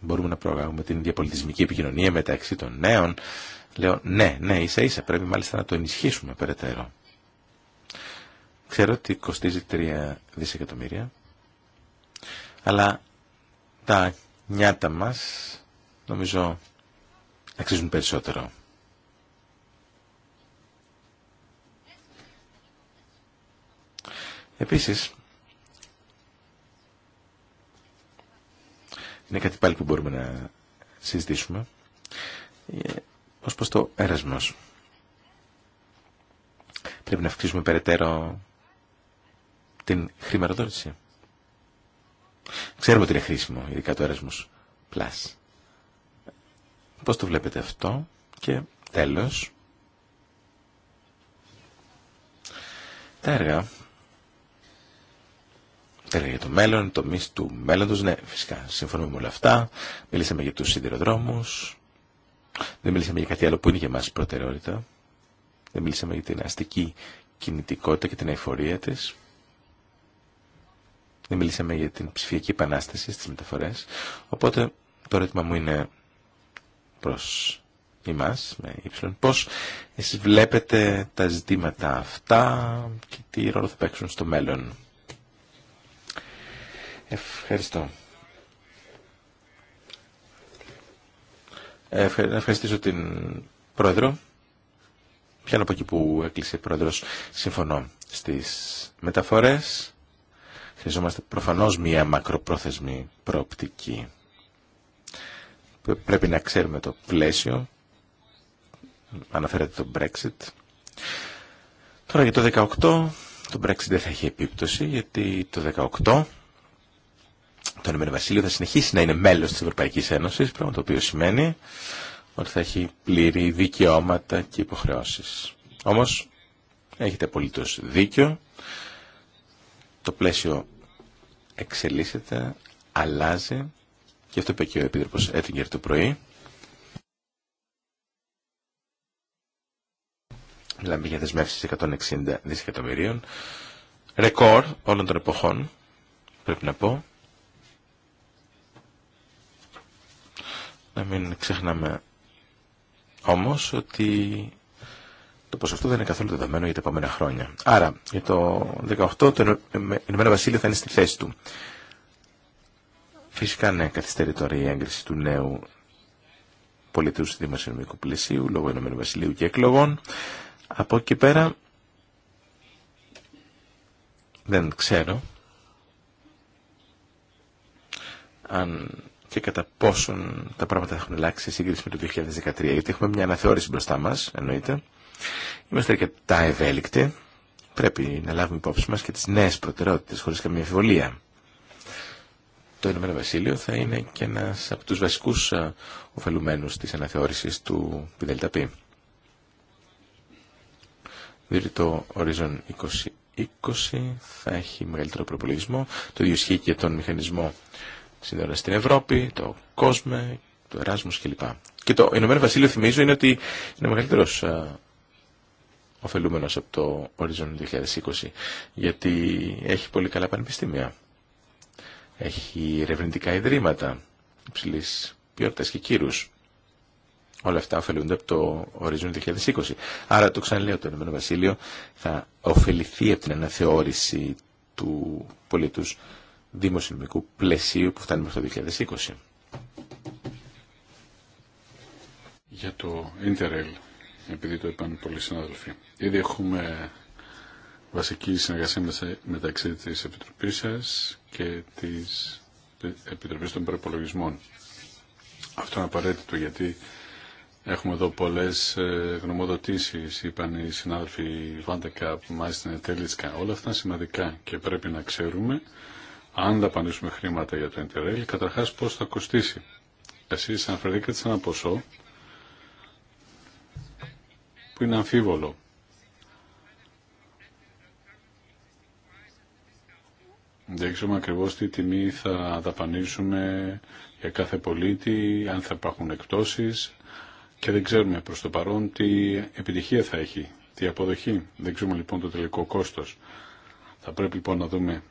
μπορούμε να προαγάγουμε την διαπολιτισμική επικοινωνία μεταξύ των νέων, Λέω ναι, ναι, ίσα ίσα πρέπει μάλιστα να το ενισχύσουμε περαιτέρω. Ξέρω ότι κοστίζει 3 δισεκατομμύρια, αλλά τα νιάτα μας νομίζω αξίζουν περισσότερο. Επίσης, είναι κάτι πάλι που μπορούμε να συζητήσουμε. Ε, ως προς το σου. Πρέπει να αυξήσουμε περαιτέρω την χρηματοδότηση. Ξέρουμε ότι είναι χρήσιμο, ειδικά το έρασμος. Πλάς. Πώς το βλέπετε αυτό και τέλος. Τα έργα έργα για το μέλλον, το του μέλλοντος. Ναι, φυσικά, συμφωνούμε με όλα αυτά. Μιλήσαμε για τους σιδηροδρόμους. Δεν μιλήσαμε για κάτι άλλο που είναι για μας προτεραιότητα. Δεν μιλήσαμε για την αστική κινητικότητα και την εφορία της. Δεν μιλήσαμε για την ψηφιακή επανάσταση στις μεταφορές. Οπότε το ερώτημα μου είναι προς εμάς, με Y, ε, πώς εσείς βλέπετε τα ζητήματα αυτά και τι ρόλο θα παίξουν στο μέλλον. Ευχαριστώ. να ευχαριστήσω την Πρόεδρο. Πιάνω από εκεί που έκλεισε η Πρόεδρος. Συμφωνώ στις μεταφορές. Χρειαζόμαστε προφανώς μία μακροπρόθεσμη προοπτική. Πρέπει να ξέρουμε το πλαίσιο. αναφέρεται το Brexit. Τώρα για το 18, το Brexit δεν θα έχει επίπτωση, γιατί το 18 το Ηνωμένο Βασίλειο θα συνεχίσει να είναι μέλος της Ευρωπαϊκής Ένωσης, πράγμα το οποίο σημαίνει ότι θα έχει πλήρη δικαιώματα και υποχρεώσεις. Όμως, έχετε απολύτως δίκιο, το πλαίσιο εξελίσσεται, αλλάζει, και αυτό είπε και ο Επίτροπος Έτιγκερ το πρωί. Μιλάμε για δεσμεύσεις 160 δισεκατομμυρίων, ρεκόρ όλων των εποχών, πρέπει να πω. Να μην ξεχνάμε όμως ότι το ποσοστό δεν είναι καθόλου δεδομένο για τα επόμενα χρόνια. Άρα, για το 18 το Ηνωμένο Βασίλειο θα είναι στη θέση του. Φυσικά, ναι, καθυστερεί τώρα η έγκριση του νέου πολιτικού δημοσιονομικού πλαισίου λόγω Ηνωμένου Βασιλείου και εκλογών. Από εκεί πέρα δεν ξέρω αν και κατά πόσον τα πράγματα έχουν αλλάξει σε σύγκριση με το 2013. Γιατί έχουμε μια αναθεώρηση μπροστά μα εννοείται. Είμαστε αρκετά ευέλικτοι. Πρέπει να λάβουμε υπόψη μα και τι νέε προτεραιότητες, χωρί καμία αμφιβολία. Το Ηνωμένο Βασίλειο θα είναι και ένα από τους βασικούς ωφελουμένους της αναθεώρηση του ΠΔΠ. Διότι το Horizon 2020 θα έχει μεγαλύτερο προπολογισμό. Το ίδιο ισχύει και τον μηχανισμό Συνδέοντας την Ευρώπη, το κόσμο, το Εράσμος κλπ. Και το Ηνωμένο Βασίλειο θυμίζω είναι ότι είναι μεγαλύτερος ωφελούμενο από το Horizon 2020 γιατί έχει πολύ καλά πανεπιστήμια. Έχει ερευνητικά ιδρύματα υψηλή ποιότητα και κύρου. Όλα αυτά ωφελούνται από το Horizon 2020. Άρα το ξαναλέω, το Ηνωμένο Βασίλειο θα ωφεληθεί από την αναθεώρηση του πολίτου δημοσιονομικού πλαισίου που φτάνει μέχρι το 2020. Για το Interrail, επειδή το είπαν πολλοί συνάδελφοι, ήδη έχουμε βασική συνεργασία μεταξύ της Επιτροπής σας και της Επιτροπής των Προπολογισμών. Αυτό είναι απαραίτητο γιατί Έχουμε εδώ πολλές ε, γνωμοδοτήσεις, είπαν οι συνάδελφοι Βάντεκα, μάλιστα Τέλιτσκα. Όλα αυτά σημαντικά και πρέπει να ξέρουμε αν δαπανίσουμε χρήματα για το Interrail, καταρχάς πώς θα κοστίσει. Εσείς αναφερθήκατε σε ένα ποσό που είναι αμφίβολο. Δεν ξέρουμε ακριβώς τι τιμή θα δαπανίσουμε για κάθε πολίτη, αν θα υπάρχουν εκπτώσεις και δεν ξέρουμε προς το παρόν τι επιτυχία θα έχει, τι αποδοχή. Δεν ξέρουμε λοιπόν το τελικό κόστος. Θα πρέπει λοιπόν να δούμε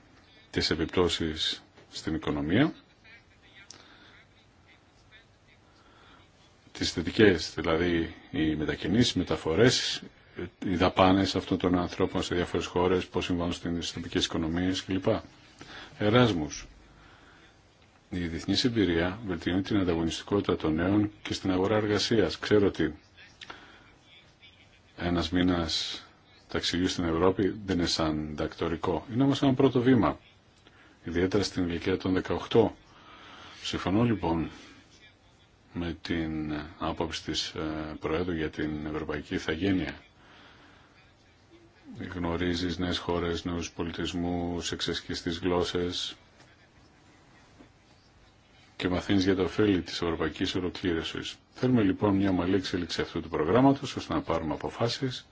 τις επιπτώσεις στην οικονομία, τις θετικές, δηλαδή οι μετακινήσεις, οι μεταφορές, οι δαπάνες αυτών των ανθρώπων σε διάφορες χώρες, πώς συμβάνουν στις τοπικές οικονομίες κλπ. Εράσμους. Η διεθνή εμπειρία βελτιώνει την ανταγωνιστικότητα των νέων και στην αγορά εργασίας. Ξέρω ότι ένας μήνας ταξιδιού στην Ευρώπη δεν είναι σαν τακτορικό. Είναι όμως ένα πρώτο βήμα ιδιαίτερα στην ηλικία των 18. Συμφωνώ λοιπόν με την άποψη της ε, Προέδρου για την Ευρωπαϊκή Ιθαγένεια. Γνωρίζεις νέες χώρες, νέους πολιτισμούς, εξασκείς τις γλώσσες και μαθαίνεις για τα ωφέλη της ευρωπαϊκής ολοκλήρωσης. Θέλουμε λοιπόν μια ομαλή εξέλιξη αυτού του προγράμματος ώστε να πάρουμε αποφάσεις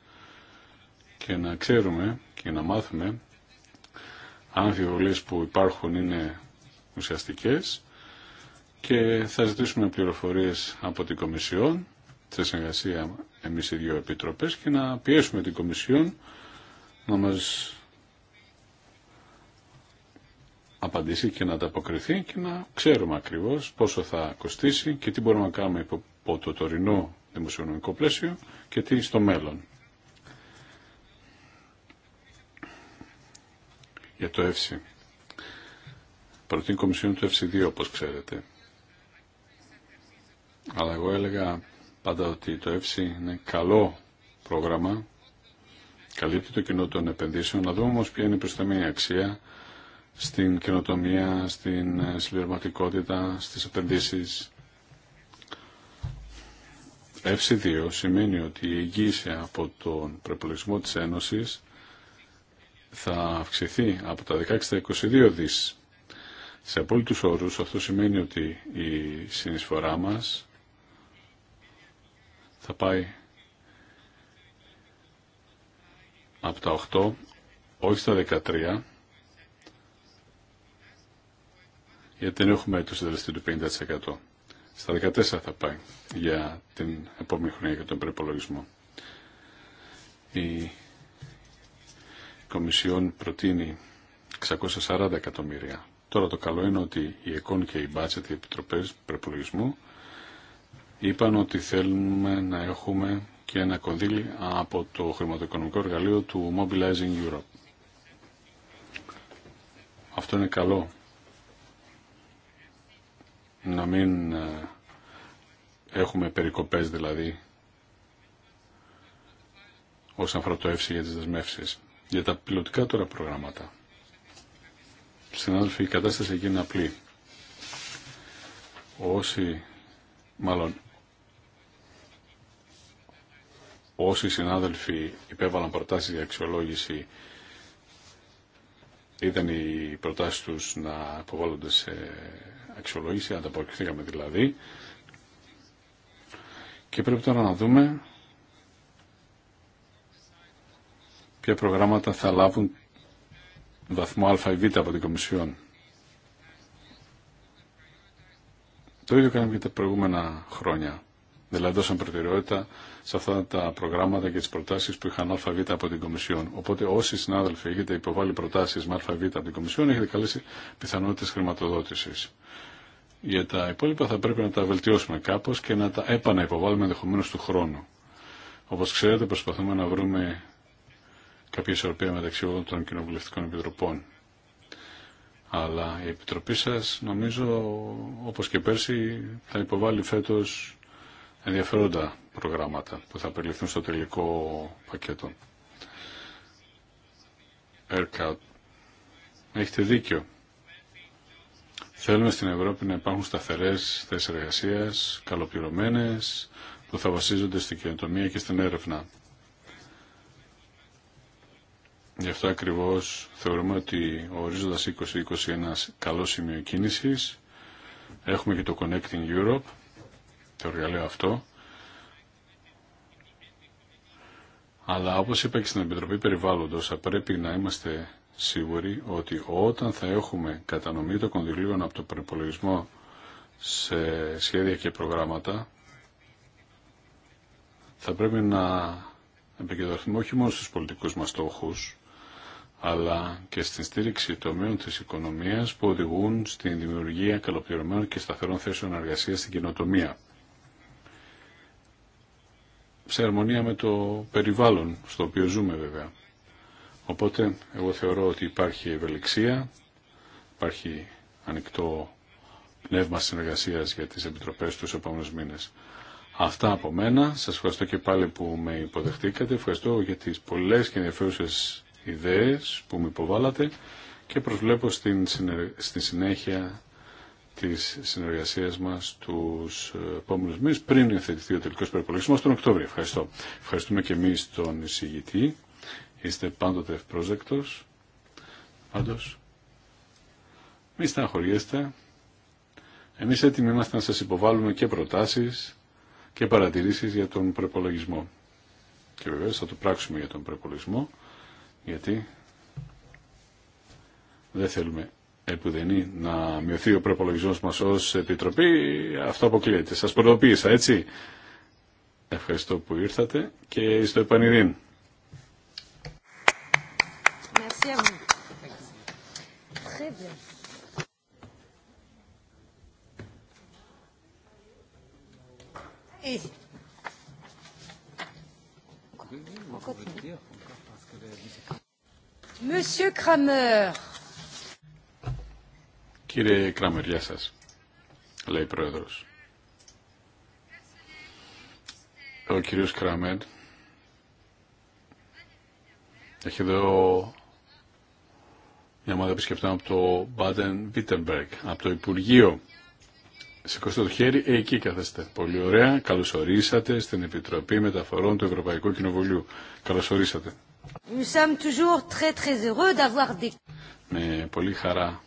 και να ξέρουμε και να μάθουμε αν αμφιβολίες που υπάρχουν είναι ουσιαστικές και θα ζητήσουμε πληροφορίες από την Κομισιόν σε συνεργασία εμείς οι δύο επιτροπές και να πιέσουμε την Κομισιόν να μας απαντήσει και να ανταποκριθεί και να ξέρουμε ακριβώς πόσο θα κοστίσει και τι μπορούμε να κάνουμε υπό το τωρινό δημοσιονομικό πλαίσιο και τι στο μέλλον. για το ΕΦΣΥ. Προτείνει κομισιόν του ΕΦΣΥ 2 όπως ξέρετε. Αλλά εγώ έλεγα πάντα ότι το ΕΦΣΥ είναι καλό πρόγραμμα, καλύπτει το κοινό των επενδύσεων, να δούμε όμως ποια είναι η προσταμένη αξία στην καινοτομία, στην ε, συμπληρωματικότητα, στις επενδύσεις. ΕΦΣΥ 2 σημαίνει ότι η εγγύηση από τον προπολογισμό της Ένωσης θα αυξηθεί από τα 16 στα 22 δις. Σε απόλυτους όρους αυτό σημαίνει ότι η συνεισφορά μας θα πάει από τα 8, όχι στα 13, γιατί δεν έχουμε το συντελεστή του 50%. Στα 14 θα πάει για την επόμενη χρονιά για τον προπολογισμό. Η Κομισιόν προτείνει 640 εκατομμύρια. Τώρα το καλό είναι ότι η ΕΚΟΝ και η Μπάτσετ, οι επιτροπές προπολογισμού, είπαν ότι θέλουμε να έχουμε και ένα κονδύλι από το χρηματοοικονομικό εργαλείο του Mobilizing Europe. Αυτό είναι καλό. Να μην ε, έχουμε περικοπές δηλαδή όσον αφορά το εύση για τις δεσμεύσεις. Για τα πιλωτικά τώρα προγράμματα. Συνάδελφοι, η κατάσταση εκεί είναι απλή. Όσοι, μάλλον, όσοι συνάδελφοι υπέβαλαν προτάσεις για αξιολόγηση ήταν οι προτάσεις τους να αποβάλλονται σε αξιολόγηση, ανταποκριθήκαμε δηλαδή. Και πρέπει τώρα να δούμε ποια προγράμματα θα λάβουν βαθμό α ή β από την Κομισιόν. Το ίδιο κάναμε και τα προηγούμενα χρόνια. Δηλαδή δώσαν προτεραιότητα σε αυτά τα προγράμματα και τις προτάσεις που είχαν ΑΒ από την Κομισιόν. Οπότε όσοι συνάδελφοι έχετε υποβάλει προτάσεις με ΑΒ από την Κομισιόν έχετε καλέσει πιθανότητες χρηματοδότησης. Για τα υπόλοιπα θα πρέπει να τα βελτιώσουμε κάπως και να τα επαναυποβάλουμε ενδεχομένω του χρόνου. Όπως ξέρετε προσπαθούμε να βρούμε κάποια ισορροπία μεταξύ όλων των κοινοβουλευτικών επιτροπών. Αλλά η Επιτροπή σας νομίζω όπως και πέρσι θα υποβάλει φέτος ενδιαφέροντα προγράμματα που θα περιληφθούν στο τελικό πακέτο. Aircut. Έχετε δίκιο. Θέλουμε στην Ευρώπη να υπάρχουν σταθερέ θέσεις εργασίας, καλοπληρωμένες, που θα βασίζονται στην καινοτομία και στην έρευνα. Γι' αυτό ακριβώς θεωρούμε ότι ο ορίζοντας 2020 είναι ένα καλό σημείο κίνησης. Έχουμε και το Connecting Europe, το εργαλείο αυτό. Αλλά όπως είπα και στην Επιτροπή Περιβάλλοντος, θα πρέπει να είμαστε σίγουροι ότι όταν θα έχουμε κατανομή των κονδυλίων από το προπολογισμό σε σχέδια και προγράμματα, θα πρέπει να επικεντρωθούμε όχι μόνο στους πολιτικούς μας στόχους, αλλά και στην στήριξη τομέων της οικονομίας που οδηγούν στην δημιουργία καλοπληρωμένων και σταθερών θέσεων εργασίας στην κοινοτομία. Σε αρμονία με το περιβάλλον στο οποίο ζούμε βέβαια. Οπότε εγώ θεωρώ ότι υπάρχει ευελιξία, υπάρχει ανοιχτό πνεύμα συνεργασίας για τις επιτροπές τους επόμενους μήνες. Αυτά από μένα. Σας ευχαριστώ και πάλι που με υποδεχτήκατε. Ευχαριστώ για τις πολλές και ενδιαφέρουσες ιδέες που μου υποβάλατε και προσβλέπω στην, στη συνέχεια της συνεργασίας μας τους ε, επόμενους μήνες πριν υιοθετηθεί ο τελικός περιπολογισμός τον Οκτώβριο. Ευχαριστώ. Ευχαριστούμε και εμείς τον εισηγητή. Είστε πάντοτε ευπρόσδεκτος. Πάντως, μη στεναχωριέστε. Εμείς έτοιμοι είμαστε να σας υποβάλουμε και προτάσεις και παρατηρήσεις για τον προπολογισμό. Και βεβαίως θα το πράξουμε για τον προπολογισμό γιατί δεν θέλουμε επουδενή να μειωθεί ο προπολογισμό μας ως Επιτροπή, αυτό αποκλείεται. Σας προειδοποίησα, έτσι. Ευχαριστώ που ήρθατε και στο επανειδήν. Merci eh. Κύριε Κράμερ, γεια σας, λέει η Πρόεδρος. Ο κύριος Κράμερ έχει εδώ μια ομάδα επισκεπτών από το Baden Württemberg, από το Υπουργείο. Σηκώστε το χέρι, εκεί καθέστε. Πολύ ωραία. Καλωσορίσατε στην Επιτροπή Μεταφορών του Ευρωπαϊκού Κοινοβουλίου. Καλωσορίσατε. Με πολύ χαρά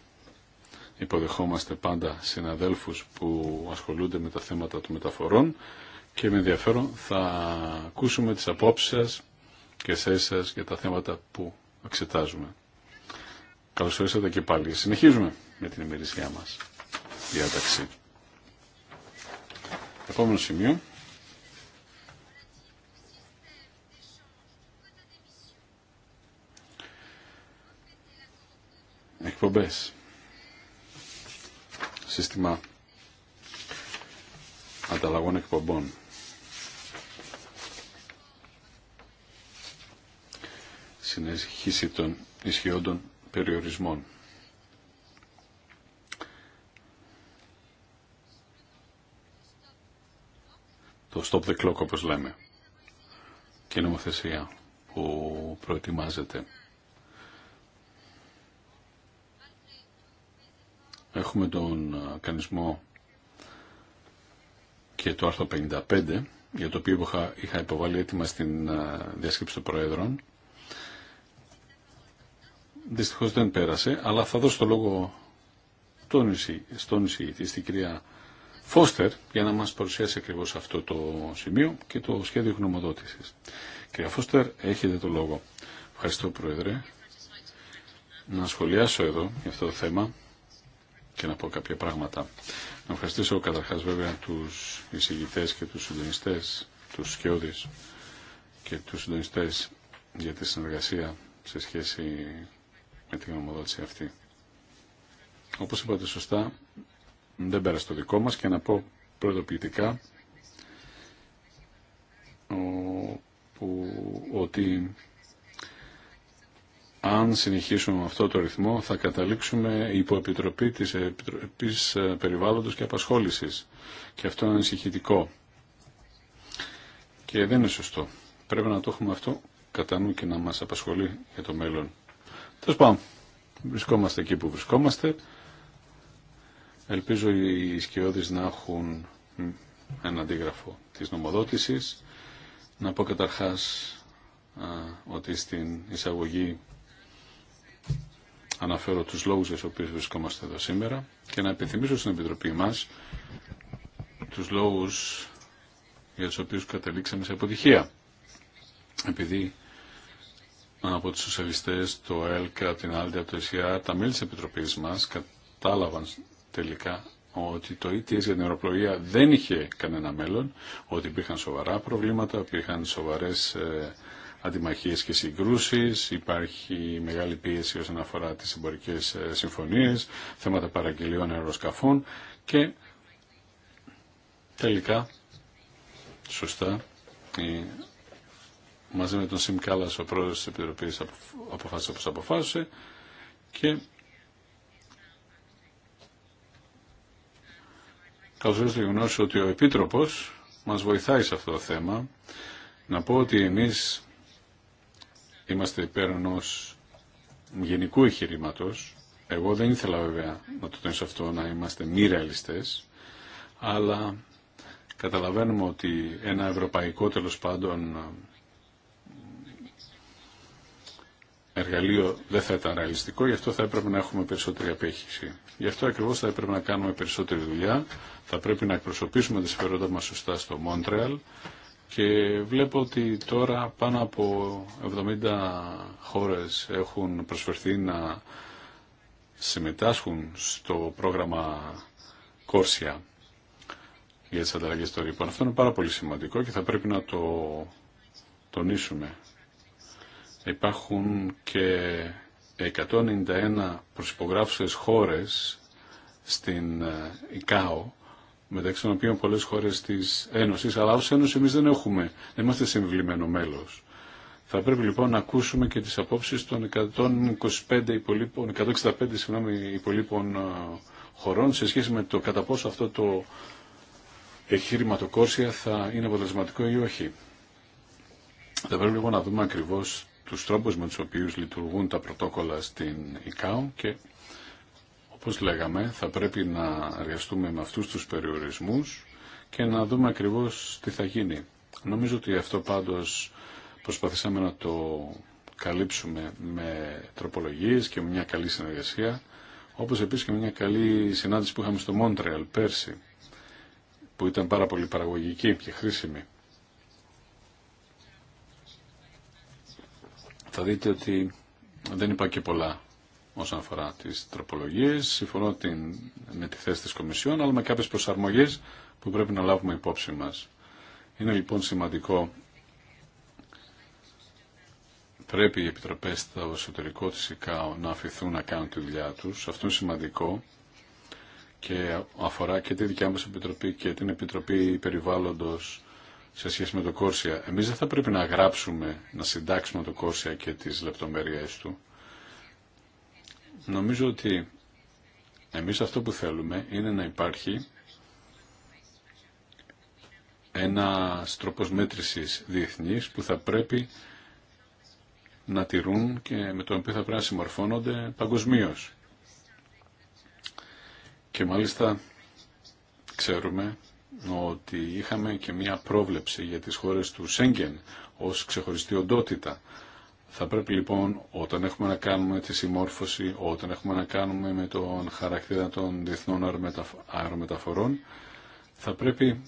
υποδεχόμαστε πάντα συναδέλφους που ασχολούνται με τα θέματα των μεταφορών και με ενδιαφέρον θα ακούσουμε τις απόψεις σας και σε σας για τα θέματα που εξετάζουμε. Καλώς ήρθατε και πάλι. Συνεχίζουμε με την ημερησιά μας διάταξη. Επόμενο σημείο. εκπομπές σύστημα ανταλλαγών εκπομπών συνεχίση των ισχυόντων περιορισμών το stop the clock όπως λέμε και νομοθεσία που προετοιμάζεται έχουμε τον ε, κανισμό και το άρθρο 55 για το οποίο είχα υποβάλει έτοιμα στην ε, διασκέψη των Προέδρων. Δυστυχώς δεν πέρασε, αλλά θα δώσω το λόγο στον εισηγητή, στην κυρία Φώστερ, για να μας παρουσιάσει ακριβώς αυτό το σημείο και το σχέδιο γνωμοδότησης. Κυρία Φώστερ, έχετε το λόγο. Ευχαριστώ, Πρόεδρε. Να σχολιάσω εδώ για αυτό το θέμα και να πω κάποια πράγματα. Να ευχαριστήσω καταρχάς βέβαια τους εισηγητές και τους συντονιστές, τους σκιώδεις και τους συντονιστές για τη συνεργασία σε σχέση με την ομοδότηση αυτή. Όπως είπατε σωστά, δεν πέρασε το δικό μας και να πω προειδοποιητικά που, ότι αν συνεχίσουμε με αυτό το ρυθμό θα καταλήξουμε υπό επιτροπή της Επιτροπής ε, Περιβάλλοντος και Απασχόλησης. Και αυτό είναι ανησυχητικό. Και δεν είναι σωστό. Πρέπει να το έχουμε αυτό κατά νου και να μας απασχολεί για το μέλλον. Τέλο πάντων, βρισκόμαστε εκεί που βρισκόμαστε. Ελπίζω οι σκιώδεις να έχουν ένα αντίγραφο της νομοδότησης. Να πω καταρχάς ότι στην εισαγωγή αναφέρω τους λόγους για τους οποίους βρισκόμαστε εδώ σήμερα και να επιθυμίσω στην Επιτροπή μας τους λόγους για τους οποίους καταλήξαμε σε αποτυχία. Επειδή από τους σοσιαλιστές, το ΕΛΚΑ, την ΆΛΔΙΑ, το ΕΣΙΑ, τα μέλη της Επιτροπής μας κατάλαβαν τελικά ότι το ETS για την αεροπλογία δεν είχε κανένα μέλλον, ότι υπήρχαν σοβαρά προβλήματα, υπήρχαν σοβαρές ε, αντιμαχίες και συγκρούσεις, υπάρχει μεγάλη πίεση όσον αφορά τις εμπορικές ε, συμφωνίες, θέματα παραγγελιών αεροσκαφών και τελικά, σωστά, μαζί με τον Σιμ Κάλλας, ο πρόεδρος της Επιτροπής αποφάσισε όπως αποφάσισε και καθώς το γεγονό ότι ο Επίτροπος μας βοηθάει σε αυτό το θέμα, να πω ότι εμείς είμαστε υπέρ ενό γενικού εγχειρήματο. Εγώ δεν ήθελα βέβαια να το τονίσω αυτό, να είμαστε μη ρεαλιστέ, αλλά καταλαβαίνουμε ότι ένα ευρωπαϊκό τέλο πάντων εργαλείο δεν θα ήταν ρεαλιστικό, γι' αυτό θα έπρεπε να έχουμε περισσότερη απέχηση. Γι' αυτό ακριβώ θα έπρεπε να κάνουμε περισσότερη δουλειά, θα πρέπει να εκπροσωπήσουμε τα συμφέροντά μα σωστά στο Μόντρεαλ και βλέπω ότι τώρα πάνω από 70 χώρες έχουν προσφερθεί να συμμετάσχουν στο πρόγραμμα Κόρσια για τις ανταλλαγές των ρήπων. Αυτό είναι πάρα πολύ σημαντικό και θα πρέπει να το τονίσουμε. Υπάρχουν και 191 προσυπογράφουσες χώρες στην ε, ΙΚΑΟ μεταξύ των οποίων πολλέ χώρε τη Ένωση, αλλά ως Ένωση εμείς δεν έχουμε, δεν είμαστε συμβλημένο μέλος. Θα πρέπει λοιπόν να ακούσουμε και τις απόψει των 125 υπολείπων, 165 συγγνώμη, υπολείπων ε, χωρών σε σχέση με το κατά πόσο αυτό το εγχείρημα το Κόρσια θα είναι αποτελεσματικό ή όχι. Θα πρέπει λοιπόν να δούμε ακριβώς τους τρόπους με τους οποίους λειτουργούν τα πρωτόκολλα στην ΙΚΑΟ και Πώς λέγαμε, θα πρέπει να εργαστούμε με αυτούς τους περιορισμούς και να δούμε ακριβώς τι θα γίνει. Νομίζω ότι αυτό πάντως προσπαθήσαμε να το καλύψουμε με τροπολογίες και με μια καλή συνεργασία, όπως επίσης και μια καλή συνάντηση που είχαμε στο Μόντρεαλ πέρσι, που ήταν πάρα πολύ παραγωγική και χρήσιμη. Θα δείτε ότι δεν είπα και πολλά όσον αφορά τι τροπολογίε, Συμφωνώ την, με τη θέση τη Κομισιόν, αλλά με κάποιε προσαρμογέ που πρέπει να λάβουμε υπόψη μα. Είναι λοιπόν σημαντικό πρέπει οι επιτροπέ στο εσωτερικό τη ΕΚΑΟ να αφηθούν να κάνουν τη δουλειά του. Αυτό είναι σημαντικό και αφορά και τη δικιά μα επιτροπή και την Επιτροπή περιβάλλοντο σε σχέση με το Κόρσια. Εμεί δεν θα πρέπει να γράψουμε, να συντάξουμε το Κόρσια και τι λεπτομέρειέ του. Νομίζω ότι εμείς αυτό που θέλουμε είναι να υπάρχει ένα τρόπος μέτρησης διεθνής που θα πρέπει να τηρούν και με τον οποίο θα πρέπει να συμμορφώνονται παγκοσμίω. Και μάλιστα ξέρουμε ότι είχαμε και μία πρόβλεψη για τις χώρες του Σέγγεν ως ξεχωριστή οντότητα θα πρέπει λοιπόν όταν έχουμε να κάνουμε τη συμμόρφωση, όταν έχουμε να κάνουμε με τον χαρακτήρα των διεθνών αερομεταφορών, θα πρέπει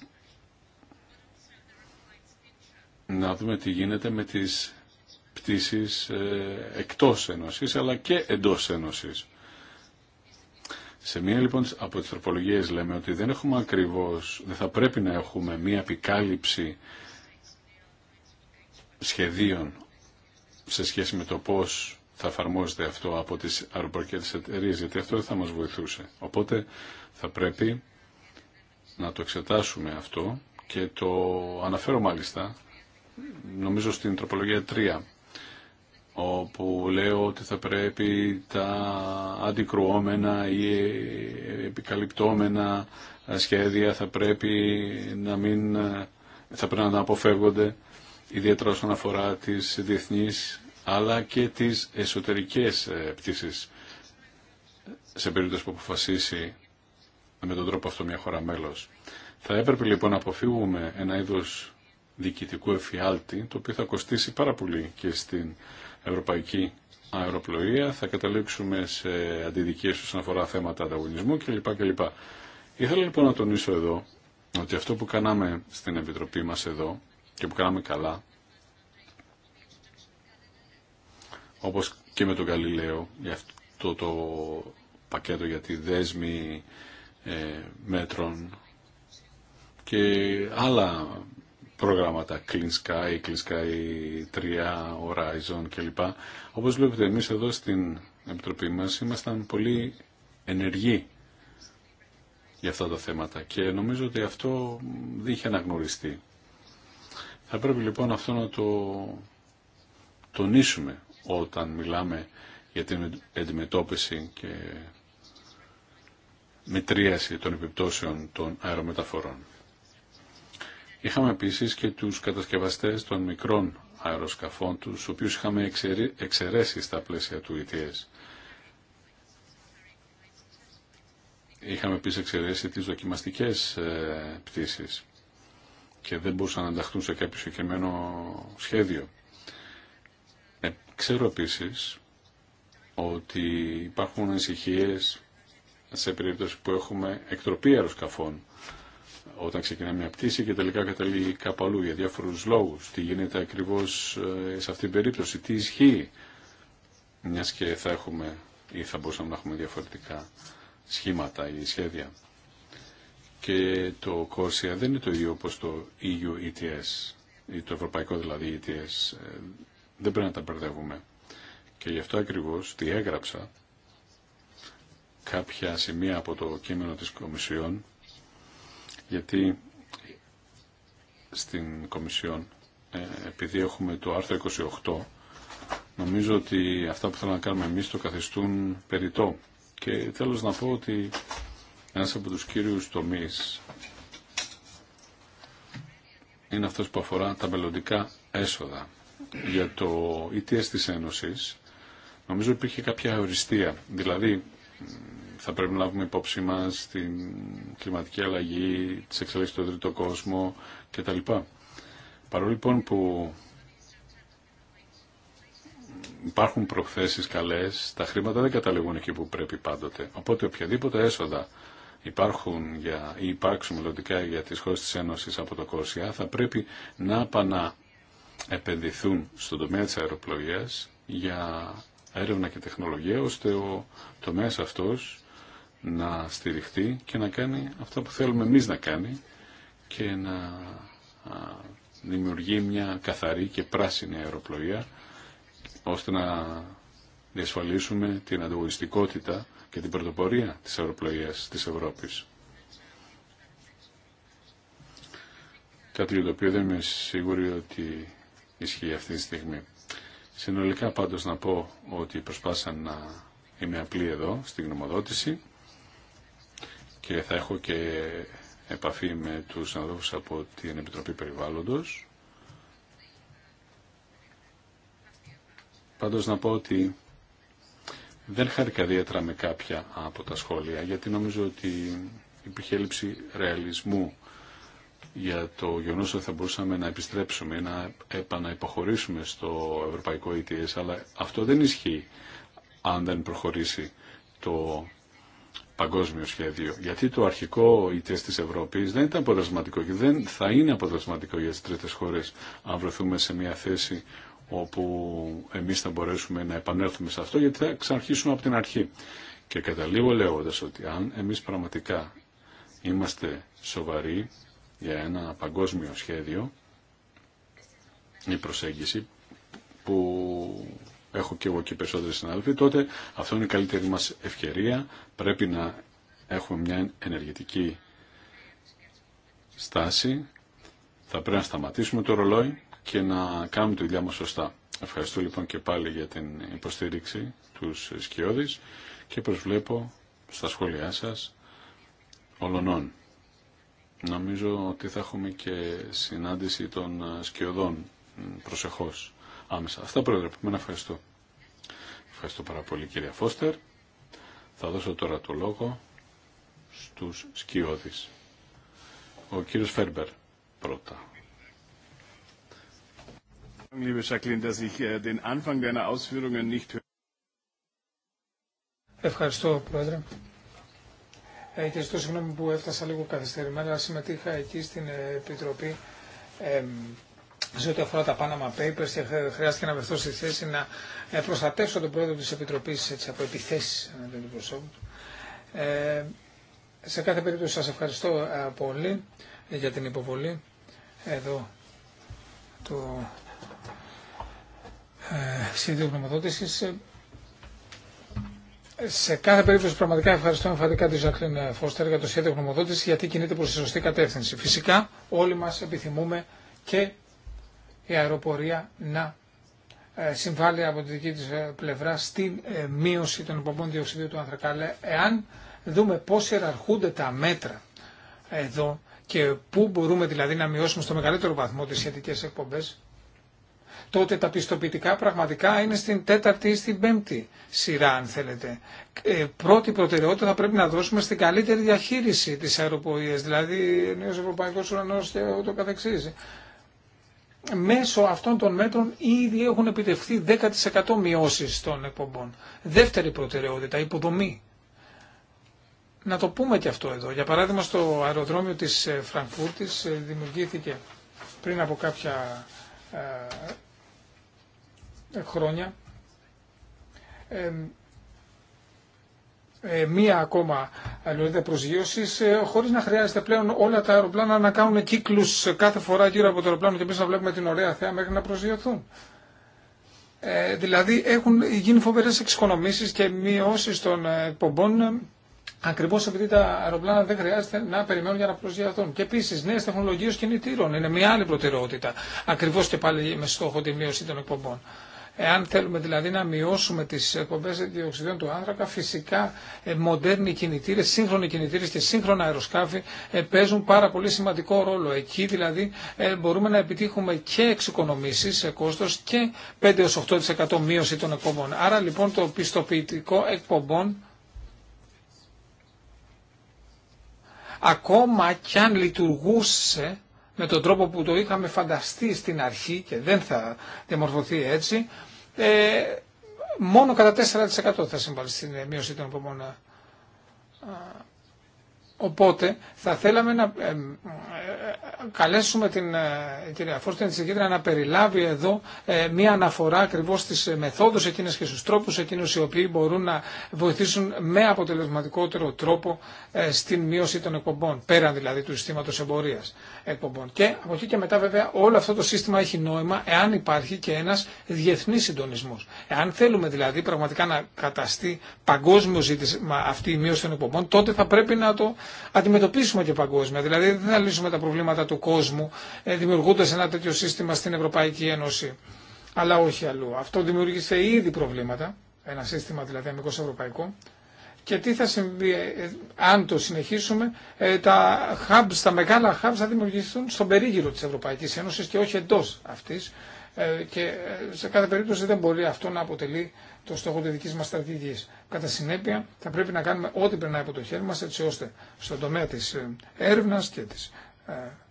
να δούμε τι γίνεται με τις πτήσεις ε, εκτός Ένωσης αλλά και εντός Ένωσης. Σε μία λοιπόν από τις τροπολογίες λέμε ότι δεν έχουμε ακριβώς, δεν θα πρέπει να έχουμε μία επικάλυψη σχεδίων σε σχέση με το πώς θα εφαρμόζεται αυτό από τις αεροπορικές εταιρείε, γιατί αυτό δεν θα μας βοηθούσε. Οπότε θα πρέπει να το εξετάσουμε αυτό και το αναφέρω μάλιστα, νομίζω στην τροπολογία 3, όπου λέω ότι θα πρέπει τα αντικρουόμενα ή επικαλυπτόμενα σχέδια θα πρέπει να μην θα πρέπει να αποφεύγονται ιδιαίτερα όσον αφορά τις διεθνείς αλλά και τις εσωτερικές ε, πτήσεις σε περίπτωση που αποφασίσει με τον τρόπο αυτό μια χώρα μέλος. Θα έπρεπε λοιπόν να αποφύγουμε ένα είδος διοικητικού εφιάλτη, το οποίο θα κοστίσει πάρα πολύ και στην ευρωπαϊκή αεροπλοεία, θα καταλήξουμε σε αντιδικίες όσον αφορά θέματα ανταγωνισμού κλπ. κλπ. Ήθελα λοιπόν να τονίσω εδώ ότι αυτό που κάναμε στην Επιτροπή μας εδώ και που κάναμε καλά, όπως και με τον Γαλιλαίο, για αυτό το πακέτο για τη δέσμη ε, μέτρων και άλλα προγράμματα Clean Sky, Clean Sky 3, Horizon κλπ. Όπως βλέπετε εμείς εδώ στην Επιτροπή μας ήμασταν πολύ ενεργοί για αυτά τα θέματα και νομίζω ότι αυτό δεν είχε αναγνωριστεί. Θα πρέπει λοιπόν αυτό να το τονίσουμε όταν μιλάμε για την αντιμετώπιση και μετρίαση των επιπτώσεων των αερομεταφορών. Είχαμε επίσης και τους κατασκευαστές των μικρών αεροσκαφών τους, οποίους είχαμε εξαιρέσει στα πλαίσια του ETS. Είχαμε επίσης εξαιρέσει τις δοκιμαστικές ε, πτήσεις και δεν μπορούσαν να ενταχθούν σε κάποιο συγκεκριμένο σχέδιο. Ε, ξέρω επίσης ότι υπάρχουν ανησυχίε σε περίπτωση που έχουμε εκτροπή αεροσκαφών όταν ξεκινά μια πτήση και τελικά καταλήγει κάπου αλλού για διάφορους λόγους. Τι γίνεται ακριβώς ε, σε αυτήν την περίπτωση, τι ισχύει, μιας και θα έχουμε ή θα μπορούσαμε να έχουμε διαφορετικά σχήματα ή σχέδια και το Corsia δεν είναι το ίδιο όπως το EU ETS, ή το ευρωπαϊκό δηλαδή ETS. Ε, δεν πρέπει να τα μπερδεύουμε. Και γι' αυτό ακριβώς διέγραψα κάποια σημεία από το κείμενο της Κομισιόν, γιατί στην Κομισιόν, ε, επειδή έχουμε το άρθρο 28, νομίζω ότι αυτά που θέλουμε να κάνουμε εμείς το καθιστούν περιττό. Και θέλω να πω ότι ένας από τους κύριους τομείς είναι αυτός που αφορά τα μελλοντικά έσοδα. Για το ETS της Ένωσης νομίζω υπήρχε κάποια οριστία. Δηλαδή θα πρέπει να λάβουμε υπόψη μας την κλιματική αλλαγή, τις εξελίξεις στον τρίτο κόσμο κτλ. Παρόλο λοιπόν που υπάρχουν προθέσεις καλές, τα χρήματα δεν καταλήγουν εκεί που πρέπει πάντοτε. Οπότε οποιαδήποτε έσοδα υπάρχουν για, ή υπάρξουν μελλοντικά για τις χώρες της Ένωσης από το ΚΟΣΙΑ, θα πρέπει να επενδυθούν στον τομέα της αεροπλογίας για έρευνα και τεχνολογία ώστε ο τομέας αυτός να στηριχτεί και να κάνει αυτό που θέλουμε εμείς να κάνει και να δημιουργεί μια καθαρή και πράσινη αεροπλογία, ώστε να διασφαλίσουμε την ανταγωνιστικότητα και την πρωτοπορία της αεροπλοείας της Ευρώπης. Κάτι για το οποίο δεν είμαι σίγουρη ότι ισχύει αυτή τη στιγμή. Συνολικά πάντως να πω ότι προσπάσα να είμαι απλή εδώ στην γνωμοδότηση και θα έχω και επαφή με τους συναδέλφους από την Επιτροπή Περιβάλλοντος. Πάντως να πω ότι δεν χάρηκα ιδιαίτερα με κάποια από τα σχόλια, γιατί νομίζω ότι υπήρχε έλλειψη ρεαλισμού για το γεγονό ότι θα μπορούσαμε να επιστρέψουμε, να επαναυποχωρήσουμε στο ευρωπαϊκό ETS, αλλά αυτό δεν ισχύει αν δεν προχωρήσει το παγκόσμιο σχέδιο. Γιατί το αρχικό ETS της Ευρώπης δεν ήταν αποτελεσματικό και δεν θα είναι αποτελεσματικό για τις τρίτες χώρες αν βρεθούμε σε μια θέση όπου εμείς θα μπορέσουμε να επανέλθουμε σε αυτό γιατί θα ξαναρχίσουμε από την αρχή. Και καταλήγω λέγοντας ότι αν εμείς πραγματικά είμαστε σοβαροί για ένα παγκόσμιο σχέδιο η προσέγγιση που έχω και εγώ και οι περισσότεροι συνάδελφοι, τότε αυτό είναι η καλύτερη μας ευκαιρία. Πρέπει να έχουμε μια ενεργητική στάση. Θα πρέπει να σταματήσουμε το ρολόι και να κάνουμε τη δουλειά μας σωστά. Ευχαριστώ λοιπόν και πάλι για την υποστήριξη τους σκιώδης και προσβλέπω στα σχόλιά σας ολονών. Νομίζω ότι θα έχουμε και συνάντηση των σκιωδών προσεχώς άμεσα. Αυτά πρόεδρε, που ευχαριστώ. Ευχαριστώ πάρα πολύ κύριε Φώστερ. Θα δώσω τώρα το λόγο στους σκιώδης. Ο κύριος Φέρμπερ πρώτα. Ευχαριστώ, Πρόεδρε. Ε, και ζητώ συγγνώμη που έφτασα λίγο καθυστερημένα. Συμμετείχα εκεί στην ε, Επιτροπή ε, σε ό,τι αφορά τα Panama Papers και χρειάστηκε να βρεθώ στη θέση να ε, προστατεύσω τον πρόεδρο της Επιτροπής έτσι, από επιθέσεις εναντίον του προσώπου του. Ε, σε κάθε περίπτωση σας ευχαριστώ ε, πολύ για την υποβολή εδώ του ε, σχέδιο γνωμοδότηση. Ε, σε κάθε περίπτωση πραγματικά ευχαριστώ εμφαντικά τη Ζακλίν Φώστερ για το σχέδιο γνωμοδότηση γιατί κινείται προς τη σωστή κατεύθυνση. Φυσικά όλοι μας επιθυμούμε και η αεροπορία να ε, συμβάλλει από τη δική της πλευρά στην μείωση των υπομπών διοξιδίου του άνθρακα. εάν δούμε πώς ιεραρχούνται τα μέτρα εδώ και πού μπορούμε δηλαδή να μειώσουμε στο μεγαλύτερο βαθμό τις σχετικέ εκπομπές, τότε τα πιστοποιητικά πραγματικά είναι στην τέταρτη ή στην πέμπτη σειρά, αν θέλετε. Ε, πρώτη προτεραιότητα θα πρέπει να δώσουμε στην καλύτερη διαχείριση της αεροπορίας, δηλαδή νέος ευρωπαϊκός ουρανός και ούτω καθεξής. Μέσω αυτών των μέτρων ήδη έχουν επιτευχθεί 10% μειώσεις των εκπομπών. Δεύτερη προτεραιότητα, υποδομή. Να το πούμε και αυτό εδώ. Για παράδειγμα στο αεροδρόμιο της ε, Φραγκούρτης ε, δημιουργήθηκε πριν από κάποια χρόνια ε, ε, μία ακόμα λωρίδα προσγείωσης ε, χωρίς να χρειάζεται πλέον όλα τα αεροπλάνα να κάνουν κύκλους κάθε φορά γύρω από το αεροπλάνο και πίσω να βλέπουμε την ωραία θέα μέχρι να προσγειωθούν. Ε, δηλαδή έχουν γίνει φοβερές εξοικονομήσεις και μειώσεις των εκπομπών ακριβώς επειδή τα αεροπλάνα δεν χρειάζεται να περιμένουν για να προσγειωθούν. Και επίσης νέες τεχνολογίες κινητήρων είναι μια άλλη προτεραιότητα ακριβώς και πάλι με στόχο τη μείωση των εκπομπών. Εάν θέλουμε δηλαδή να μειώσουμε τις εκπομπές διοξιδίων του άνθρακα, φυσικά ε, μοντέρνοι κινητήρες, σύγχρονοι κινητήρες και σύγχρονα αεροσκάφη ε, παίζουν πάρα πολύ σημαντικό ρόλο. Εκεί δηλαδή ε, μπορούμε να επιτύχουμε και εξοικονομήσει σε κόστο και 5-8% μείωση των εκπομπών. Άρα λοιπόν το πιστοποιητικό εκπομπών ακόμα κι αν λειτουργούσε με τον τρόπο που το είχαμε φανταστεί στην αρχή και δεν θα δημορφωθεί έτσι, ε, μόνο κατά 4% θα συμβάλλει στην ε, μείωση των υπομονών. Οπότε θα θέλαμε να ε, ε, καλέσουμε την ε, κυρία Φώστη να περιλάβει εδώ μία αναφορά ακριβώ στις μεθόδους εκείνες και στους τρόπους εκείνους οι οποίοι μπορούν να βοηθήσουν με αποτελεσματικότερο τρόπο στην μείωση των εκπομπών, πέραν δηλαδή του συστήματος εμπορίας εκπομπών. Και από εκεί και μετά βέβαια όλο αυτό το σύστημα έχει νόημα εάν υπάρχει και ένας διεθνής συντονισμός. Εάν θέλουμε δηλαδή πραγματικά να καταστεί παγκόσμιο ζήτημα αυτή η μείωση των εκπομπών, τότε θα πρέπει να το αντιμετωπίσουμε και παγκόσμια. Δηλαδή δεν θα λύσουμε τα προβλήματα του κόσμου ε, δημιουργώντας ένα τέτοιο σύστημα στην Ευρωπαϊκή Ένωση. Αλλά όχι αλλού. Αυτό δημιούργησε ήδη προβλήματα, ένα σύστημα δηλαδή αμυγός ευρωπαϊκό, και τι θα συμβεί ε, αν το συνεχίσουμε. Ε, τα hubs, τα μεγάλα hubs θα δημιουργηθούν στον περίγυρο της Ευρωπαϊκής Ένωσης και όχι εντός αυτής ε, και σε κάθε περίπτωση δεν μπορεί αυτό να αποτελεί το στόχο της δική μα στρατηγική. Κατά συνέπεια, θα πρέπει να κάνουμε ό,τι περνάει από το χέρι μα, έτσι ώστε στον τομέα της έρευνα και τη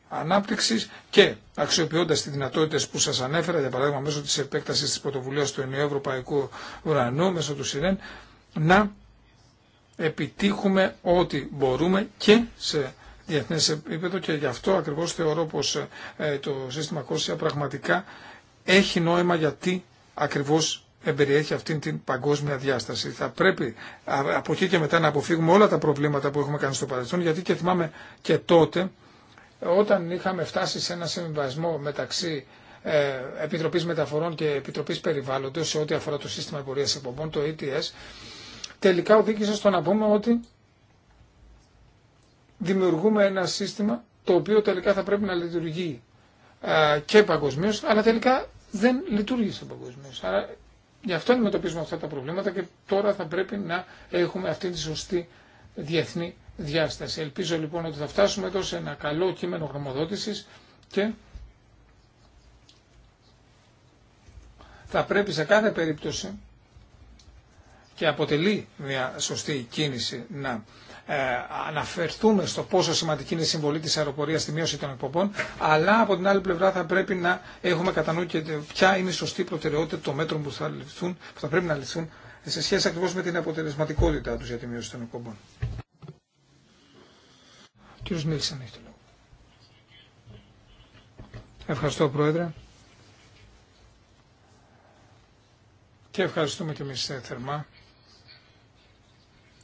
ανάπτυξη και αξιοποιώντας τις δυνατότητες που σας ανέφερα, για παράδειγμα μέσω τη επέκταση τη πρωτοβουλία του Ενιαίου μέσω του ΣΥΡΕΝ, να επιτύχουμε ό,τι μπορούμε και σε διεθνέ επίπεδο και γι' αυτό ακριβώς θεωρώ πως ε, το σύστημα Κόρσια πραγματικά έχει νόημα γιατί ακριβώς εμπεριέχει αυτήν την παγκόσμια διάσταση. Θα πρέπει από εκεί και μετά να αποφύγουμε όλα τα προβλήματα που έχουμε κάνει στο παρελθόν γιατί και θυμάμαι και τότε όταν είχαμε φτάσει σε ένα συμβασμό μεταξύ ε, Επιτροπής Μεταφορών και Επιτροπής Περιβάλλοντος σε ό,τι αφορά το σύστημα εμπορίας εκπομπών, το ETS, τελικά οδήγησε στο να πούμε ότι δημιουργούμε ένα σύστημα το οποίο τελικά θα πρέπει να λειτουργεί ε, και παγκοσμίω, αλλά τελικά δεν λειτουργήσε παγκοσμίω. Άρα γι' αυτό αντιμετωπίζουμε αυτά τα προβλήματα και τώρα θα πρέπει να έχουμε αυτή τη σωστή διεθνή διάσταση. Ελπίζω λοιπόν ότι θα φτάσουμε εδώ σε ένα καλό κείμενο γνωμοδότησης και θα πρέπει σε κάθε περίπτωση και αποτελεί μια σωστή κίνηση να ε, αναφερθούμε στο πόσο σημαντική είναι η συμβολή της αεροπορίας στη μείωση των εκπομπών, αλλά από την άλλη πλευρά θα πρέπει να έχουμε κατά νου και ποια είναι η σωστή προτεραιότητα των μέτρων που θα, ληφθούν, που θα πρέπει να ληφθούν σε σχέση ακριβώς με την αποτελεσματικότητά τους για τη μείωση των εκπομπών. Κύριος Νίλσεν έχει το λόγο. Ευχαριστώ Πρόεδρε. Και ευχαριστούμε και εμείς ε, θερμά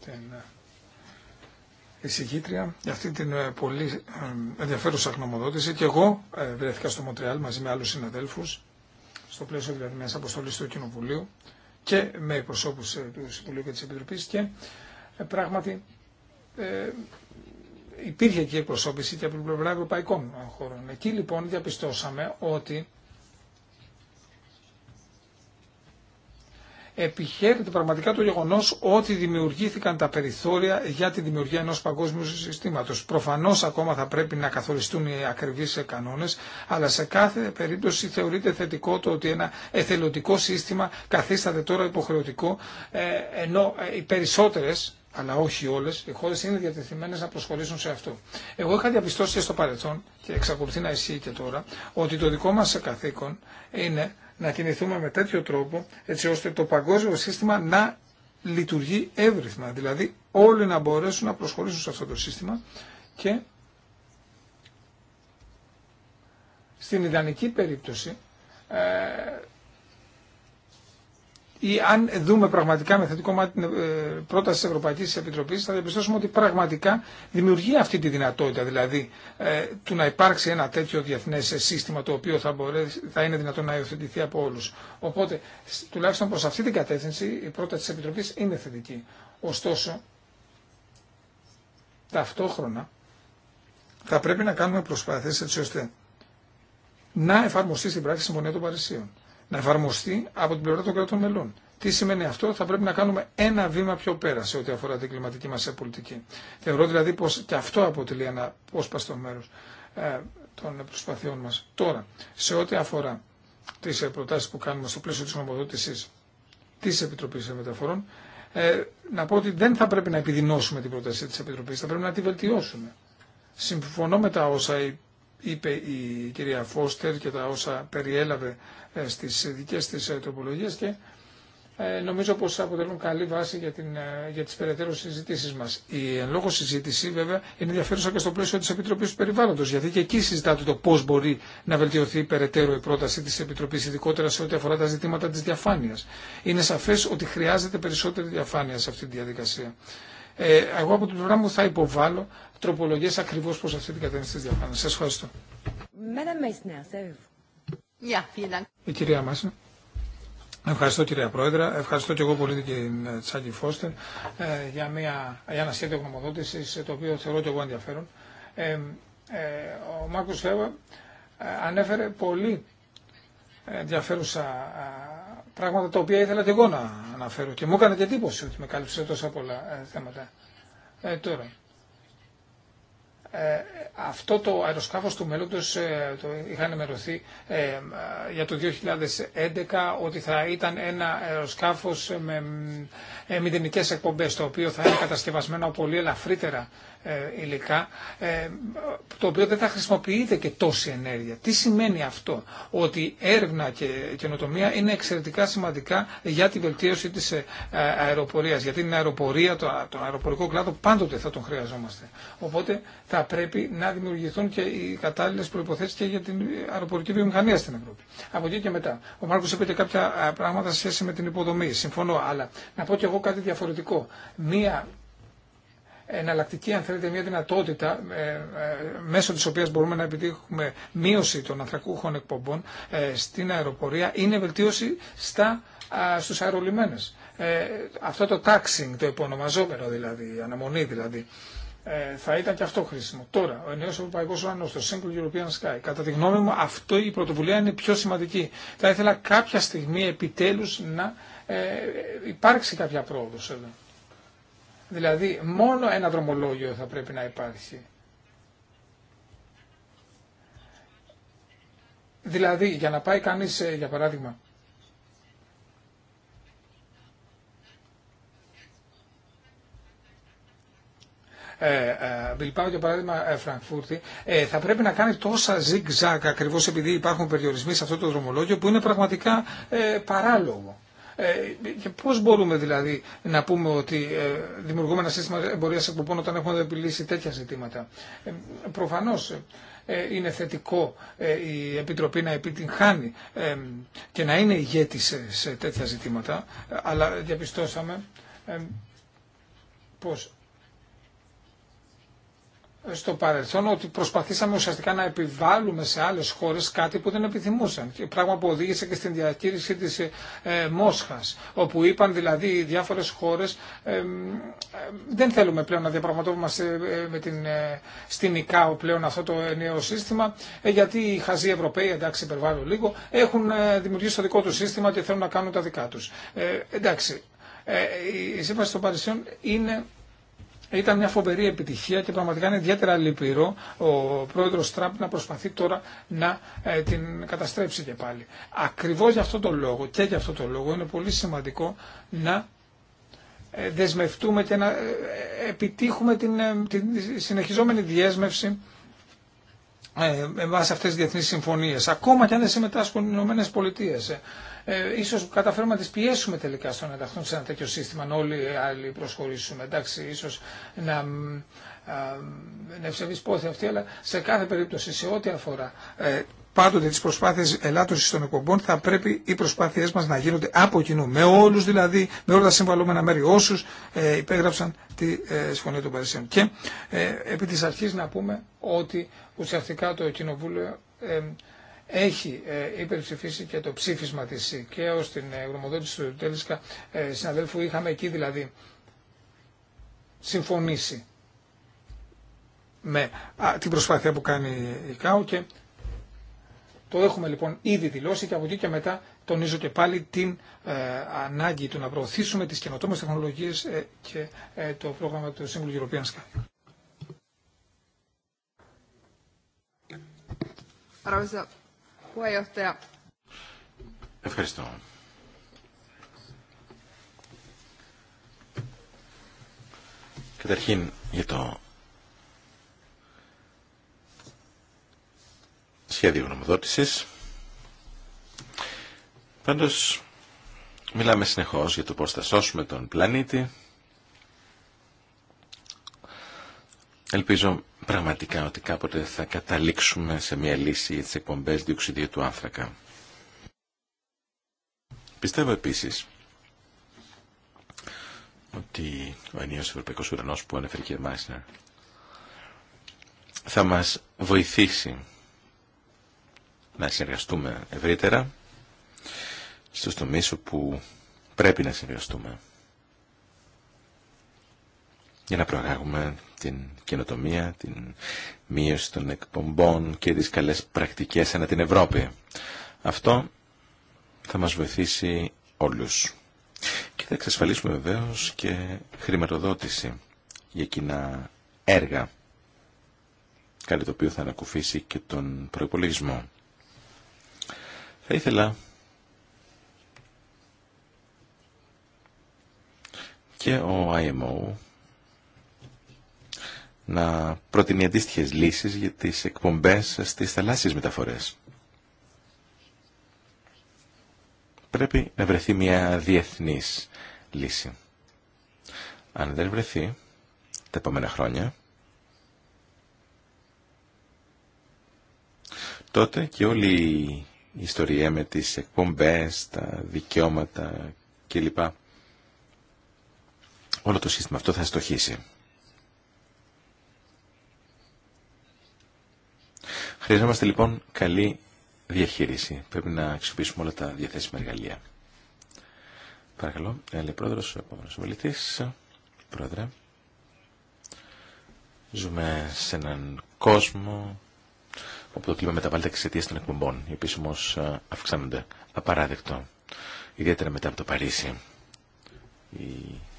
την ε, εισηγήτρια για αυτή την ε, πολύ ε, ενδιαφέρουσα γνωμοδότηση και εγώ βρέθηκα στο Μοντρεάλ μαζί με άλλους συναδέλφους στο πλαίσιο δηλαδή μιας αποστολής του Κοινοβουλίου και με εκπροσώπους του Συμβουλίου και της Επιτροπής και πράγματι υπήρχε και εκπροσώπηση και από την πλευρά ευρωπαϊκών χωρών. Εκεί λοιπόν διαπιστώσαμε ότι επιχαίρεται πραγματικά το γεγονό ότι δημιουργήθηκαν τα περιθώρια για τη δημιουργία ενό παγκόσμιου συστήματο. Προφανώ ακόμα θα πρέπει να καθοριστούν οι ακριβεί κανόνε, αλλά σε κάθε περίπτωση θεωρείται θετικό το ότι ένα εθελοντικό σύστημα καθίσταται τώρα υποχρεωτικό, ε, ενώ ε, οι περισσότερε, αλλά όχι όλες, οι χώρες είναι διατεθειμένες να προσχωρήσουν σε αυτό. Εγώ είχα διαπιστώσει και στο παρελθόν και εξακολουθεί να ισχύει και τώρα ότι το δικό μας καθήκον είναι να κινηθούμε με τέτοιο τρόπο έτσι ώστε το παγκόσμιο σύστημα να λειτουργεί εύρυθμα. Δηλαδή όλοι να μπορέσουν να προσχωρήσουν σε αυτό το σύστημα και στην ιδανική περίπτωση ε, ή αν δούμε πραγματικά με θετικό μάτι την ε, πρόταση της Ευρωπαϊκής Επιτροπής θα διαπιστώσουμε ότι πραγματικά δημιουργεί αυτή τη δυνατότητα δηλαδή ε, του να υπάρξει ένα τέτοιο διεθνές σύστημα το οποίο θα, μπορέσει, θα είναι δυνατόν να υιοθετηθεί από όλους. Οπότε τουλάχιστον προς αυτή την κατεύθυνση η πρόταση της Επιτροπής είναι θετική. Ωστόσο ταυτόχρονα θα πρέπει να κάνουμε προσπάθειες έτσι ώστε να εφαρμοστεί στην πράξη η Συμφωνία των Παρισίων να εφαρμοστεί από την πλευρά των κρατών μελών. Τι σημαίνει αυτό, θα πρέπει να κάνουμε ένα βήμα πιο πέρα σε ό,τι αφορά την κλιματική μα πολιτική. Θεωρώ δηλαδή πω και αυτό αποτελεί ένα πόσπαστο μέρο ε, των προσπαθειών μα. Τώρα, σε ό,τι αφορά τις ε, προτάσει που κάνουμε στο πλαίσιο της νομοδότηση τη Επιτροπή Μεταφορών, ε, να πω ότι δεν θα πρέπει να επιδεινώσουμε την πρόταση τη Επιτροπή, θα πρέπει να τη βελτιώσουμε. Συμφωνώ με τα όσα είπε η κυρία Φώστερ και τα όσα περιέλαβε ε, στις δικές της ε, τοπολογίες και ε, νομίζω πως αποτελούν καλή βάση για, την, για τις περαιτέρω συζητήσεις μας. Η εν λόγω συζήτηση βέβαια είναι ενδιαφέρουσα και στο πλαίσιο της Επιτροπής του Περιβάλλοντος, γιατί και εκεί συζητάτε το πώς μπορεί να βελτιωθεί περαιτέρω η πρόταση της Επιτροπής, ειδικότερα σε ό,τι αφορά τα ζητήματα της διαφάνειας. Είναι σαφές ότι χρειάζεται περισσότερη διαφάνεια σε αυτή τη διαδικασία. Ε, εγώ από την πλευρά μου θα υποβάλω τροπολογίε ακριβώ προ αυτή την κατεύθυνση τη διαφάνεια. Σα ευχαριστώ. Η κυρία Μάση. Ευχαριστώ κυρία Πρόεδρε, ευχαριστώ και εγώ πολύ την Τσάκη Φώστερ ε, για, μια, για ένα σχέδιο γνωμοδότηση το οποίο θεωρώ και εγώ ενδιαφέρον. Ε, ε, ο Μάρκο Φέβα ε, ανέφερε πολύ ενδιαφέρουσα πράγματα τα οποία ήθελα και εγώ να αναφέρω και μου έκανε και εντύπωση ότι με κάλυψε τόσα πολλά ε, θέματα. Ε, τώρα, ε, αυτό το αεροσκάφος του μέλλοντος ε, το είχαν ενημερωθεί ε, για το 2011 ότι θα ήταν ένα αεροσκάφος με μηδενικές εκπομπές το οποίο θα είναι κατασκευασμένο πολύ ελαφρύτερα ε, υλικά, ε, το οποίο δεν θα χρησιμοποιείται και τόση ενέργεια. Τι σημαίνει αυτό, ότι έρευνα και καινοτομία είναι εξαιρετικά σημαντικά για τη βελτίωση της ε, αεροπορίας, γιατί την αεροπορία, τον αεροπορικό κλάδο πάντοτε θα τον χρειαζόμαστε. Οπότε θα πρέπει να δημιουργηθούν και οι κατάλληλες προϋποθέσεις και για την αεροπορική βιομηχανία στην Ευρώπη. Από εκεί και μετά. Ο Μάρκος είπε και κάποια πράγματα σε σχέση με την υποδομή. Συμφωνώ, αλλά να πω και εγώ κάτι διαφορετικό. Μία εναλλακτική, αν θέλετε, μια δυνατότητα ε, ε, μέσω της οποίας μπορούμε να επιτύχουμε μείωση των ανθρακούχων εκπομπών ε, στην αεροπορία είναι βελτίωση στα, στους αερολιμένες. Αυτό το taxing, το υπονομαζόμενο δηλαδή, η αναμονή δηλαδή, θα ήταν και αυτό χρήσιμο. Τώρα, ο ενιαίος Ευρωπαϊκός Ουρανός, το Single European Sky, κατά τη γνώμη μου αυτό η πρωτοβουλία είναι πιο σημαντική. Θα ήθελα κάποια στιγμή επιτέλους να υπάρξει κάποια πρόοδος εδώ. Δηλαδή μόνο ένα δρομολόγιο θα πρέπει να υπάρχει. Δηλαδή για να πάει κανείς, ε, για παράδειγμα, Μπιλπάου ε, ε, για παράδειγμα Φραγκφούρτη, θα πρέπει να κάνει τόσα ζιγ-ζακ ακριβώς επειδή υπάρχουν περιορισμοί σε αυτό το δρομολόγιο που είναι πραγματικά παράλογο. Ε, και πώς μπορούμε δηλαδή να πούμε ότι ε, δημιουργούμε ένα σύστημα εμπορίας εκπομπών όταν έχουμε επιλύσει τέτοια ζητήματα. Ε, προφανώς είναι θετικό η Επιτροπή να επιτυγχάνει και να είναι ηγέτης σε τέτοια ζητήματα, αλλά διαπιστώσαμε πως στο παρελθόν ότι προσπαθήσαμε ουσιαστικά να επιβάλλουμε σε άλλες χώρες κάτι που δεν επιθυμούσαν. Πράγμα που οδήγησε και στην διακήρυξη της ε, ε Μόσχας, όπου είπαν δηλαδή οι διάφορες χώρες ε, ε, δεν θέλουμε πλέον να διαπραγματεύουμε με την, στην ΙΚΑΟ πλέον αυτό το νέο σύστημα, γιατί οι χαζοί Ευρωπαίοι, εντάξει υπερβάλλω λίγο, έχουν δημιουργήσει το δικό του σύστημα και θέλουν να κάνουν τα δικά τους. εντάξει, η σύμβαση των Παρισιών είναι ήταν μια φοβερή επιτυχία και πραγματικά είναι ιδιαίτερα λυπηρό ο πρόεδρος Τραμπ να προσπαθεί τώρα να ε, την καταστρέψει και πάλι. Ακριβώς για αυτό το λόγο και για αυτό το λόγο είναι πολύ σημαντικό να ε, δεσμευτούμε και να ε, επιτύχουμε την, την συνεχιζόμενη διέσμευση ε, με βάση αυτές τις διεθνείς συμφωνίες, ακόμα και αν δεν συμμετάσχουν οι Ηνωμένες Πολιτείες ε, ίσως καταφέρουμε να τις πιέσουμε τελικά στο να ενταχθούν σε ένα τέτοιο σύστημα, να όλοι οι άλλοι προσχωρήσουμε. Εντάξει, ίσως να είναι ευσεβή πόθη αυτή, αλλά σε κάθε περίπτωση, σε ό,τι αφορά ε, πάντοτε τι προσπάθειε ελάττωση των εκπομπών, θα πρέπει οι προσπάθειέ μα να γίνονται από κοινού. Με όλου δηλαδή, με όλα τα συμβαλόμενα μέρη, όσου ε, υπέγραψαν τη ε, Συμφωνία των Παρισιών. Και ε, επί τη αρχή να πούμε ότι ουσιαστικά το Κοινοβούλιο ε, έχει ε, υπερψηφίσει και το ψήφισμα της ως στην ε, γνωμοδότηση του Τελίσκα ε, συναδέλφου. Είχαμε εκεί δηλαδή συμφωνήσει με την προσπάθεια που κάνει η ΚΑΟ και το έχουμε λοιπόν ήδη δηλώσει και από εκεί και μετά τονίζω και πάλι την ανάγκη του να προωθήσουμε τις καινοτόμες τεχνολογίες και το πρόγραμμα του Σύμβουλου European Sky. Ευχαριστώ. Καταρχήν για το σχέδιο γνωμοδότησης. Πάντως μιλάμε συνεχώς για το πώς θα σώσουμε τον πλανήτη. Ελπίζω πραγματικά ότι κάποτε θα καταλήξουμε σε μια λύση για τις εκπομπές διοξιδίου του άνθρακα. Πιστεύω επίσης ότι ο ενίος Ευρωπαϊκός Ουρανός που ανέφερε και Μάισνερ θα μας βοηθήσει να συνεργαστούμε ευρύτερα στους τομείς όπου πρέπει να συνεργαστούμε για να προαγάγουμε την καινοτομία, την μείωση των εκπομπών και τις καλές πρακτικές ανά την Ευρώπη. Αυτό θα μας βοηθήσει όλους. Και θα εξασφαλίσουμε βεβαίως και χρηματοδότηση για κοινά έργα, κάτι το οποίο θα ανακουφίσει και τον προϋπολογισμό. Θα ήθελα και ο IMO να προτείνει αντίστοιχε λύσεις για τι εκπομπέ στις θαλάσσιες μεταφορές. Πρέπει να βρεθεί μια διεθνής λύση. Αν δεν βρεθεί, τα επόμενα χρόνια, τότε και όλη η ιστορία με τις εκπομπές, τα δικαιώματα κλπ. Όλο το σύστημα αυτό θα στοχίσει. Χρειαζόμαστε λοιπόν καλή διαχείριση. Πρέπει να αξιοποιήσουμε όλα τα διαθέσιμα εργαλεία. Παρακαλώ, λέει πρόεδρος, ο επόμενος ομιλητής. Πρόεδρε, ζούμε σε έναν κόσμο όπου το κλίμα μεταβάλλεται εξαιτία των εκπομπών, οι οποίε όμω αυξάνονται. Απαράδεκτο. Ιδιαίτερα μετά από το Παρίσι. Η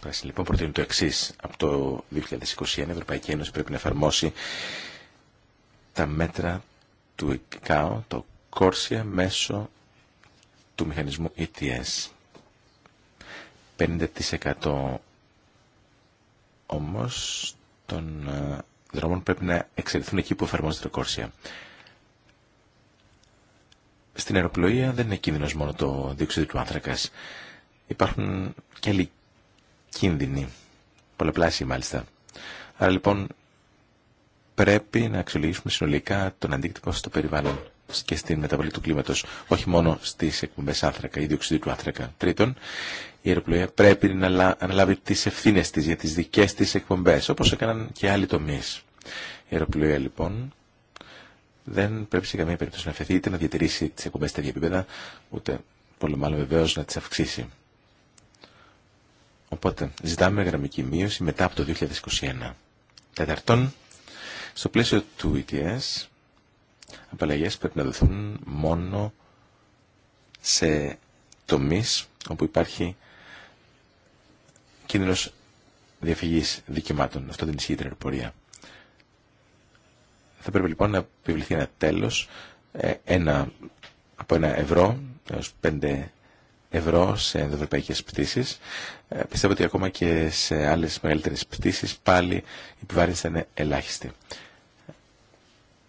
Πράσινη λοιπόν προτείνει το εξή. Από το 2021 η Ευρωπαϊκή Ένωση πρέπει να εφαρμόσει τα μέτρα του το Κόρσια, μέσω του μηχανισμού ETS. 50% όμως των ε, δρόμων πρέπει να εξελιχθούν εκεί που εφαρμόζεται το Κόρσια. Στην αεροπλοεία δεν είναι κίνδυνο μόνο το διοξείδιο του άνθρακα. Υπάρχουν και άλλοι κίνδυνοι, πολλαπλάσιοι μάλιστα. Άρα λοιπόν πρέπει να αξιολογήσουμε συνολικά τον αντίκτυπο στο περιβάλλον και στην μεταβολή του κλίματος, όχι μόνο στις εκπομπές άνθρακα ή διοξιδίου του άνθρακα. Τρίτον, η αεροπλοεία πρέπει να αναλάβει τις ευθύνες της για τις δικές της εκπομπές, όπως έκαναν και άλλοι τομείς. Η αεροπλοεία λοιπόν δεν πρέπει σε καμία περίπτωση να αφαιθεί είτε να διατηρήσει τις εκπομπές στα ίδια επίπεδα, ούτε πολύ μάλλον βεβαίω να τις αυξήσει. Οπότε, ζητάμε γραμμική μείωση μετά από το 2021. Τέταρτον, στο πλαίσιο του ETS, απαλλαγές πρέπει να δοθούν μόνο σε τομείς όπου υπάρχει κίνδυνος διαφυγής δικαιωμάτων. Αυτό δεν ισχύει την αεροπορία. Θα πρέπει λοιπόν να επιβληθεί ένα τέλος, ε, ένα, από ένα ευρώ έως πέντε ευρώ σε ευρωπαϊκές πτήσεις. Ε, πιστεύω ότι ακόμα και σε άλλες μεγαλύτερες πτήσεις πάλι η επιβάρυνση θα είναι ελάχιστη.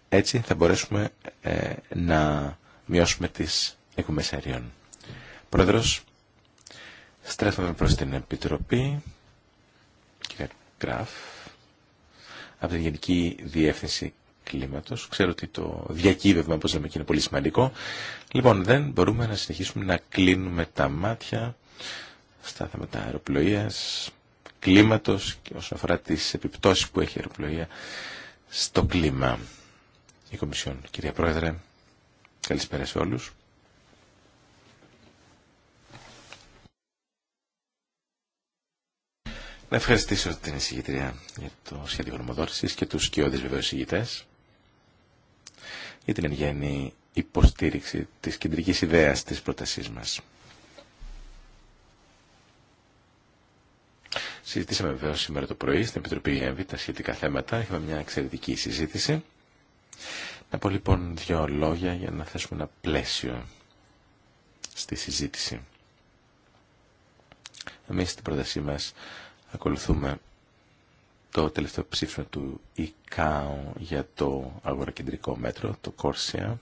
Έτσι θα μπορέσουμε ε, να μειώσουμε τις εκπομπές αερίων. Πρόεδρος, στρέφουμε προς την Επιτροπή. Κύριε Γκράφ, από την Γενική Διεύθυνση κλίματος. Ξέρω ότι το διακύβευμα, όπως λέμε, είναι πολύ σημαντικό. Λοιπόν, δεν μπορούμε να συνεχίσουμε να κλείνουμε τα μάτια στα θέματα αεροπλοείας, κλίματος και όσον αφορά τις επιπτώσεις που έχει η αεροπλοεία στο κλίμα. Η Κομισιόν, κυρία Πρόεδρε, καλησπέρα σε όλους. Να ευχαριστήσω την εισηγητρία για το σχέδιο γνωμοδότηση και τους σκιώδεις βεβαίω εισηγητές για την εν γέννη υποστήριξη της κεντρικής ιδέας της πρότασής μας. Συζητήσαμε βεβαίως σήμερα το πρωί στην Επιτροπή ΕΜΒ τα σχετικά θέματα. Έχουμε μια εξαιρετική συζήτηση. Να πω λοιπόν δύο λόγια για να θέσουμε ένα πλαίσιο στη συζήτηση. Εμείς στην πρότασή μας ακολουθούμε το τελευταίο ψήφισμα του ΙΚΑΟ για το αγορακεντρικό μέτρο, το Κόρσια,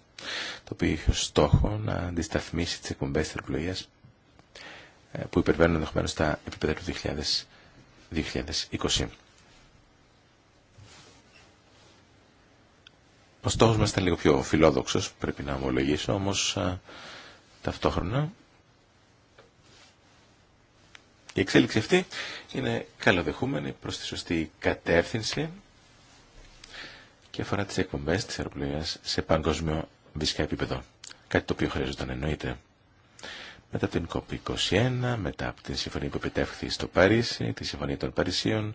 το οποίο είχε ως στόχο να αντισταθμίσει τις εκπομπές θερμολογίας ε, που υπερβαίνουν ενδεχομένω τα επίπεδα του 2020. Ο στόχος μας ήταν λίγο πιο φιλόδοξος, πρέπει να ομολογήσω, όμως ε, ταυτόχρονα η εξέλιξη αυτή είναι καλοδεχούμενη προς τη σωστή κατεύθυνση και αφορά τις εκπομπές της αεροπλοίας σε παγκόσμιο βυσικά επίπεδο. Κάτι το οποίο χρειαζόταν εννοείται. Μετά την COP21, μετά από την συμφωνία που επιτεύχθη στο Παρίσι, τη συμφωνία των Παρισίων,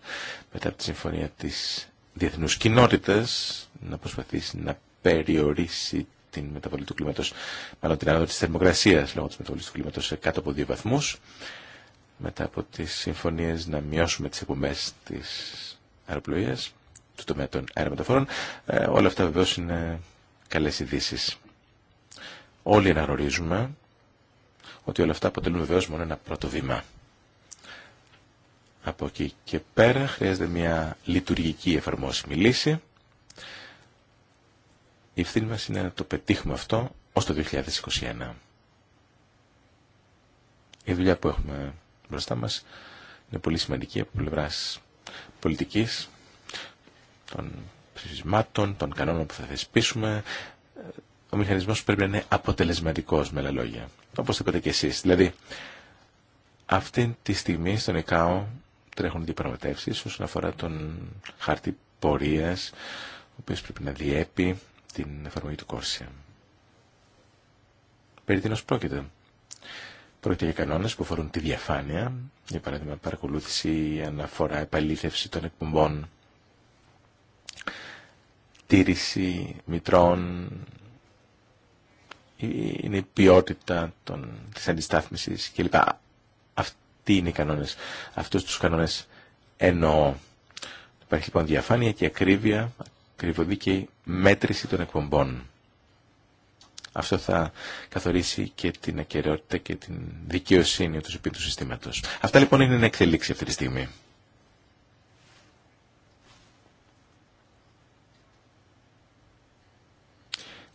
μετά από τη συμφωνία της διεθνούς κοινότητας να προσπαθήσει να περιορίσει την μεταβολή του κλίματος, μάλλον την άνοδο της θερμοκρασίας λόγω της μεταβολής του κλίματος σε κάτω από δύο βαθμούς μετά από τις συμφωνίες να μειώσουμε τις εκπομπές της αεροπλοείας, του τομέα των αερομεταφορών. Ε, όλα αυτά βεβαίως είναι καλές ειδήσει. Όλοι αναγνωρίζουμε ότι όλα αυτά αποτελούν βεβαίως μόνο ένα πρώτο βήμα. Από εκεί και πέρα χρειάζεται μια λειτουργική εφαρμόσιμη λύση. Η ευθύνη μας είναι να το πετύχουμε αυτό ως το 2021. Η δουλειά που έχουμε μπροστά μας είναι πολύ σημαντική από πλευρά πολιτικής, των ψηφισμάτων, των κανόνων που θα θεσπίσουμε. Ο μηχανισμός πρέπει να είναι αποτελεσματικός με άλλα λόγια, όπως είπατε και εσείς. Δηλαδή, αυτή τη στιγμή στον ΕΚΑΟ τρέχουν διαπραγματεύσει όσον αφορά τον χάρτη πορείας, ο οποίος πρέπει να διέπει την εφαρμογή του Κόρσια. Περί τίνος πρόκειται. Πρόκειται για κανόνες που αφορούν τη διαφάνεια, για παράδειγμα παρακολούθηση, αναφορά, επαλήθευση των εκπομπών, τήρηση μητρών, είναι η ποιότητα των, της αντιστάθμισης κλπ. Αυτοί είναι οι κανόνες. Αυτούς τους κανόνες εννοώ. Υπάρχει λοιπόν διαφάνεια και ακρίβεια, ακριβοδίκαιη μέτρηση των εκπομπών. Αυτό θα καθορίσει και την ακεραιότητα και την δικαιοσύνη του επί του συστήματος. Αυτά λοιπόν είναι εξελίξη αυτή τη στιγμή.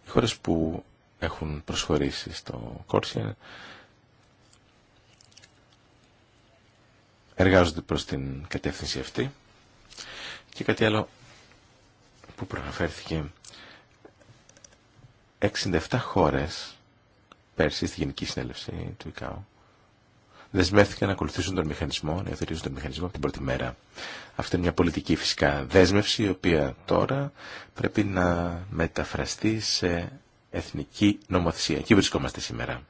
Οι χώρες που έχουν προσχωρήσει στο Κόρσια εργάζονται προς την κατεύθυνση αυτή. Και κάτι άλλο που προαναφέρθηκε 67 χώρες πέρσι στη Γενική Συνέλευση του ΙΚΑΟ δεσμεύτηκαν να ακολουθήσουν τον μηχανισμό, να υιοθετήσουν τον μηχανισμό από την πρώτη μέρα. Αυτή είναι μια πολιτική φυσικά δέσμευση, η οποία τώρα πρέπει να μεταφραστεί σε εθνική νομοθεσία. Εκεί βρισκόμαστε σήμερα.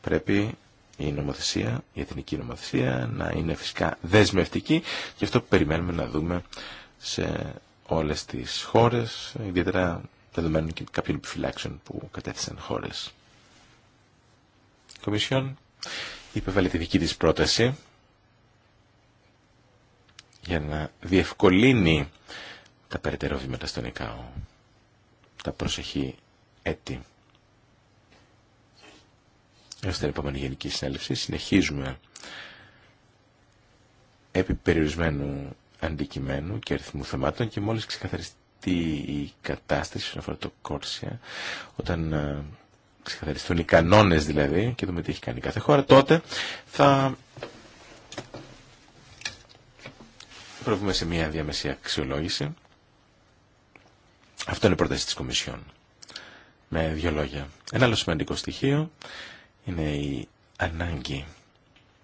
Πρέπει η νομοθεσία, η εθνική νομοθεσία να είναι φυσικά δεσμευτική και αυτό που περιμένουμε να δούμε σε όλες τις χώρες, ιδιαίτερα δεδομένων και κάποιων επιφυλάξεων που κατέθεσαν χώρε. Η Κομισιόν υπεβάλλει τη δική της πρόταση για να διευκολύνει τα περαιτέρω βήματα στον ΙΚΑΟ, τα προσεχή έτη. Έως την επόμενη Γενική Συνέλευση συνεχίζουμε επί περιορισμένου αντικειμένου και αριθμού θεμάτων και μόλις ξεκαθαριστεί αυτή η κατάσταση όσον αφορά το Κόρσια, όταν ε, ξεκαθαριστούν οι κανόνες δηλαδή και δούμε τι έχει κάνει κάθε χώρα, τότε θα προβούμε σε μια διαμεσή αξιολόγηση. Αυτό είναι η πρόταση της Κομισιόν. Με δύο λόγια. Ένα άλλο σημαντικό στοιχείο είναι η ανάγκη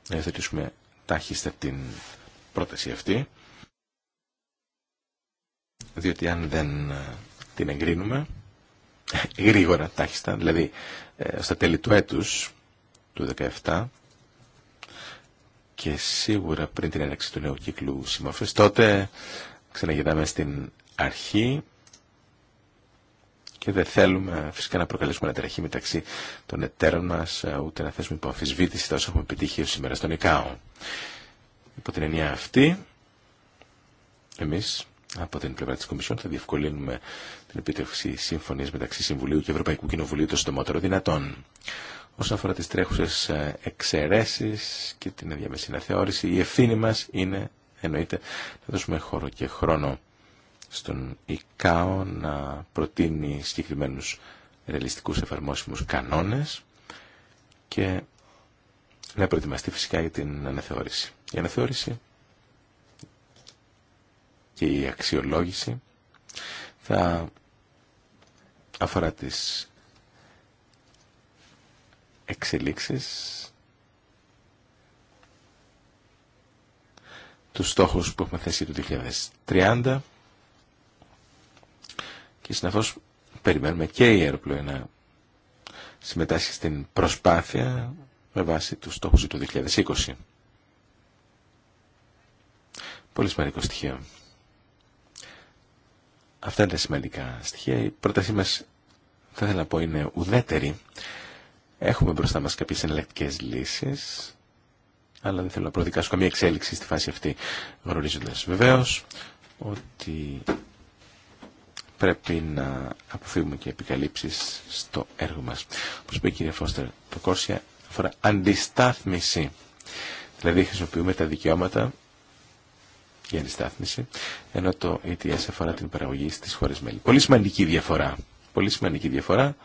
να υιοθετήσουμε τάχιστα την πρόταση αυτή διότι αν δεν ε, την εγκρίνουμε ε, γρήγορα, τάχιστα, δηλαδή ε, στα τέλη του έτους του 2017 και σίγουρα πριν την έναρξη του νέου κύκλου συμμορφής, τότε ξαναγυρνάμε στην αρχή και δεν θέλουμε φυσικά να προκαλέσουμε αναταραχή μεταξύ των εταίρων μας, ούτε να θέσουμε υποαφισβήτηση τα όσα έχουμε επιτύχει ως σήμερα στον ΙΚΑΟ. Υπό την ενία αυτή, εμείς από την πλευρά τη Κομισιόν θα διευκολύνουμε την επίτευξη σύμφωνη μεταξύ Συμβουλίου και Ευρωπαϊκού Κοινοβουλίου το συντομότερο δυνατόν. Όσον αφορά τι τρέχουσε εξαιρέσει και την διαμεσή αναθεώρηση, η ευθύνη μα είναι, εννοείται, να δώσουμε χώρο και χρόνο στον ΙΚΑΟ να προτείνει συγκεκριμένου ρεαλιστικού εφαρμόσιμου κανόνε και να προετοιμαστεί φυσικά για την αναθεώρηση. Η αναθεώρηση και η αξιολόγηση θα αφορά τις εξελίξεις τους στόχους που έχουμε θέσει το 2030 και συνεχώς περιμένουμε και η αεροπλοία να συμμετάσχει στην προσπάθεια με βάση τους στόχους του 2020. Πολύ σημαντικό στοιχείο. Αυτά είναι τα σημαντικά στοιχεία. Η πρότασή μα θα ήθελα να πω, είναι ουδέτερη. Έχουμε μπροστά μα κάποιε εναλλακτικέ λύσεις, αλλά δεν θέλω να προδικάσω καμία εξέλιξη στη φάση αυτή, γνωρίζοντα βεβαίω ότι πρέπει να αποφύγουμε και επικαλύψει στο έργο μας. Όπω είπε η κυρία Φώστερ, το Κόρσια αφορά αντιστάθμιση. Δηλαδή χρησιμοποιούμε τα δικαιώματα για αντισταθμιση ενώ το ETS αφορά την παραγωγή στις χώρες μέλη. Πολύ σημαντική διαφορά. Πολύ σημαντική διαφορά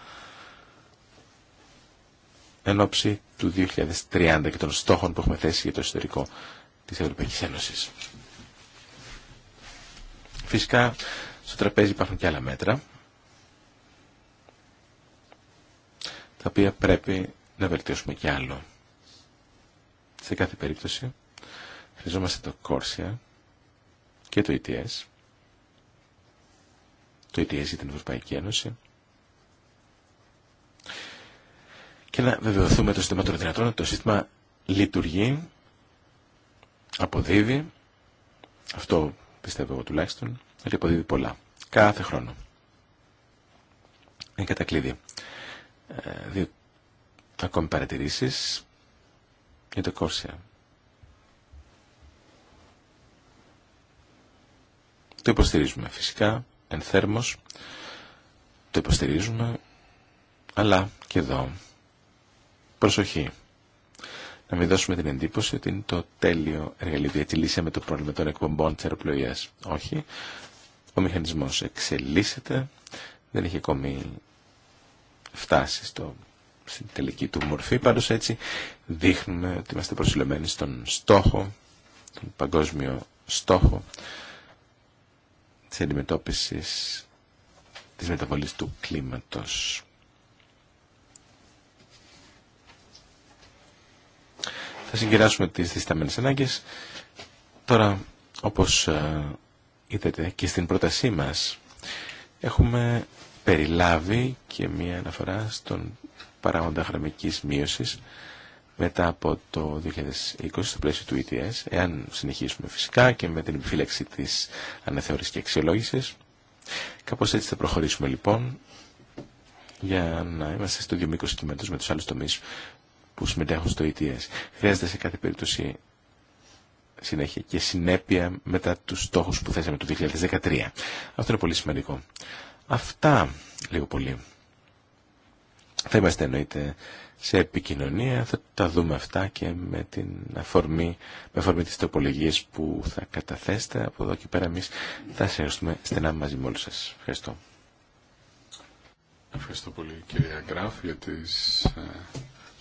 εν ώψη του 2030 και των στόχων που έχουμε θέσει για το εσωτερικό της Ευρωπαϊκής Ένωσης. Φυσικά, στο τραπέζι υπάρχουν και άλλα μέτρα, τα οποία πρέπει να βελτιώσουμε και άλλο. Σε κάθε περίπτωση, χρειαζόμαστε το Κόρσια, και το ETS. Το ETS για την Ευρωπαϊκή Ένωση. Και να βεβαιωθούμε το σύστημα των δυνατών ότι το σύστημα λειτουργεί, αποδίδει, αυτό πιστεύω εγώ τουλάχιστον, ότι αποδίδει πολλά. Κάθε χρόνο. Είναι Ε, Δύο ακόμη παρατηρήσεις για το Κόρσια. Το υποστηρίζουμε φυσικά, θέρμος, το υποστηρίζουμε, αλλά και εδώ, προσοχή. Να μην δώσουμε την εντύπωση ότι είναι το τέλειο εργαλείο. Γιατί με το πρόβλημα των εκπομπών τη Όχι. Ο μηχανισμός εξελίσσεται. Δεν έχει ακόμη φτάσει στο, στην τελική του μορφή. πάντως έτσι δείχνουμε ότι είμαστε προσιλωμένοι στον στόχο, τον παγκόσμιο στόχο της αντιμετώπισης της μεταβολής του κλίματος. Θα συγκεράσουμε τις δισταμένες ανάγκες. Τώρα, όπως ε, είδατε και στην πρότασή μας, έχουμε περιλάβει και μία αναφορά στον παράγοντα γραμμικής μείωσης μετά από το 2020 στο πλαίσιο του ETS, εάν συνεχίσουμε φυσικά και με την επιφύλαξη της αναθεώρησης και αξιολόγησης. Κάπως έτσι θα προχωρήσουμε λοιπόν για να είμαστε στο ίδιο μήκος κειμένου με τους άλλους τομείς που συμμετέχουν στο ETS. Χρειάζεται σε κάθε περίπτωση συνέχεια και συνέπεια μετά τους στόχους που θέσαμε το 2013. Αυτό είναι πολύ σημαντικό. Αυτά λίγο πολύ. Θα είμαστε εννοείται σε επικοινωνία, θα τα δούμε αυτά και με την αφορμή, με αφορμή τις τοπολογίες που θα καταθέσετε. Από εδώ και πέρα εμείς θα συνεργαστούμε στενά μαζί με όλους σας. Ευχαριστώ. Ευχαριστώ πολύ κυρία Γκράφ για τις ε,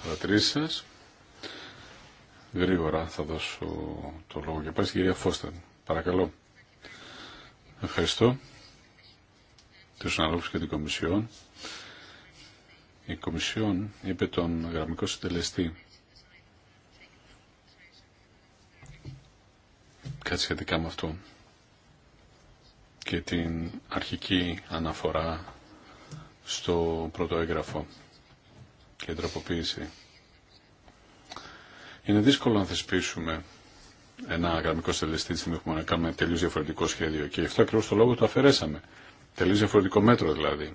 παρατηρήσεις σας. Γρήγορα θα δώσω το λόγο για πάση κυρία Φώστα. Παρακαλώ. Ευχαριστώ τους αναλογούς και την Κομισιόν η Κομισιόν είπε τον γραμμικό συντελεστή κάτι σχετικά με αυτό και την αρχική αναφορά στο πρώτο έγγραφο και τροποποίηση. Είναι δύσκολο να θεσπίσουμε ένα γραμμικό συντελεστή τη στιγμή που να κάνουμε τελείω διαφορετικό σχέδιο και γι' αυτό ακριβώ το λόγο το αφαιρέσαμε. Τελείω διαφορετικό μέτρο δηλαδή.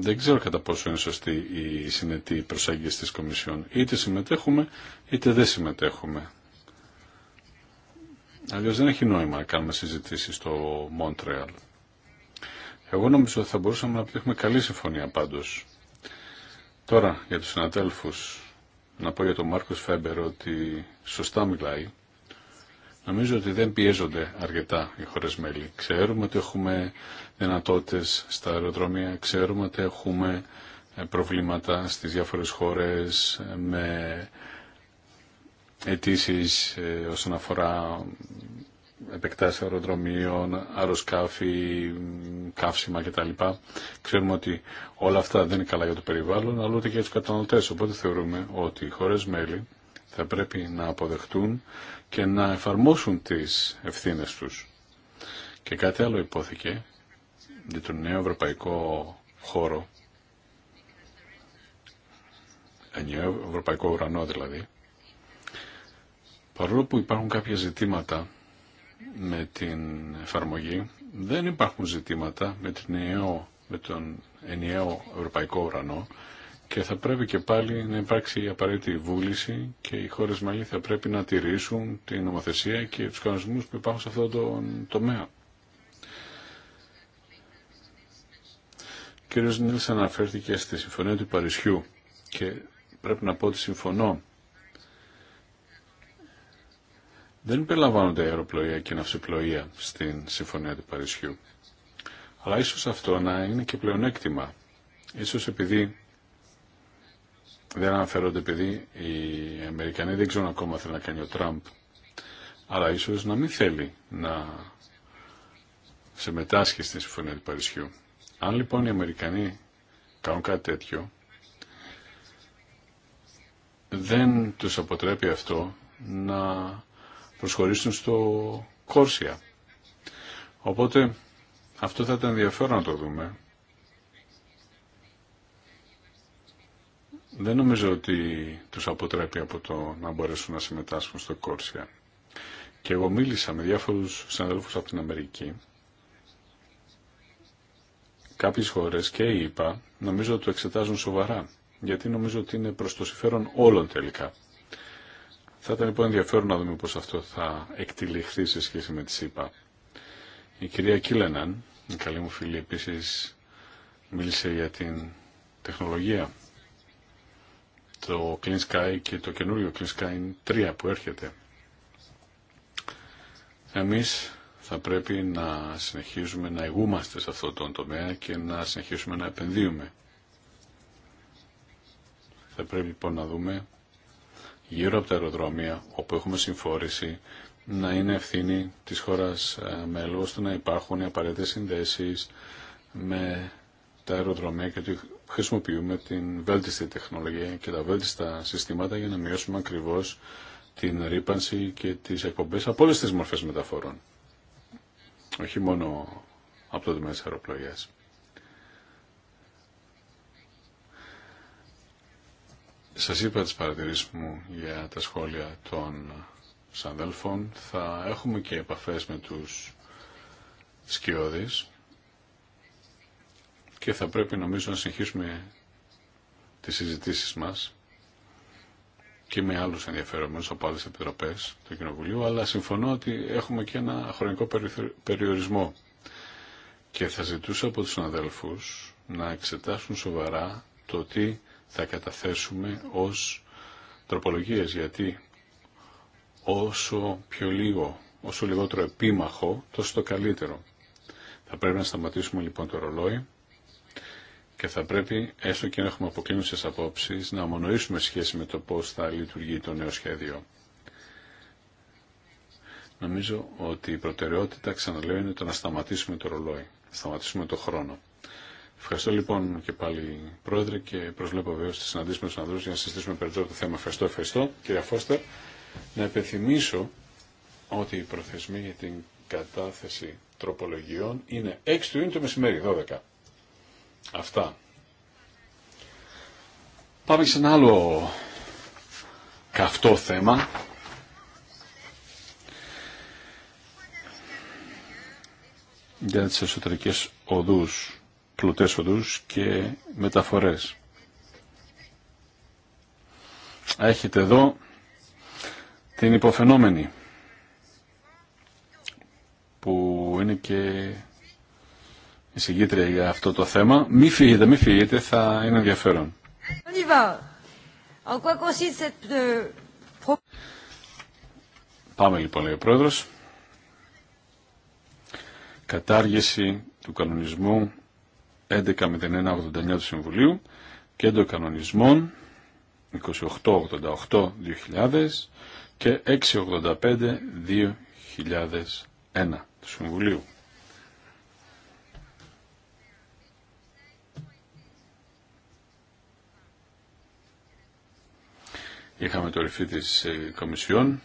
Δεν ξέρω κατά πόσο είναι σωστή η συνετή προσέγγιση της Κομισιόν. Είτε συμμετέχουμε είτε δεν συμμετέχουμε. Αλλιώς δεν έχει νόημα να κάνουμε συζητήσεις στο Μόντρεαλ. Εγώ νομίζω ότι θα μπορούσαμε να πετύχουμε καλή συμφωνία πάντως. Τώρα για τους συναδέλφους να πω για τον Μάρκος Φέμπερ ότι σωστά μιλάει Νομίζω ότι δεν πιέζονται αρκετά οι χώρες μέλη. Ξέρουμε ότι έχουμε δυνατότητες στα αεροδρόμια, ξέρουμε ότι έχουμε ε, προβλήματα στις διάφορες χώρες ε, με αιτήσει ε, όσον αφορά επεκτάσεις αεροδρομίων, αεροσκάφη, καύσιμα κτλ. Ξέρουμε ότι όλα αυτά δεν είναι καλά για το περιβάλλον, αλλά ούτε και για τους καταναλωτές. Οπότε θεωρούμε ότι οι χώρες μέλη θα πρέπει να αποδεχτούν και να εφαρμόσουν τις ευθύνες τους. Και κάτι άλλο υπόθηκε για τον νέο ευρωπαϊκό χώρο, ε, νέο ευρωπαϊκό ουρανό δηλαδή, παρόλο που υπάρχουν κάποια ζητήματα με την εφαρμογή, δεν υπάρχουν ζητήματα με, την νέο, με τον ενιαίο ευρωπαϊκό ουρανό, και θα πρέπει και πάλι να υπάρξει η απαραίτητη βούληση και οι χώρες μαλλί θα πρέπει να τηρήσουν την νομοθεσία και τους κανονισμούς που υπάρχουν σε αυτό το τομέα. Ο κ. Νίλς αναφέρθηκε στη Συμφωνία του Παρισιού και πρέπει να πω ότι συμφωνώ. Δεν περιλαμβάνονται αεροπλοεία και ναυσιπλοεία στην Συμφωνία του Παρισιού. Αλλά ίσως αυτό να είναι και πλεονέκτημα. Ίσως επειδή δεν αναφέρονται επειδή οι Αμερικανοί δεν ξέρουν ακόμα θέλει να κάνει ο Τραμπ αλλά ίσως να μην θέλει να σε μετάσχει στην Συμφωνία του Παρισιού. Αν λοιπόν οι Αμερικανοί κάνουν κάτι τέτοιο, δεν τους αποτρέπει αυτό να προσχωρήσουν στο Κόρσια. Οπότε αυτό θα ήταν ενδιαφέρον να το δούμε δεν νομίζω ότι τους αποτρέπει από το να μπορέσουν να συμμετάσχουν στο Κόρσια. Και εγώ μίλησα με διάφορους συναδέλφους από την Αμερική. Κάποιες χώρες και είπα, νομίζω ότι το εξετάζουν σοβαρά, γιατί νομίζω ότι είναι προς το συμφέρον όλων τελικά. Θα ήταν λοιπόν ενδιαφέρον να δούμε πώς αυτό θα εκτυλιχθεί σε σχέση με τη ΣΥΠΑ. Η κυρία Κίλεναν, η καλή μου φίλη, επίσης μίλησε για την τεχνολογία το Clean Sky και το καινούριο Clean Sky 3 που έρχεται. Εμείς θα πρέπει να συνεχίζουμε να ηγούμαστε σε αυτό τον τομέα και να συνεχίσουμε να επενδύουμε. Θα πρέπει λοιπόν να δούμε γύρω από τα αεροδρόμια όπου έχουμε συμφόρηση να είναι ευθύνη της χώρας ε, μέλου ώστε να υπάρχουν οι απαραίτητες συνδέσεις με τα αεροδρομία και χρησιμοποιούμε την βέλτιστη τεχνολογία και τα βέλτιστα συστήματα για να μειώσουμε ακριβώς την ρήπανση και τις εκπομπές από όλες τις μορφές μεταφορών. Όχι μόνο από το τμήμα Σας είπα τις παρατηρήσεις μου για τα σχόλια των σανδέλφων. Θα έχουμε και επαφές με τους σκιώδεις και θα πρέπει νομίζω να συνεχίσουμε τις συζητήσεις μας και με άλλους ενδιαφερόμενους από άλλες επιτροπές του Κοινοβουλίου, αλλά συμφωνώ ότι έχουμε και ένα χρονικό περιορισμό και θα ζητούσα από τους αδελφούς να εξετάσουν σοβαρά το τι θα καταθέσουμε ως τροπολογίες, γιατί όσο πιο λίγο, όσο λιγότερο επίμαχο, τόσο το καλύτερο. Θα πρέπει να σταματήσουμε λοιπόν το ρολόι και θα πρέπει, έστω και αν έχουμε αποκλίνουσε απόψει να ομονοήσουμε σχέση με το πώ θα λειτουργεί το νέο σχέδιο. Νομίζω ότι η προτεραιότητα, ξαναλέω, είναι το να σταματήσουμε το ρολόι, να σταματήσουμε το χρόνο. Ευχαριστώ λοιπόν και πάλι πρόεδρε και προσβλέπω βέβαια τι συναντήσει με του ανδρού για να συζητήσουμε περισσότερο το θέμα. Ευχαριστώ, ευχαριστώ. Κύριε Φώστερ, να υπενθυμίσω ότι οι προθεσμοί για την κατάθεση τροπολογιών είναι 6 του Ιούνιου το μεσημέρι, 12. Αυτά. Πάμε σε ένα άλλο καυτό θέμα. Για τις εσωτερικές οδούς, πλουτές οδούς και μεταφορές. Έχετε εδώ την υποφαινόμενη που είναι και εισηγήτρια για αυτό το θέμα. Μη φύγετε, μη φύγετε, θα είναι ενδιαφέρον. Euh, Πάμε λοιπόν, λέει ο Πρόεδρος. Κατάργηση του κανονισμού 11.01.89 του Συμβουλίου και των κανονισμών 28.88.2000 και 6.85.2001 του Συμβουλίου. Είχαμε το ρηφί της ε, Κομισιόν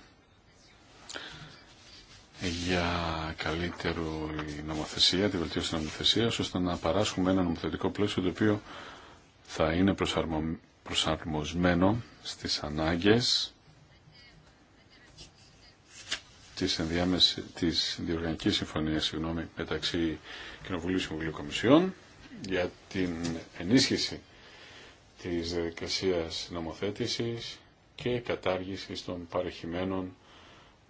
για καλύτερο νομοθεσία, τη βελτίωση της νομοθεσίας, ώστε να παράσχουμε ένα νομοθετικό πλαίσιο το οποίο θα είναι προσαρμοσμένο στις ανάγκες της, ενδιάμεση... της διοργανικής συμφωνίας συγγνώμη, μεταξύ Κοινοβουλίου Συμβουλίου Κομισιών για την ενίσχυση της διαδικασία νομοθέτησης και κατάργησης των παρεχημένων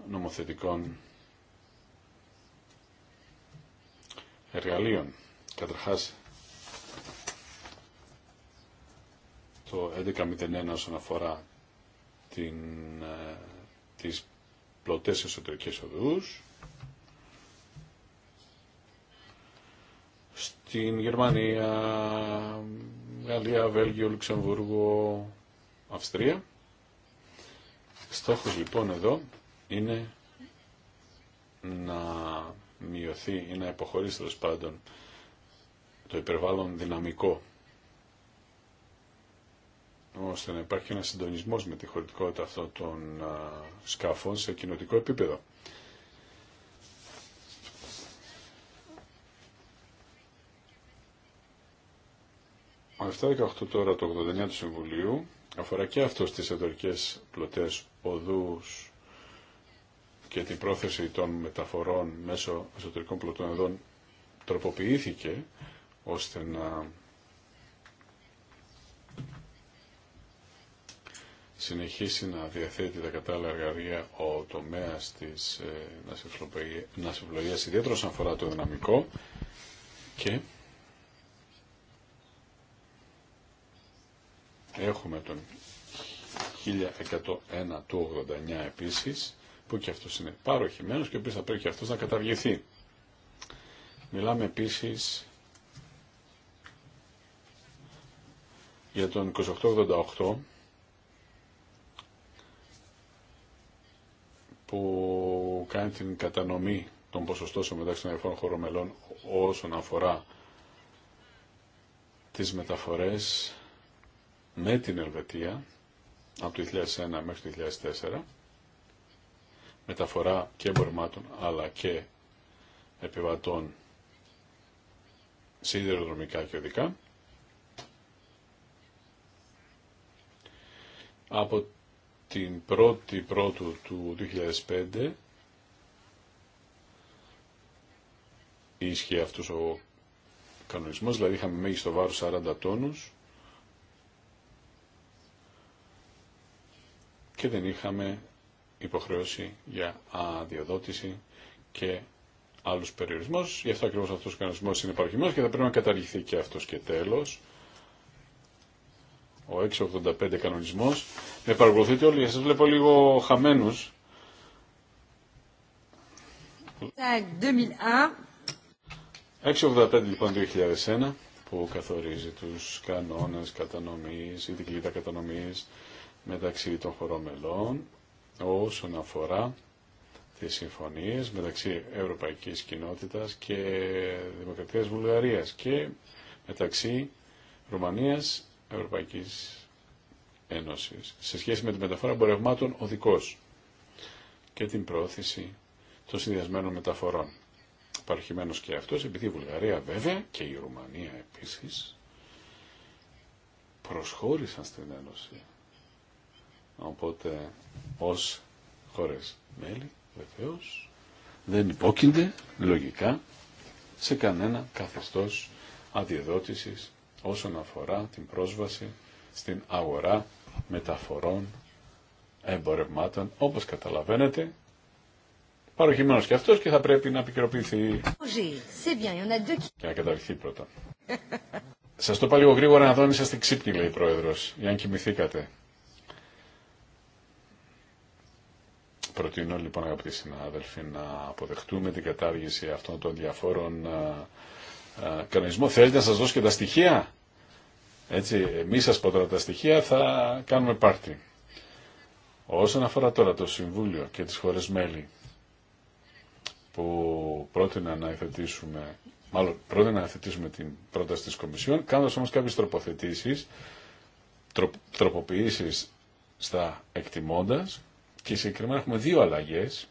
νομοθετικών εργαλείων. Καταρχάς, το 11.01 όσον αφορά την, ε, τις πλωτές εσωτερικές οδούς, στην Γερμανία, Γαλλία, Βέλγιο, Λουξεμβούργο, Αυστρία. Στόχος λοιπόν εδώ είναι να μειωθεί ή να υποχωρήσει τέλο πάντων το υπερβάλλον δυναμικό ώστε να υπάρχει ένα συντονισμό με τη χωρητικότητα αυτών των σκαφών σε κοινοτικό επίπεδο. Ο 7-18 τώρα το 89 του Συμβουλίου Αφορά και αυτό στις εντορικές πλωτές οδούς και την πρόθεση των μεταφορών μέσω εσωτερικών πλωτών εδών τροποποιήθηκε ώστε να συνεχίσει να διαθέτει τα κατάλληλα εργαλεία ο τομέας της ε, να ιδιαίτερα όσον αφορά το δυναμικό και Έχουμε τον 1101 του 89 επίσης, που και αυτός είναι παροχημένος και ο οποίος θα πρέπει και αυτός να καταργηθεί. Μιλάμε επίσης για τον 2888 που κάνει την κατανομή των ποσοστώσεων μεταξύ των διαφόρων χωρομελών όσον αφορά τις μεταφορές με την Ελβετία από το 2001 μέχρι το 2004 μεταφορά και εμπορμάτων αλλά και επιβατών σιδηροδρομικά και οδικά από την 1η πρώτου του 2005 ίσχυε αυτός ο κανονισμός, δηλαδή είχαμε μέγιστο βάρος 40 τόνους και δεν είχαμε υποχρέωση για αδειοδότηση και άλλους περιορισμούς. Γι' αυτό ακριβώς αυτός ο κανονισμός είναι παροχημένος και θα πρέπει να καταργηθεί και αυτός και τέλος. Ο 685 κανονισμός. Με παρακολουθείτε όλοι, σας βλέπω λίγο χαμένους. 685 λοιπόν 2001 που καθορίζει τους κανόνες κατανομής, η δικλίδα κατανομής, μεταξύ των χωρών μελών όσον αφορά τις συμφωνίες μεταξύ Ευρωπαϊκής Κοινότητας και Δημοκρατίας Βουλγαρίας και μεταξύ Ρουμανίας Ευρωπαϊκής Ένωσης σε σχέση με τη μεταφορά εμπορευμάτων οδικός και την πρόθεση των συνδυασμένων μεταφορών. Παρχημένος και αυτός, επειδή η Βουλγαρία βέβαια και η Ρουμανία επίσης προσχώρησαν στην Ένωση Οπότε ως χώρες μέλη βεβαίω, δεν υπόκεινται λογικά σε κανένα καθεστώς αντιδότησης όσον αφορά την πρόσβαση στην αγορά μεταφορών εμπορευμάτων, όπως καταλαβαίνετε, παροχημένος και αυτός και θα πρέπει να επικαιροποιηθεί και να καταρριχθεί πρώτα. Σας το πάω λίγο γρήγορα να δω αν είσαστε ξύπνοι, λέει η Πρόεδρος, για αν κοιμηθήκατε. Προτείνω λοιπόν αγαπητοί συνάδελφοι να αποδεχτούμε την κατάργηση αυτών των διαφόρων κανονισμών. Θέλετε να σας δώσω και τα στοιχεία. Έτσι, μη σας πω τώρα τα στοιχεία, θα κάνουμε πάρτι. Όσον αφορά τώρα το Συμβούλιο και τις χώρες μέλη που πρότεινα να υιοθετήσουμε, μάλλον πρότεινα να υιοθετήσουμε την πρόταση της Κομισιόν, κάνοντας όμως κάποιες τροποθετήσεις, τροποποιήσεις στα εκτιμώντας και συγκεκριμένα έχουμε δύο αλλαγές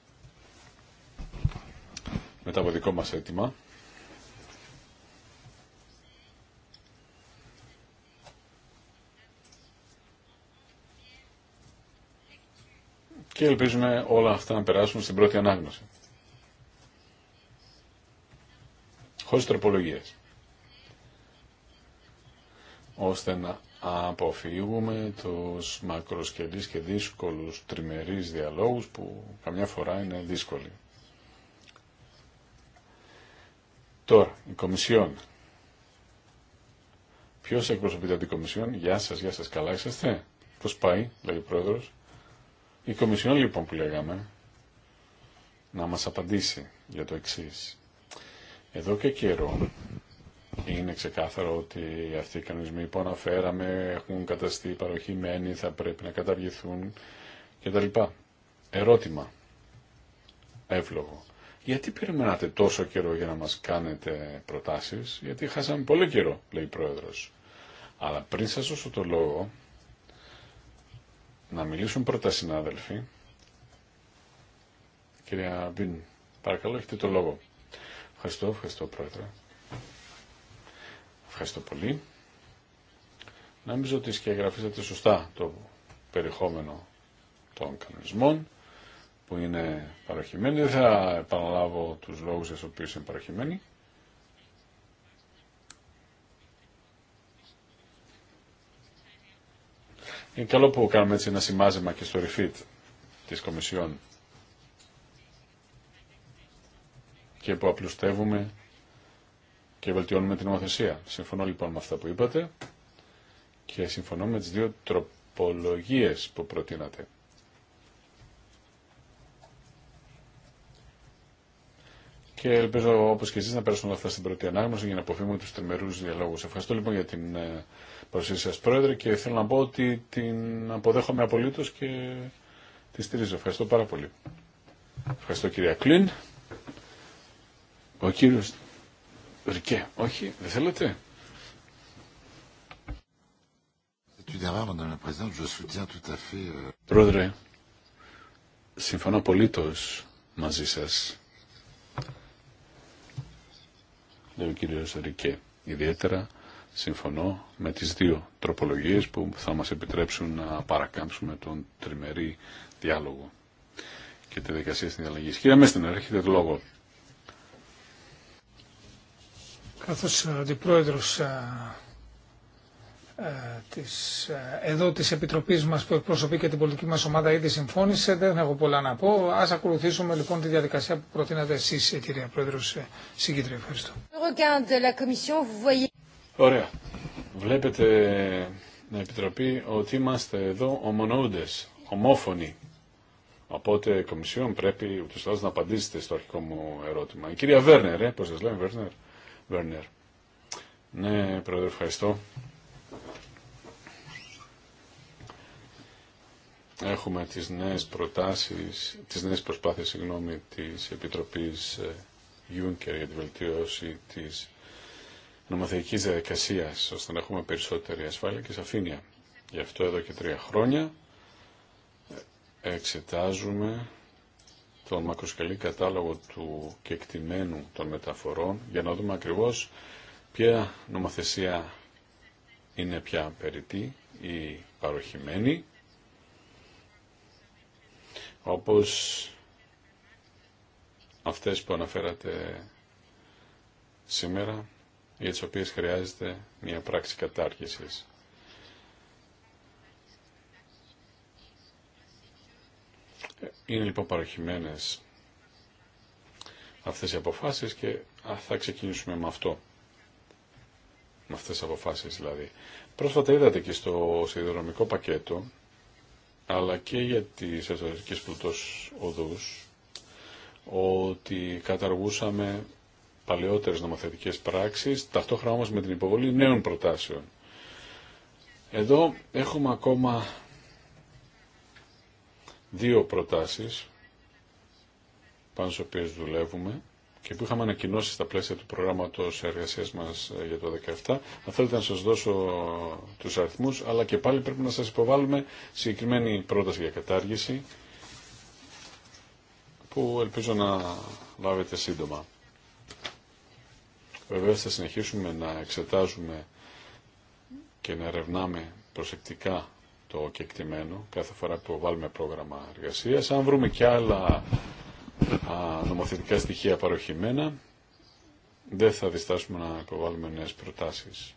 μετά από δικό μας αίτημα. Και ελπίζουμε όλα αυτά να περάσουν στην πρώτη ανάγνωση. Χωρίς τροπολογίες. Ώστε να αποφύγουμε τους μακροσκελείς και δύσκολους τριμερείς διαλόγους που καμιά φορά είναι δύσκολοι. Τώρα, η Κομισιόν. Ποιος εκπροσωπείται την Κομισιόν. Γεια σας, γεια σας, καλά είσαστε. Πώς πάει, λέει ο Πρόεδρος. Η Κομισιόν λοιπόν που λέγαμε να μας απαντήσει για το εξής. Εδώ και καιρό είναι ξεκάθαρο ότι αυτοί οι κανονισμοί που αναφέραμε έχουν καταστεί παροχημένοι, θα πρέπει να καταργηθούν κτλ. Ερώτημα. Εύλογο. Γιατί περιμένατε τόσο καιρό για να μας κάνετε προτάσεις, γιατί χάσαμε πολύ καιρό, λέει η Πρόεδρος. Αλλά πριν σας δώσω το λόγο, να μιλήσουν πρώτα συνάδελφοι. Κυρία Μπίν, παρακαλώ έχετε το λόγο. Ευχαριστώ, ευχαριστώ Πρόεδρε. Ευχαριστώ πολύ. Νομίζω ότι σκεγγραφίσατε σωστά το περιεχόμενο των κανονισμών που είναι παροχημένοι. Δεν θα επαναλάβω τους λόγους για τους οποίους είναι παροχημένοι. Είναι καλό που κάνουμε έτσι ένα σημάζεμα και στο refit της Κομισιόν και που απλουστεύουμε και βελτιώνουμε την νομοθεσία. Συμφωνώ λοιπόν με αυτά που είπατε και συμφωνώ με τις δύο τροπολογίες που προτείνατε. Και ελπίζω όπως και εσείς να περάσουν όλα αυτά στην πρώτη ανάγνωση για να αποφύγουμε τους τριμερούς διαλόγους. Ευχαριστώ λοιπόν για την ε, παρουσία σας Πρόεδρε και θέλω να πω ότι την αποδέχομαι απολύτως και τη στηρίζω. Ευχαριστώ πάρα πολύ. Ευχαριστώ κυρία Κλίν. Ο κύριος Ρικέ, όχι, δεν θέλετε. Euh, Πρόεδρε, συμφωνώ απολύτω μαζί σα. Λέει ο κύριο Ρικέ. Ιδιαίτερα συμφωνώ με τι δύο τροπολογίε που θα μα επιτρέψουν να παρακάμψουμε τον τριμερή διάλογο και τη δικασία στην αλλαγή. Κύριε Μέστινα, έχετε λόγο καθώς ο αντιπρόεδρος ε, ε, της, ε, εδώ της Επιτροπής μας που εκπροσωπεί και την πολιτική μας ομάδα ήδη συμφώνησε, δεν έχω πολλά να πω. Ας ακολουθήσουμε λοιπόν τη διαδικασία που προτείνατε εσείς κυρία Πρόεδρος Συγκήτρια. Ευχαριστώ. Ωραία. Βλέπετε να επιτροπή ότι είμαστε εδώ ομονοούντες, ομόφωνοι. Οπότε Κομισιόν πρέπει ούτως να απαντήσετε στο αρχικό μου ερώτημα. Η κυρία Βέρνερ, ε, πώς σας λέμε Βέρνερ. Βέρνερ. Ναι, πρόεδρε, ευχαριστώ. Έχουμε τις νέες προτάσεις, τις νέες προσπάθειες, συγγνώμη, της Επιτροπής ε, Juncker για τη βελτίωση της νομοθετικής διαδικασία ώστε να έχουμε περισσότερη ασφάλεια και σαφήνεια. Γι' αυτό εδώ και τρία χρόνια ε, εξετάζουμε τον μακροσκελή κατάλογο του κεκτημένου των μεταφορών για να δούμε ακριβώς ποια νομοθεσία είναι πια περίτη ή παροχημένη όπως αυτές που αναφέρατε σήμερα για τις οποίες χρειάζεται μια πράξη κατάργησης. Είναι λοιπόν παροχημένες αυτές οι αποφάσεις και θα ξεκινήσουμε με αυτό. Με αυτές τις αποφάσεις δηλαδή. Πρόσφατα είδατε και στο σιδηροδρομικό πακέτο αλλά και για τις εσωτερικές πλουτός οδούς ότι καταργούσαμε παλαιότερες νομοθετικές πράξεις ταυτόχρονα όμως με την υποβολή νέων προτάσεων. Εδώ έχουμε ακόμα δύο προτάσεις πάνω στις οποίες δουλεύουμε και που είχαμε ανακοινώσει στα πλαίσια του προγράμματος εργασίας μας ε, για το 2017. Αν θέλετε να σας δώσω τους αριθμούς, αλλά και πάλι πρέπει να σας υποβάλουμε συγκεκριμένη πρόταση για κατάργηση, που ελπίζω να λάβετε σύντομα. Βεβαίως θα συνεχίσουμε να εξετάζουμε και να ερευνάμε προσεκτικά το κεκτημένο κάθε φορά που βάλουμε πρόγραμμα εργασίας. Αν βρούμε και άλλα νομοθετικά στοιχεία παροχημένα, δεν θα διστάσουμε να υποβάλουμε νέες προτάσεις.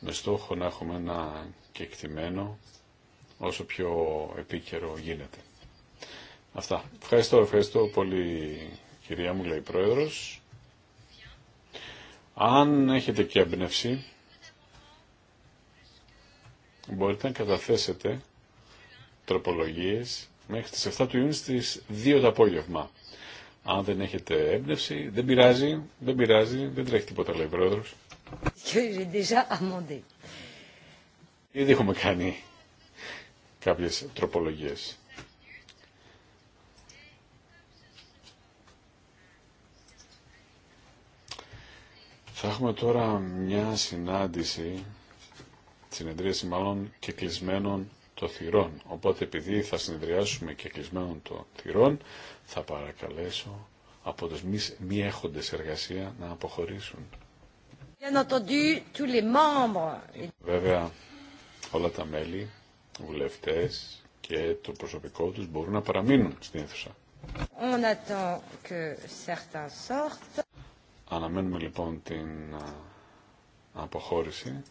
Με στόχο να έχουμε ένα κεκτημένο όσο πιο επίκαιρο γίνεται. Αυτά. Ευχαριστώ, ευχαριστώ πολύ κυρία μου, λέει η Πρόεδρος. Αν έχετε και εμπνεύση, μπορείτε να καταθέσετε τροπολογίες μέχρι τις 7 του Ιούνιου στις 2 το απόγευμα. Αν δεν έχετε έμπνευση, δεν πειράζει, δεν πειράζει, δεν τρέχει τίποτα, λέει ο Πρόεδρος. Ήδη έχουμε κάνει κάποιες τροπολογίες. Θα έχουμε τώρα μια συνάντηση συνεδρίαση μάλλον και κλεισμένων των θυρών. Οπότε επειδή θα συνεδριάσουμε και κλεισμένων των θυρών, θα παρακαλέσω από τους μη, μη έχοντες εργασία να αποχωρήσουν. Βέβαια, όλα τα μέλη, βουλευτές και το προσωπικό τους μπορούν να παραμείνουν στην αίθουσα. Αναμένουμε λοιπόν την αποχώρηση.